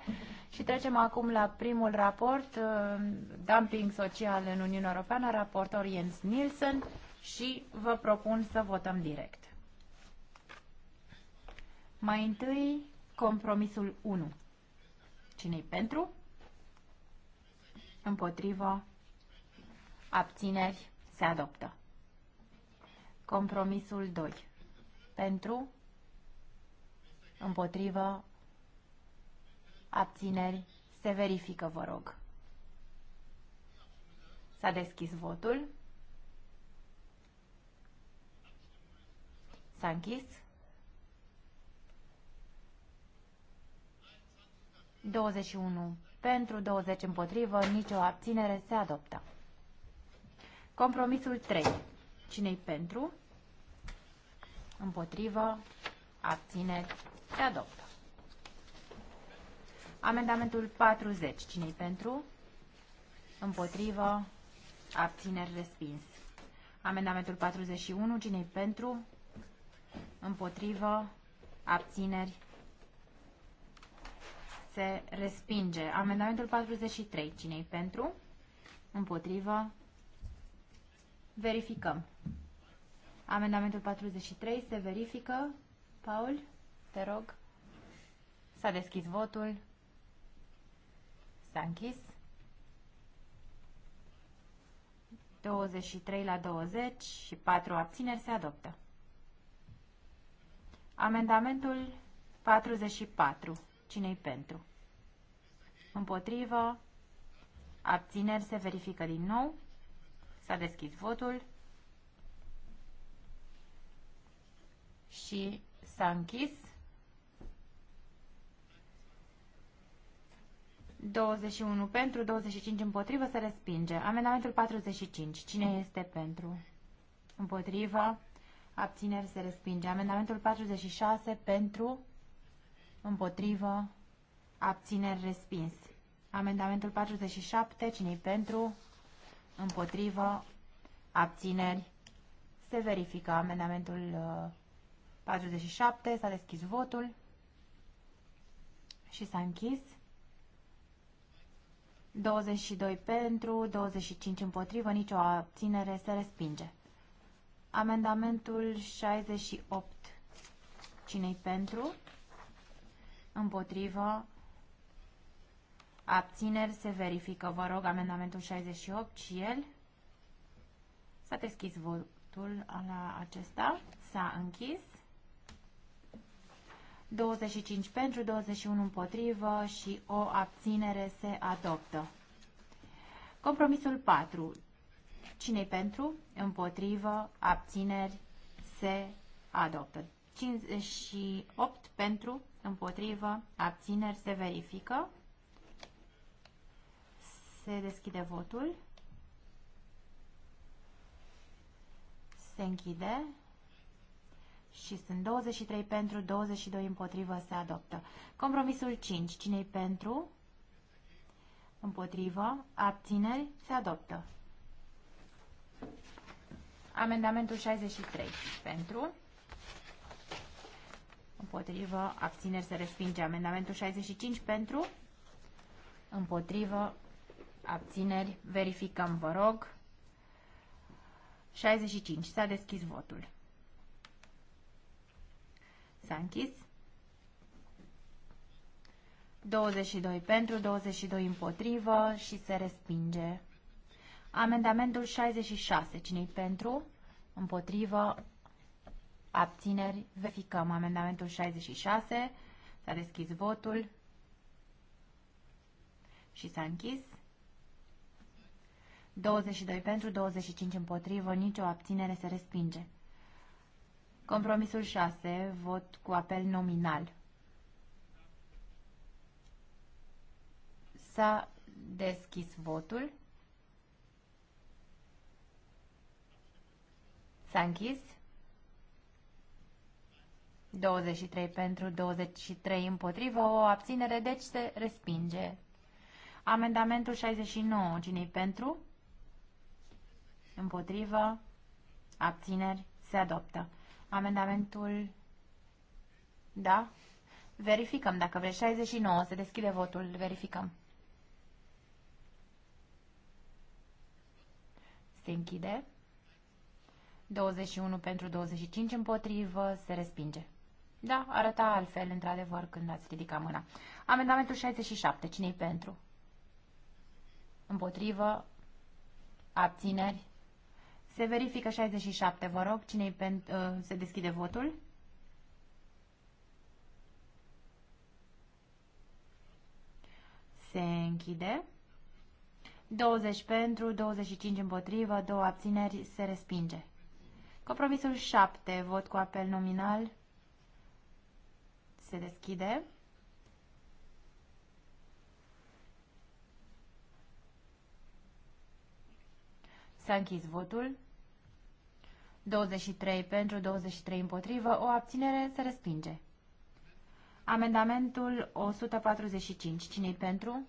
Și trecem acum la primul raport, uh, Dumping Social în Uniunea Europeană, raportor Jens Nielsen și vă propun să votăm direct. Mai întâi, compromisul 1. Cine-i pentru? Împotrivă? Abțineri? Se adoptă. Compromisul 2. Pentru, împotrivă, abțineri, se verifică, vă rog. S-a deschis votul. S-a închis. 21 pentru, 20 împotrivă, nicio abținere se adoptă. Compromisul 3. Cine-i pentru? Împotrivă? Abțineri? Se adoptă. Amendamentul 40. Cine-i pentru? Împotrivă? Abțineri? Respins. Amendamentul 41. Cine-i pentru? Împotrivă? Abțineri? Se respinge. Amendamentul 43. Cine-i pentru? Împotrivă? Verificăm. Amendamentul 43 se verifică. Paul, te rog. S-a deschis votul. S-a închis. 23 la 20 și 4 abțineri se adoptă. Amendamentul 44. Cine-i pentru? Împotrivă. Abțineri se verifică din nou. S-a deschis votul și s-a închis. 21 pentru, 25 împotrivă, se respinge. Amendamentul 45. Cine este pentru? Împotrivă. Abțineri se respinge. Amendamentul 46 pentru, împotrivă, abțineri respins. Amendamentul 47, cine pentru, împotrivă, abțineri. Se verifică amendamentul 47, uh, s-a deschis votul și s-a închis. 22 pentru, 25 împotrivă, nicio abținere se respinge. Amendamentul 68. Cine-i pentru? Împotrivă, Abțineri se verifică. Vă rog, amendamentul 68 și el. S-a deschis votul la acesta. S-a închis. 25 pentru, 21 împotrivă și o abținere se adoptă. Compromisul 4. Cine-i pentru? Împotrivă, abțineri se adoptă. 58 pentru, împotrivă, abțineri se verifică. Se deschide votul. Se închide. Și sunt 23 pentru, 22 împotrivă, se adoptă. Compromisul 5. Cine-i pentru? Împotrivă. Abțineri? Se adoptă. Amendamentul 63. Pentru. Împotrivă. Abțineri se respinge. Amendamentul 65. Pentru. Împotrivă abțineri, verificăm, vă rog. 65. S-a deschis votul. S-a închis. 22 pentru, 22 împotrivă și se respinge. Amendamentul 66. Cine-i pentru? Împotrivă. Abțineri. Verificăm amendamentul 66. S-a deschis votul și s-a închis. 22 pentru, 25 împotrivă, nicio abținere se respinge. Compromisul 6, vot cu apel nominal. S-a deschis votul. S-a închis. 23 pentru, 23 împotrivă, o abținere, deci se respinge. Amendamentul 69, cine pentru? Împotrivă. Abțineri. Se adoptă. Amendamentul... Da? Verificăm dacă vreți. 69. Se deschide votul. Verificăm. Se închide. 21 pentru 25 împotrivă. Se respinge. Da, arăta altfel, într-adevăr, când ați ridicat mâna. Amendamentul 67. Cine-i pentru? Împotrivă? Abțineri? Se verifică 67, vă rog. cine pentru... Uh, se deschide votul. Se închide. 20 pentru, 25 împotrivă, două abțineri, se respinge. Compromisul 7, vot cu apel nominal, se deschide. S-a închis votul. 23 pentru, 23 împotrivă, o abținere se respinge. Amendamentul 145. Cine-i pentru?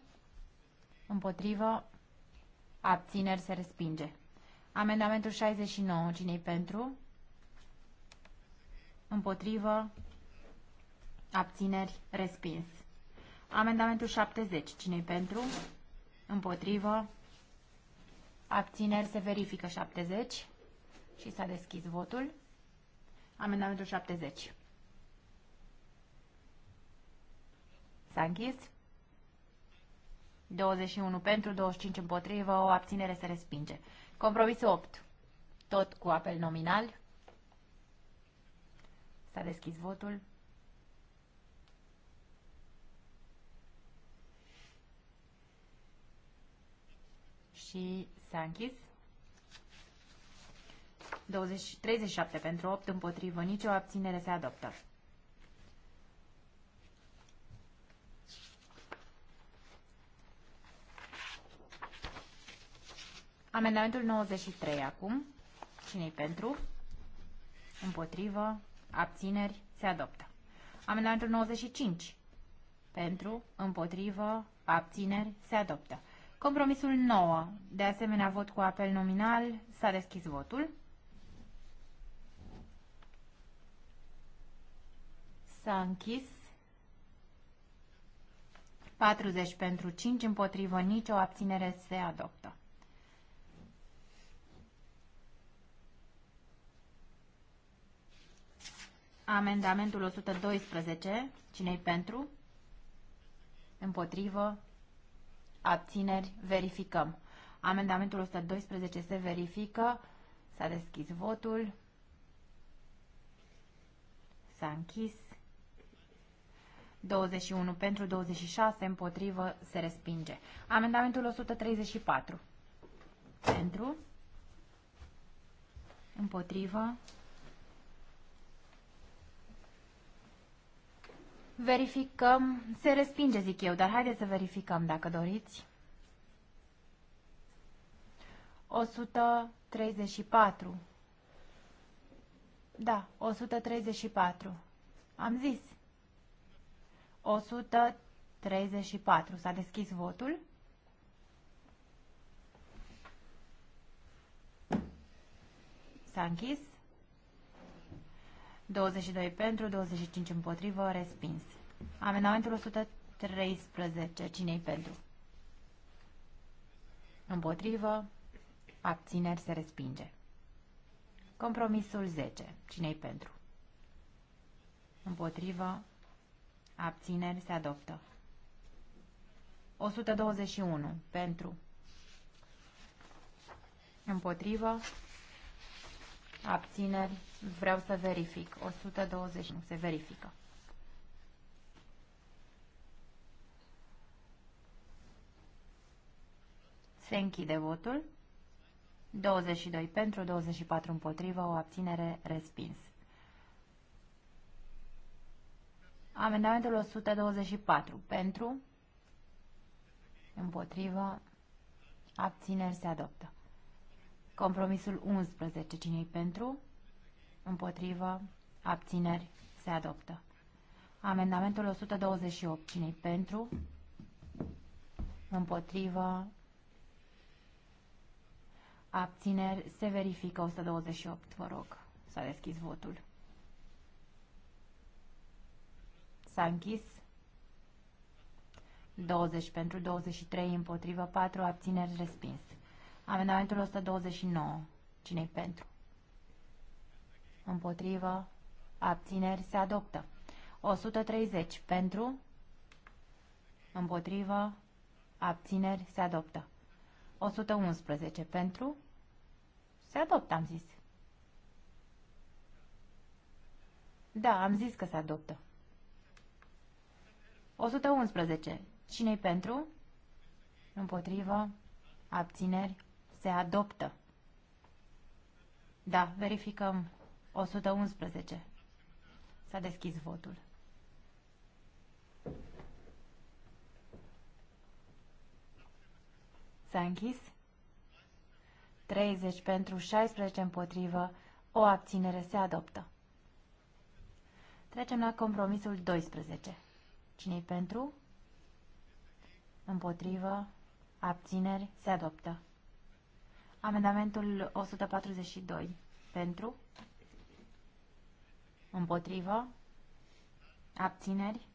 Împotrivă, abțineri se respinge. Amendamentul 69. Cine-i pentru? Împotrivă, abțineri, respins. Amendamentul 70. Cine-i pentru? Împotrivă, Abțineri se verifică 70 și s-a deschis votul. Amendamentul 70. S-a închis. 21 pentru, 25 împotrivă, o abținere se respinge. Compromisul 8. Tot cu apel nominal. S-a deschis votul. și s-a închis. 20, 37 pentru 8 împotrivă, nicio abținere se adoptă. Amendamentul 93 acum. cine pentru? Împotrivă, abțineri, se adoptă. Amendamentul 95. Pentru, împotrivă, abțineri, se adoptă. Compromisul 9. De asemenea, vot cu apel nominal. S-a deschis votul. S-a închis. 40 pentru 5 împotrivă, nicio abținere se adoptă. Amendamentul 112. Cine-i pentru? Împotrivă? abțineri, verificăm. Amendamentul 112 se verifică, s-a deschis votul, s-a închis, 21 pentru, 26 împotrivă, se respinge. Amendamentul 134 pentru, împotrivă, Verificăm. Se respinge, zic eu, dar haideți să verificăm dacă doriți. 134. Da, 134. Am zis. 134. S-a deschis votul. S-a închis. 22 pentru, 25 împotrivă, respins. Amendamentul 113. cine pentru? Împotrivă, abțineri, se respinge. Compromisul 10. cine pentru? Împotrivă, abțineri, se adoptă. 121. Pentru. Împotrivă, abțineri, vreau să verific. 120 nu se verifică. Se închide votul. 22 pentru, 24 împotrivă, o abținere respins. Amendamentul 124 pentru, împotrivă, abțineri se adoptă. Compromisul 11. Cine-i pentru? Împotrivă. Abțineri. Se adoptă. Amendamentul 128. Cine-i pentru? Împotrivă. Abțineri. Se verifică 128. Vă rog. S-a deschis votul. S-a închis. 20 pentru 23 împotrivă 4 abțineri respins. Amendamentul 129. Cine-i pentru? Împotrivă. Abțineri se adoptă. 130. Pentru. Împotrivă. Abțineri se adoptă. 111. Pentru. Se adoptă, am zis. Da, am zis că se adoptă. 111. Cine-i pentru? Împotrivă. Abțineri se adoptă. Da, verificăm. 111. S-a deschis votul. S-a închis? 30 pentru, 16 împotrivă, o abținere se adoptă. Trecem la compromisul 12. cine pentru? Împotrivă, abțineri, se adoptă. Amendamentul 142. Pentru? Împotrivă? Abțineri?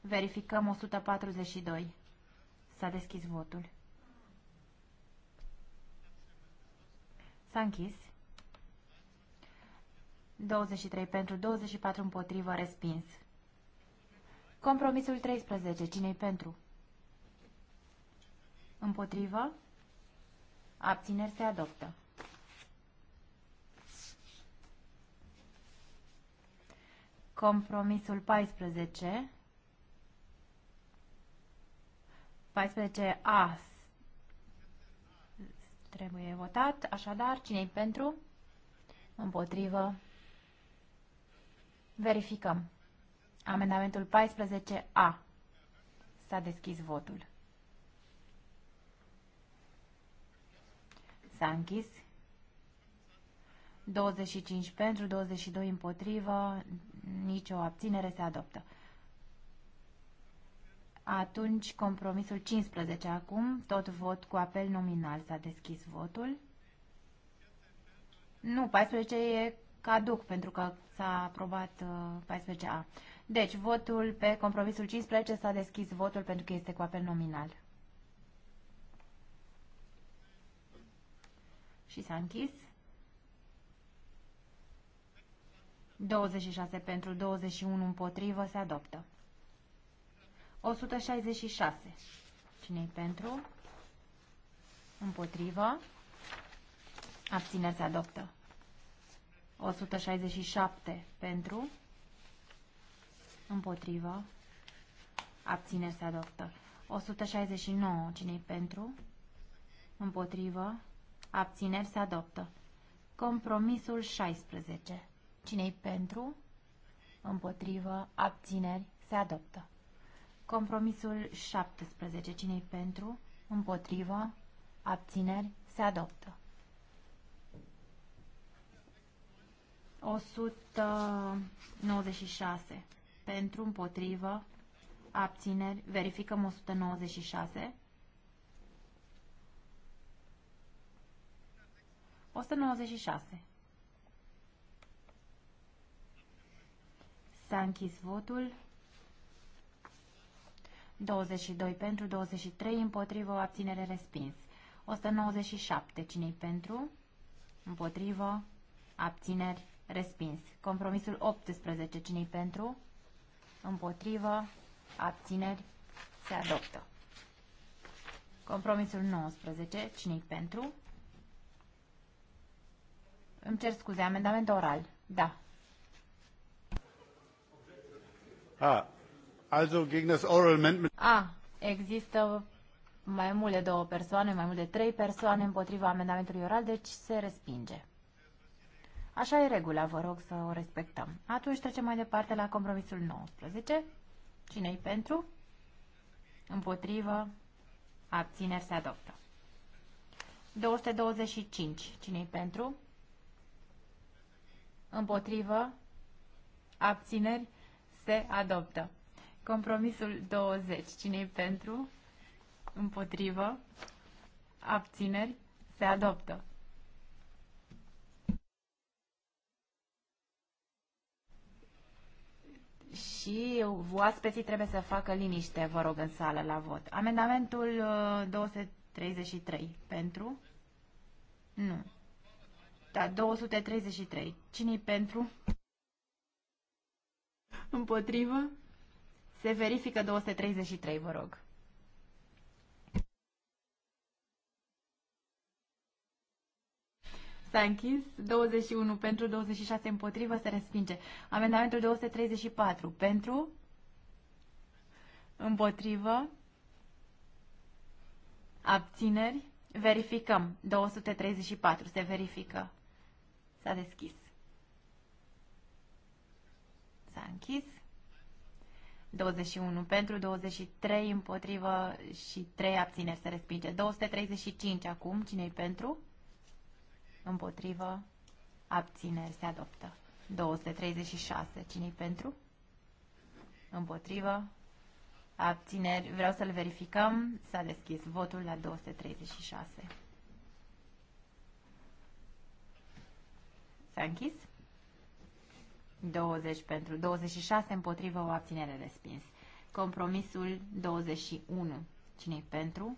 Verificăm 142. S-a deschis votul. S-a închis. 23 pentru, 24 împotrivă, respins. Compromisul 13. Cine-i pentru? Împotrivă? Abțineri se adoptă. Compromisul 14. 14A trebuie votat. Așadar, cine-i pentru? Împotrivă. Verificăm. Amendamentul 14A. S-a deschis votul. S-a închis. 25 pentru, 22 împotrivă, nicio abținere se adoptă. Atunci, compromisul 15 acum, tot vot cu apel nominal s-a deschis votul. Nu, 14 e caduc pentru că s-a aprobat 14A. Uh, deci, votul pe compromisul 15 s-a deschis votul pentru că este cu apel nominal. și s-a închis. 26 pentru 21 împotrivă se adoptă. 166. Cine-i pentru? Împotrivă. Abțineri se adoptă. 167 pentru. Împotrivă. Abțineri se adoptă. 169. Cine-i pentru? Împotrivă. Abțineri se adoptă. Compromisul 16. Cine-i pentru? Împotrivă. Abțineri se adoptă. Compromisul 17. Cine-i pentru? Împotrivă. Abțineri se adoptă. 196. Pentru, împotrivă, abțineri, verificăm 196. 196. S-a închis votul. 22 pentru, 23 împotrivă, abținere respins. 197. cine pentru? Împotrivă, abțineri respins. Compromisul 18. cine pentru? Împotrivă, abțineri se adoptă. Compromisul 19. cine pentru? Îmi cer scuze, amendament oral. Da. Ah, also gegen das oral amendment. A, există mai mult de două persoane, mai mult de trei persoane împotriva amendamentului oral, deci se respinge. Așa e regula, vă rog să o respectăm. Atunci trecem mai departe la compromisul 19. Cine-i pentru? Împotrivă? Abțineri se adoptă. 225. Cine-i pentru? împotrivă, abțineri, se adoptă. Compromisul 20. Cine-i pentru? Împotrivă, abțineri, se adoptă. Și oaspeții trebuie să facă liniște, vă rog, în sală la vot. Amendamentul 233. Uh, pentru? Nu. Da, 233. Cine-i pentru? Împotrivă? Se verifică 233, vă rog. S-a închis. 21 pentru, 26 împotrivă, se respinge. Amendamentul 234 pentru, împotrivă, abțineri, verificăm. 234 se verifică. S-a deschis. S-a închis. 21 pentru, 23 împotrivă și 3 abțineri se respinge. 235 acum, cine pentru? Împotrivă, abțineri se adoptă. 236, cine pentru? Împotrivă, abțineri, vreau să-l verificăm, s-a deschis votul la 236. S-a închis. 20 pentru 26 împotrivă o abținere respins. Compromisul 21. cine pentru?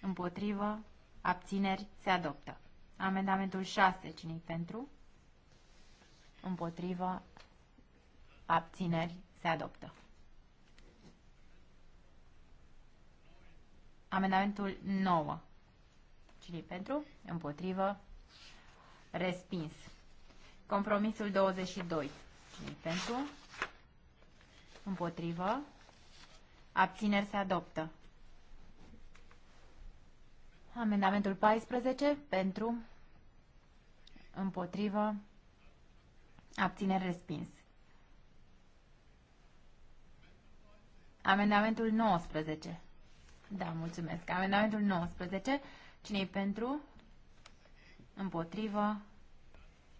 Împotrivă. Abțineri. Se adoptă. Amendamentul 6. cine pentru? Împotrivă. Abțineri. Se adoptă. Amendamentul 9. cine pentru? Împotrivă. Respins. Compromisul 22. cine pentru? Împotrivă. Abțineri se adoptă. Amendamentul 14. Pentru. Împotrivă. Abțineri respins. Amendamentul 19. Da, mulțumesc. Amendamentul 19. Cine-i pentru? Împotrivă.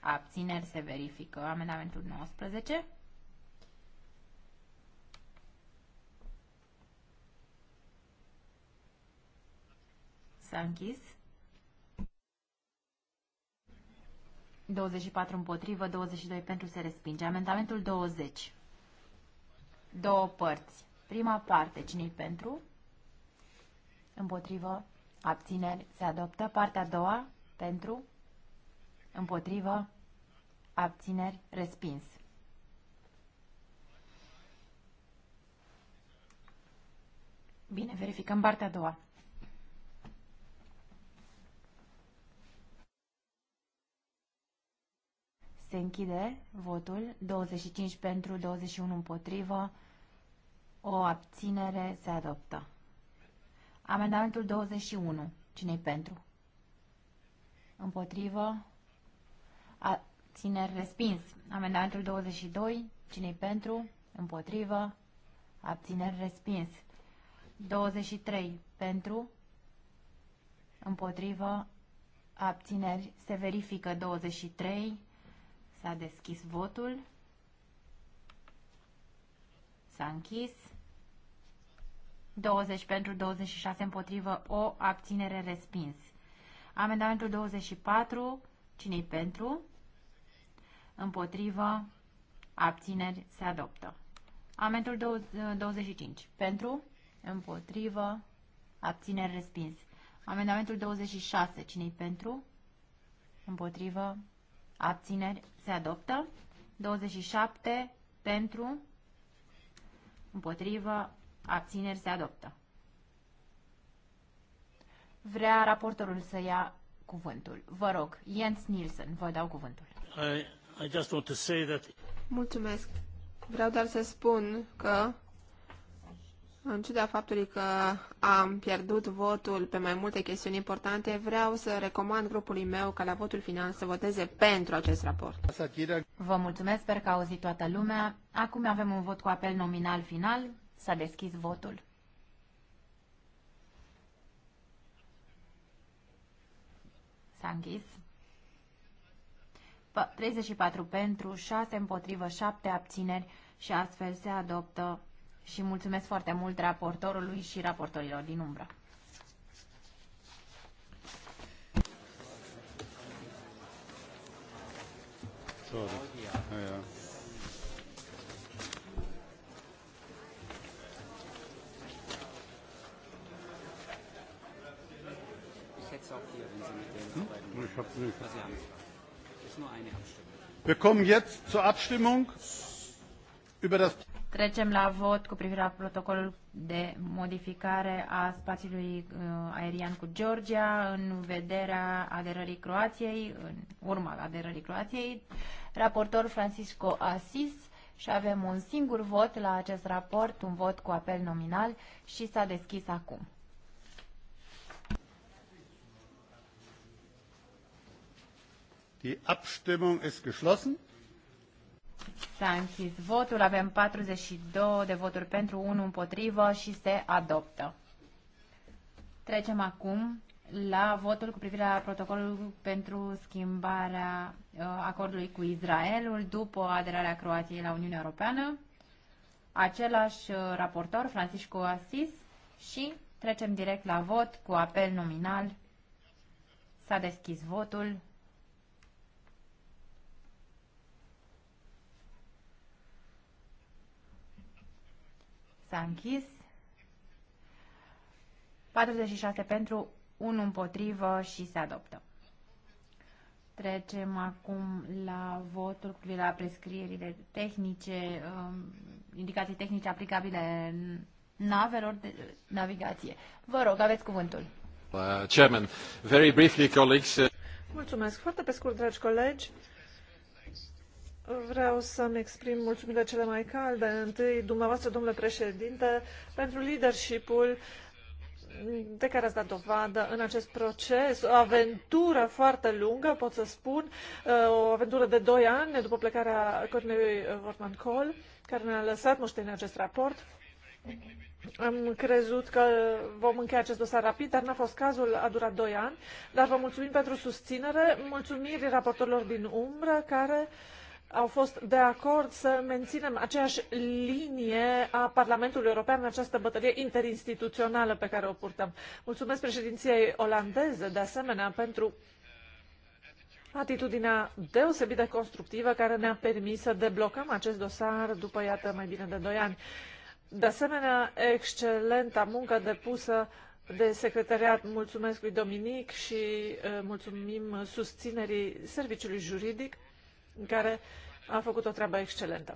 Abțineri se verifică. Amendamentul 19. S-a închis. 24 împotrivă, 22 pentru se respinge. Amendamentul 20. Două părți. Prima parte, cine pentru? Împotrivă, abțineri, se adoptă. Partea a doua, pentru, împotrivă, abțineri, respins. Bine, verificăm partea a doua. Se închide votul, 25 pentru, 21 împotrivă, o abținere se adoptă. Amendamentul 21, cine pentru? Împotrivă, a, Abțineri respins. Amendamentul 22. cine pentru? Împotrivă. Abțineri respins. 23. Pentru. Împotrivă. Abțineri. Se verifică 23. S-a deschis votul. S-a închis. 20 pentru 26 împotrivă. O abținere respins. Amendamentul 24. cine pentru? împotrivă, abțineri, se adoptă. Amendul 25. Pentru, împotrivă, abțineri, respins. Amendamentul 26. Cine-i pentru? Împotrivă, abțineri, se adoptă. 27. Pentru, împotrivă, abțineri, se adoptă. Vrea raportorul să ia cuvântul. Vă rog, Jens Nielsen, vă dau cuvântul. I just want to say that... Mulțumesc. Vreau doar să spun că, în ciuda faptului că am pierdut votul pe mai multe chestiuni importante, vreau să recomand grupului meu ca la votul final să voteze pentru acest raport. Vă mulțumesc, sper că a auzit toată lumea. Acum avem un vot cu apel nominal final. S-a deschis votul. S-a închis. 34 pentru, 6 împotrivă, 7 abțineri și astfel se adoptă și mulțumesc foarte mult raportorului și raportorilor din umbră. Ich habe es nicht. Trecem la vot cu privire la protocolul de modificare a spațiului uh, aerian cu Georgia în vederea aderării Croației, în urma aderării Croației. Raportor Francisco Asis și avem un singur vot la acest raport, un vot cu apel nominal și s-a deschis acum. Die Abstimmung ist geschlossen. S-a închis votul, avem 42 de voturi pentru, 1 împotrivă și se adoptă. Trecem acum la votul cu privire la protocolul pentru schimbarea uh, acordului cu Israelul după aderarea Croației la Uniunea Europeană. Același uh, raportor, Francisco Assis, și trecem direct la vot cu apel nominal. S-a deschis votul. s-a închis. 46 pentru, 1 împotrivă și se adoptă. Trecem acum la votul cu privire la prescrierile tehnice, um, indicații tehnice aplicabile navelor de navigație. Vă rog, aveți cuvântul. Uh, chairman, very briefly, colleagues. Uh, Mulțumesc. Foarte pe scurt, dragi colegi. Uh, Vreau să-mi exprim mulțumirile cele mai calde. Întâi, dumneavoastră, domnule președinte, pentru leadership-ul de care ați dat dovadă în acest proces, o aventură foarte lungă, pot să spun, uh, o aventură de doi ani după plecarea Corneliului vorman Col, care ne-a lăsat moștenirea acest raport. Am crezut că vom încheia acest dosar rapid, dar n-a fost cazul, a durat doi ani. Dar vă mulțumim pentru susținere, mulțumiri raportorilor din umbră care uh, au fost de acord să menținem aceeași linie a Parlamentului European în această bătălie interinstituțională pe care o purtăm. Mulțumesc președinției olandeze, de asemenea, pentru atitudinea deosebit de constructivă care ne-a permis să deblocăm acest dosar după, iată, mai bine de 2 ani. De asemenea, excelenta muncă depusă de secretariat, mulțumesc lui Dominic și uh, mulțumim susținerii serviciului juridic în care a făcut o treabă excelentă.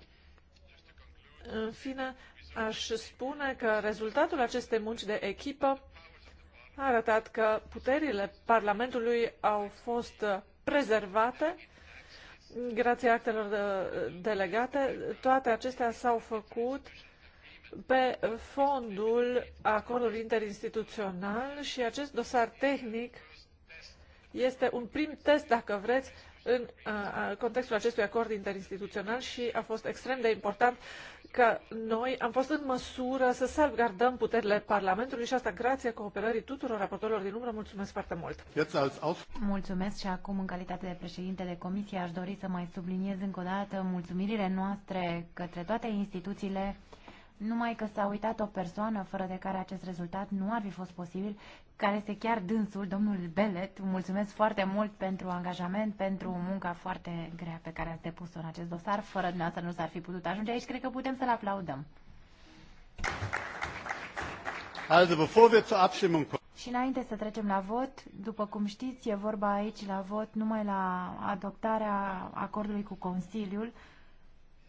În fine, aș spune că rezultatul acestei munci de echipă a arătat că puterile Parlamentului au fost prezervate grație actelor de, delegate. Toate acestea s-au făcut pe fondul acordului interinstituțional și acest dosar tehnic este un prim test, dacă vreți, în contextul acestui acord interinstituțional și a fost extrem de important că noi am fost în măsură să salvgardăm puterile Parlamentului și asta grație cooperării tuturor raportorilor din umbră. Mulțumesc foarte mult! Mulțumesc și acum, în calitate de președinte de comisie, aș dori să mai subliniez încă o dată mulțumirile noastre către toate instituțiile numai că s-a uitat o persoană fără de care acest rezultat nu ar fi fost posibil, care este chiar dânsul, domnul Belet. Mulțumesc foarte mult pentru angajament, pentru munca foarte grea pe care ați depus-o în acest dosar. Fără dumneavoastră nu s-ar fi putut ajunge aici. Cred că putem să-l aplaudăm. Also, bevor wir zur Abstimmung kommen. Și înainte să trecem la vot, după cum știți, e vorba aici la vot numai la adoptarea acordului cu Consiliul.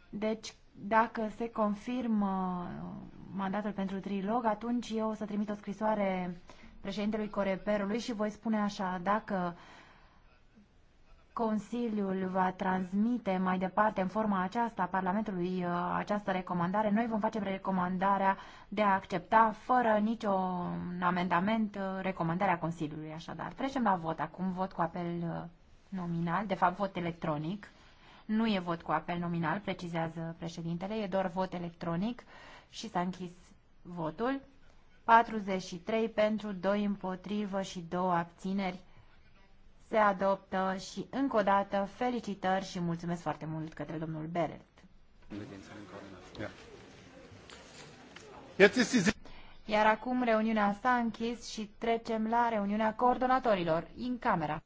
Deci dacă se confirmă mandatul pentru trilog, atunci eu o să trimit o scrisoare președintelui Coreperului și voi spune așa, dacă Consiliul va transmite mai departe în forma aceasta Parlamentului uh, această recomandare, noi vom face recomandarea de a accepta fără niciun amendament uh, recomandarea Consiliului. Așadar, trecem la vot. Acum vot cu apel uh, nominal, de fapt vot electronic. Nu e vot cu apel nominal, precizează președintele, e doar vot electronic și s-a închis votul. 43 pentru, 2 împotrivă și 2 abțineri se adoptă și încă o dată felicitări și mulțumesc foarte mult către domnul Berelt. Iar acum reuniunea s-a închis și trecem la reuniunea coordonatorilor, în camera.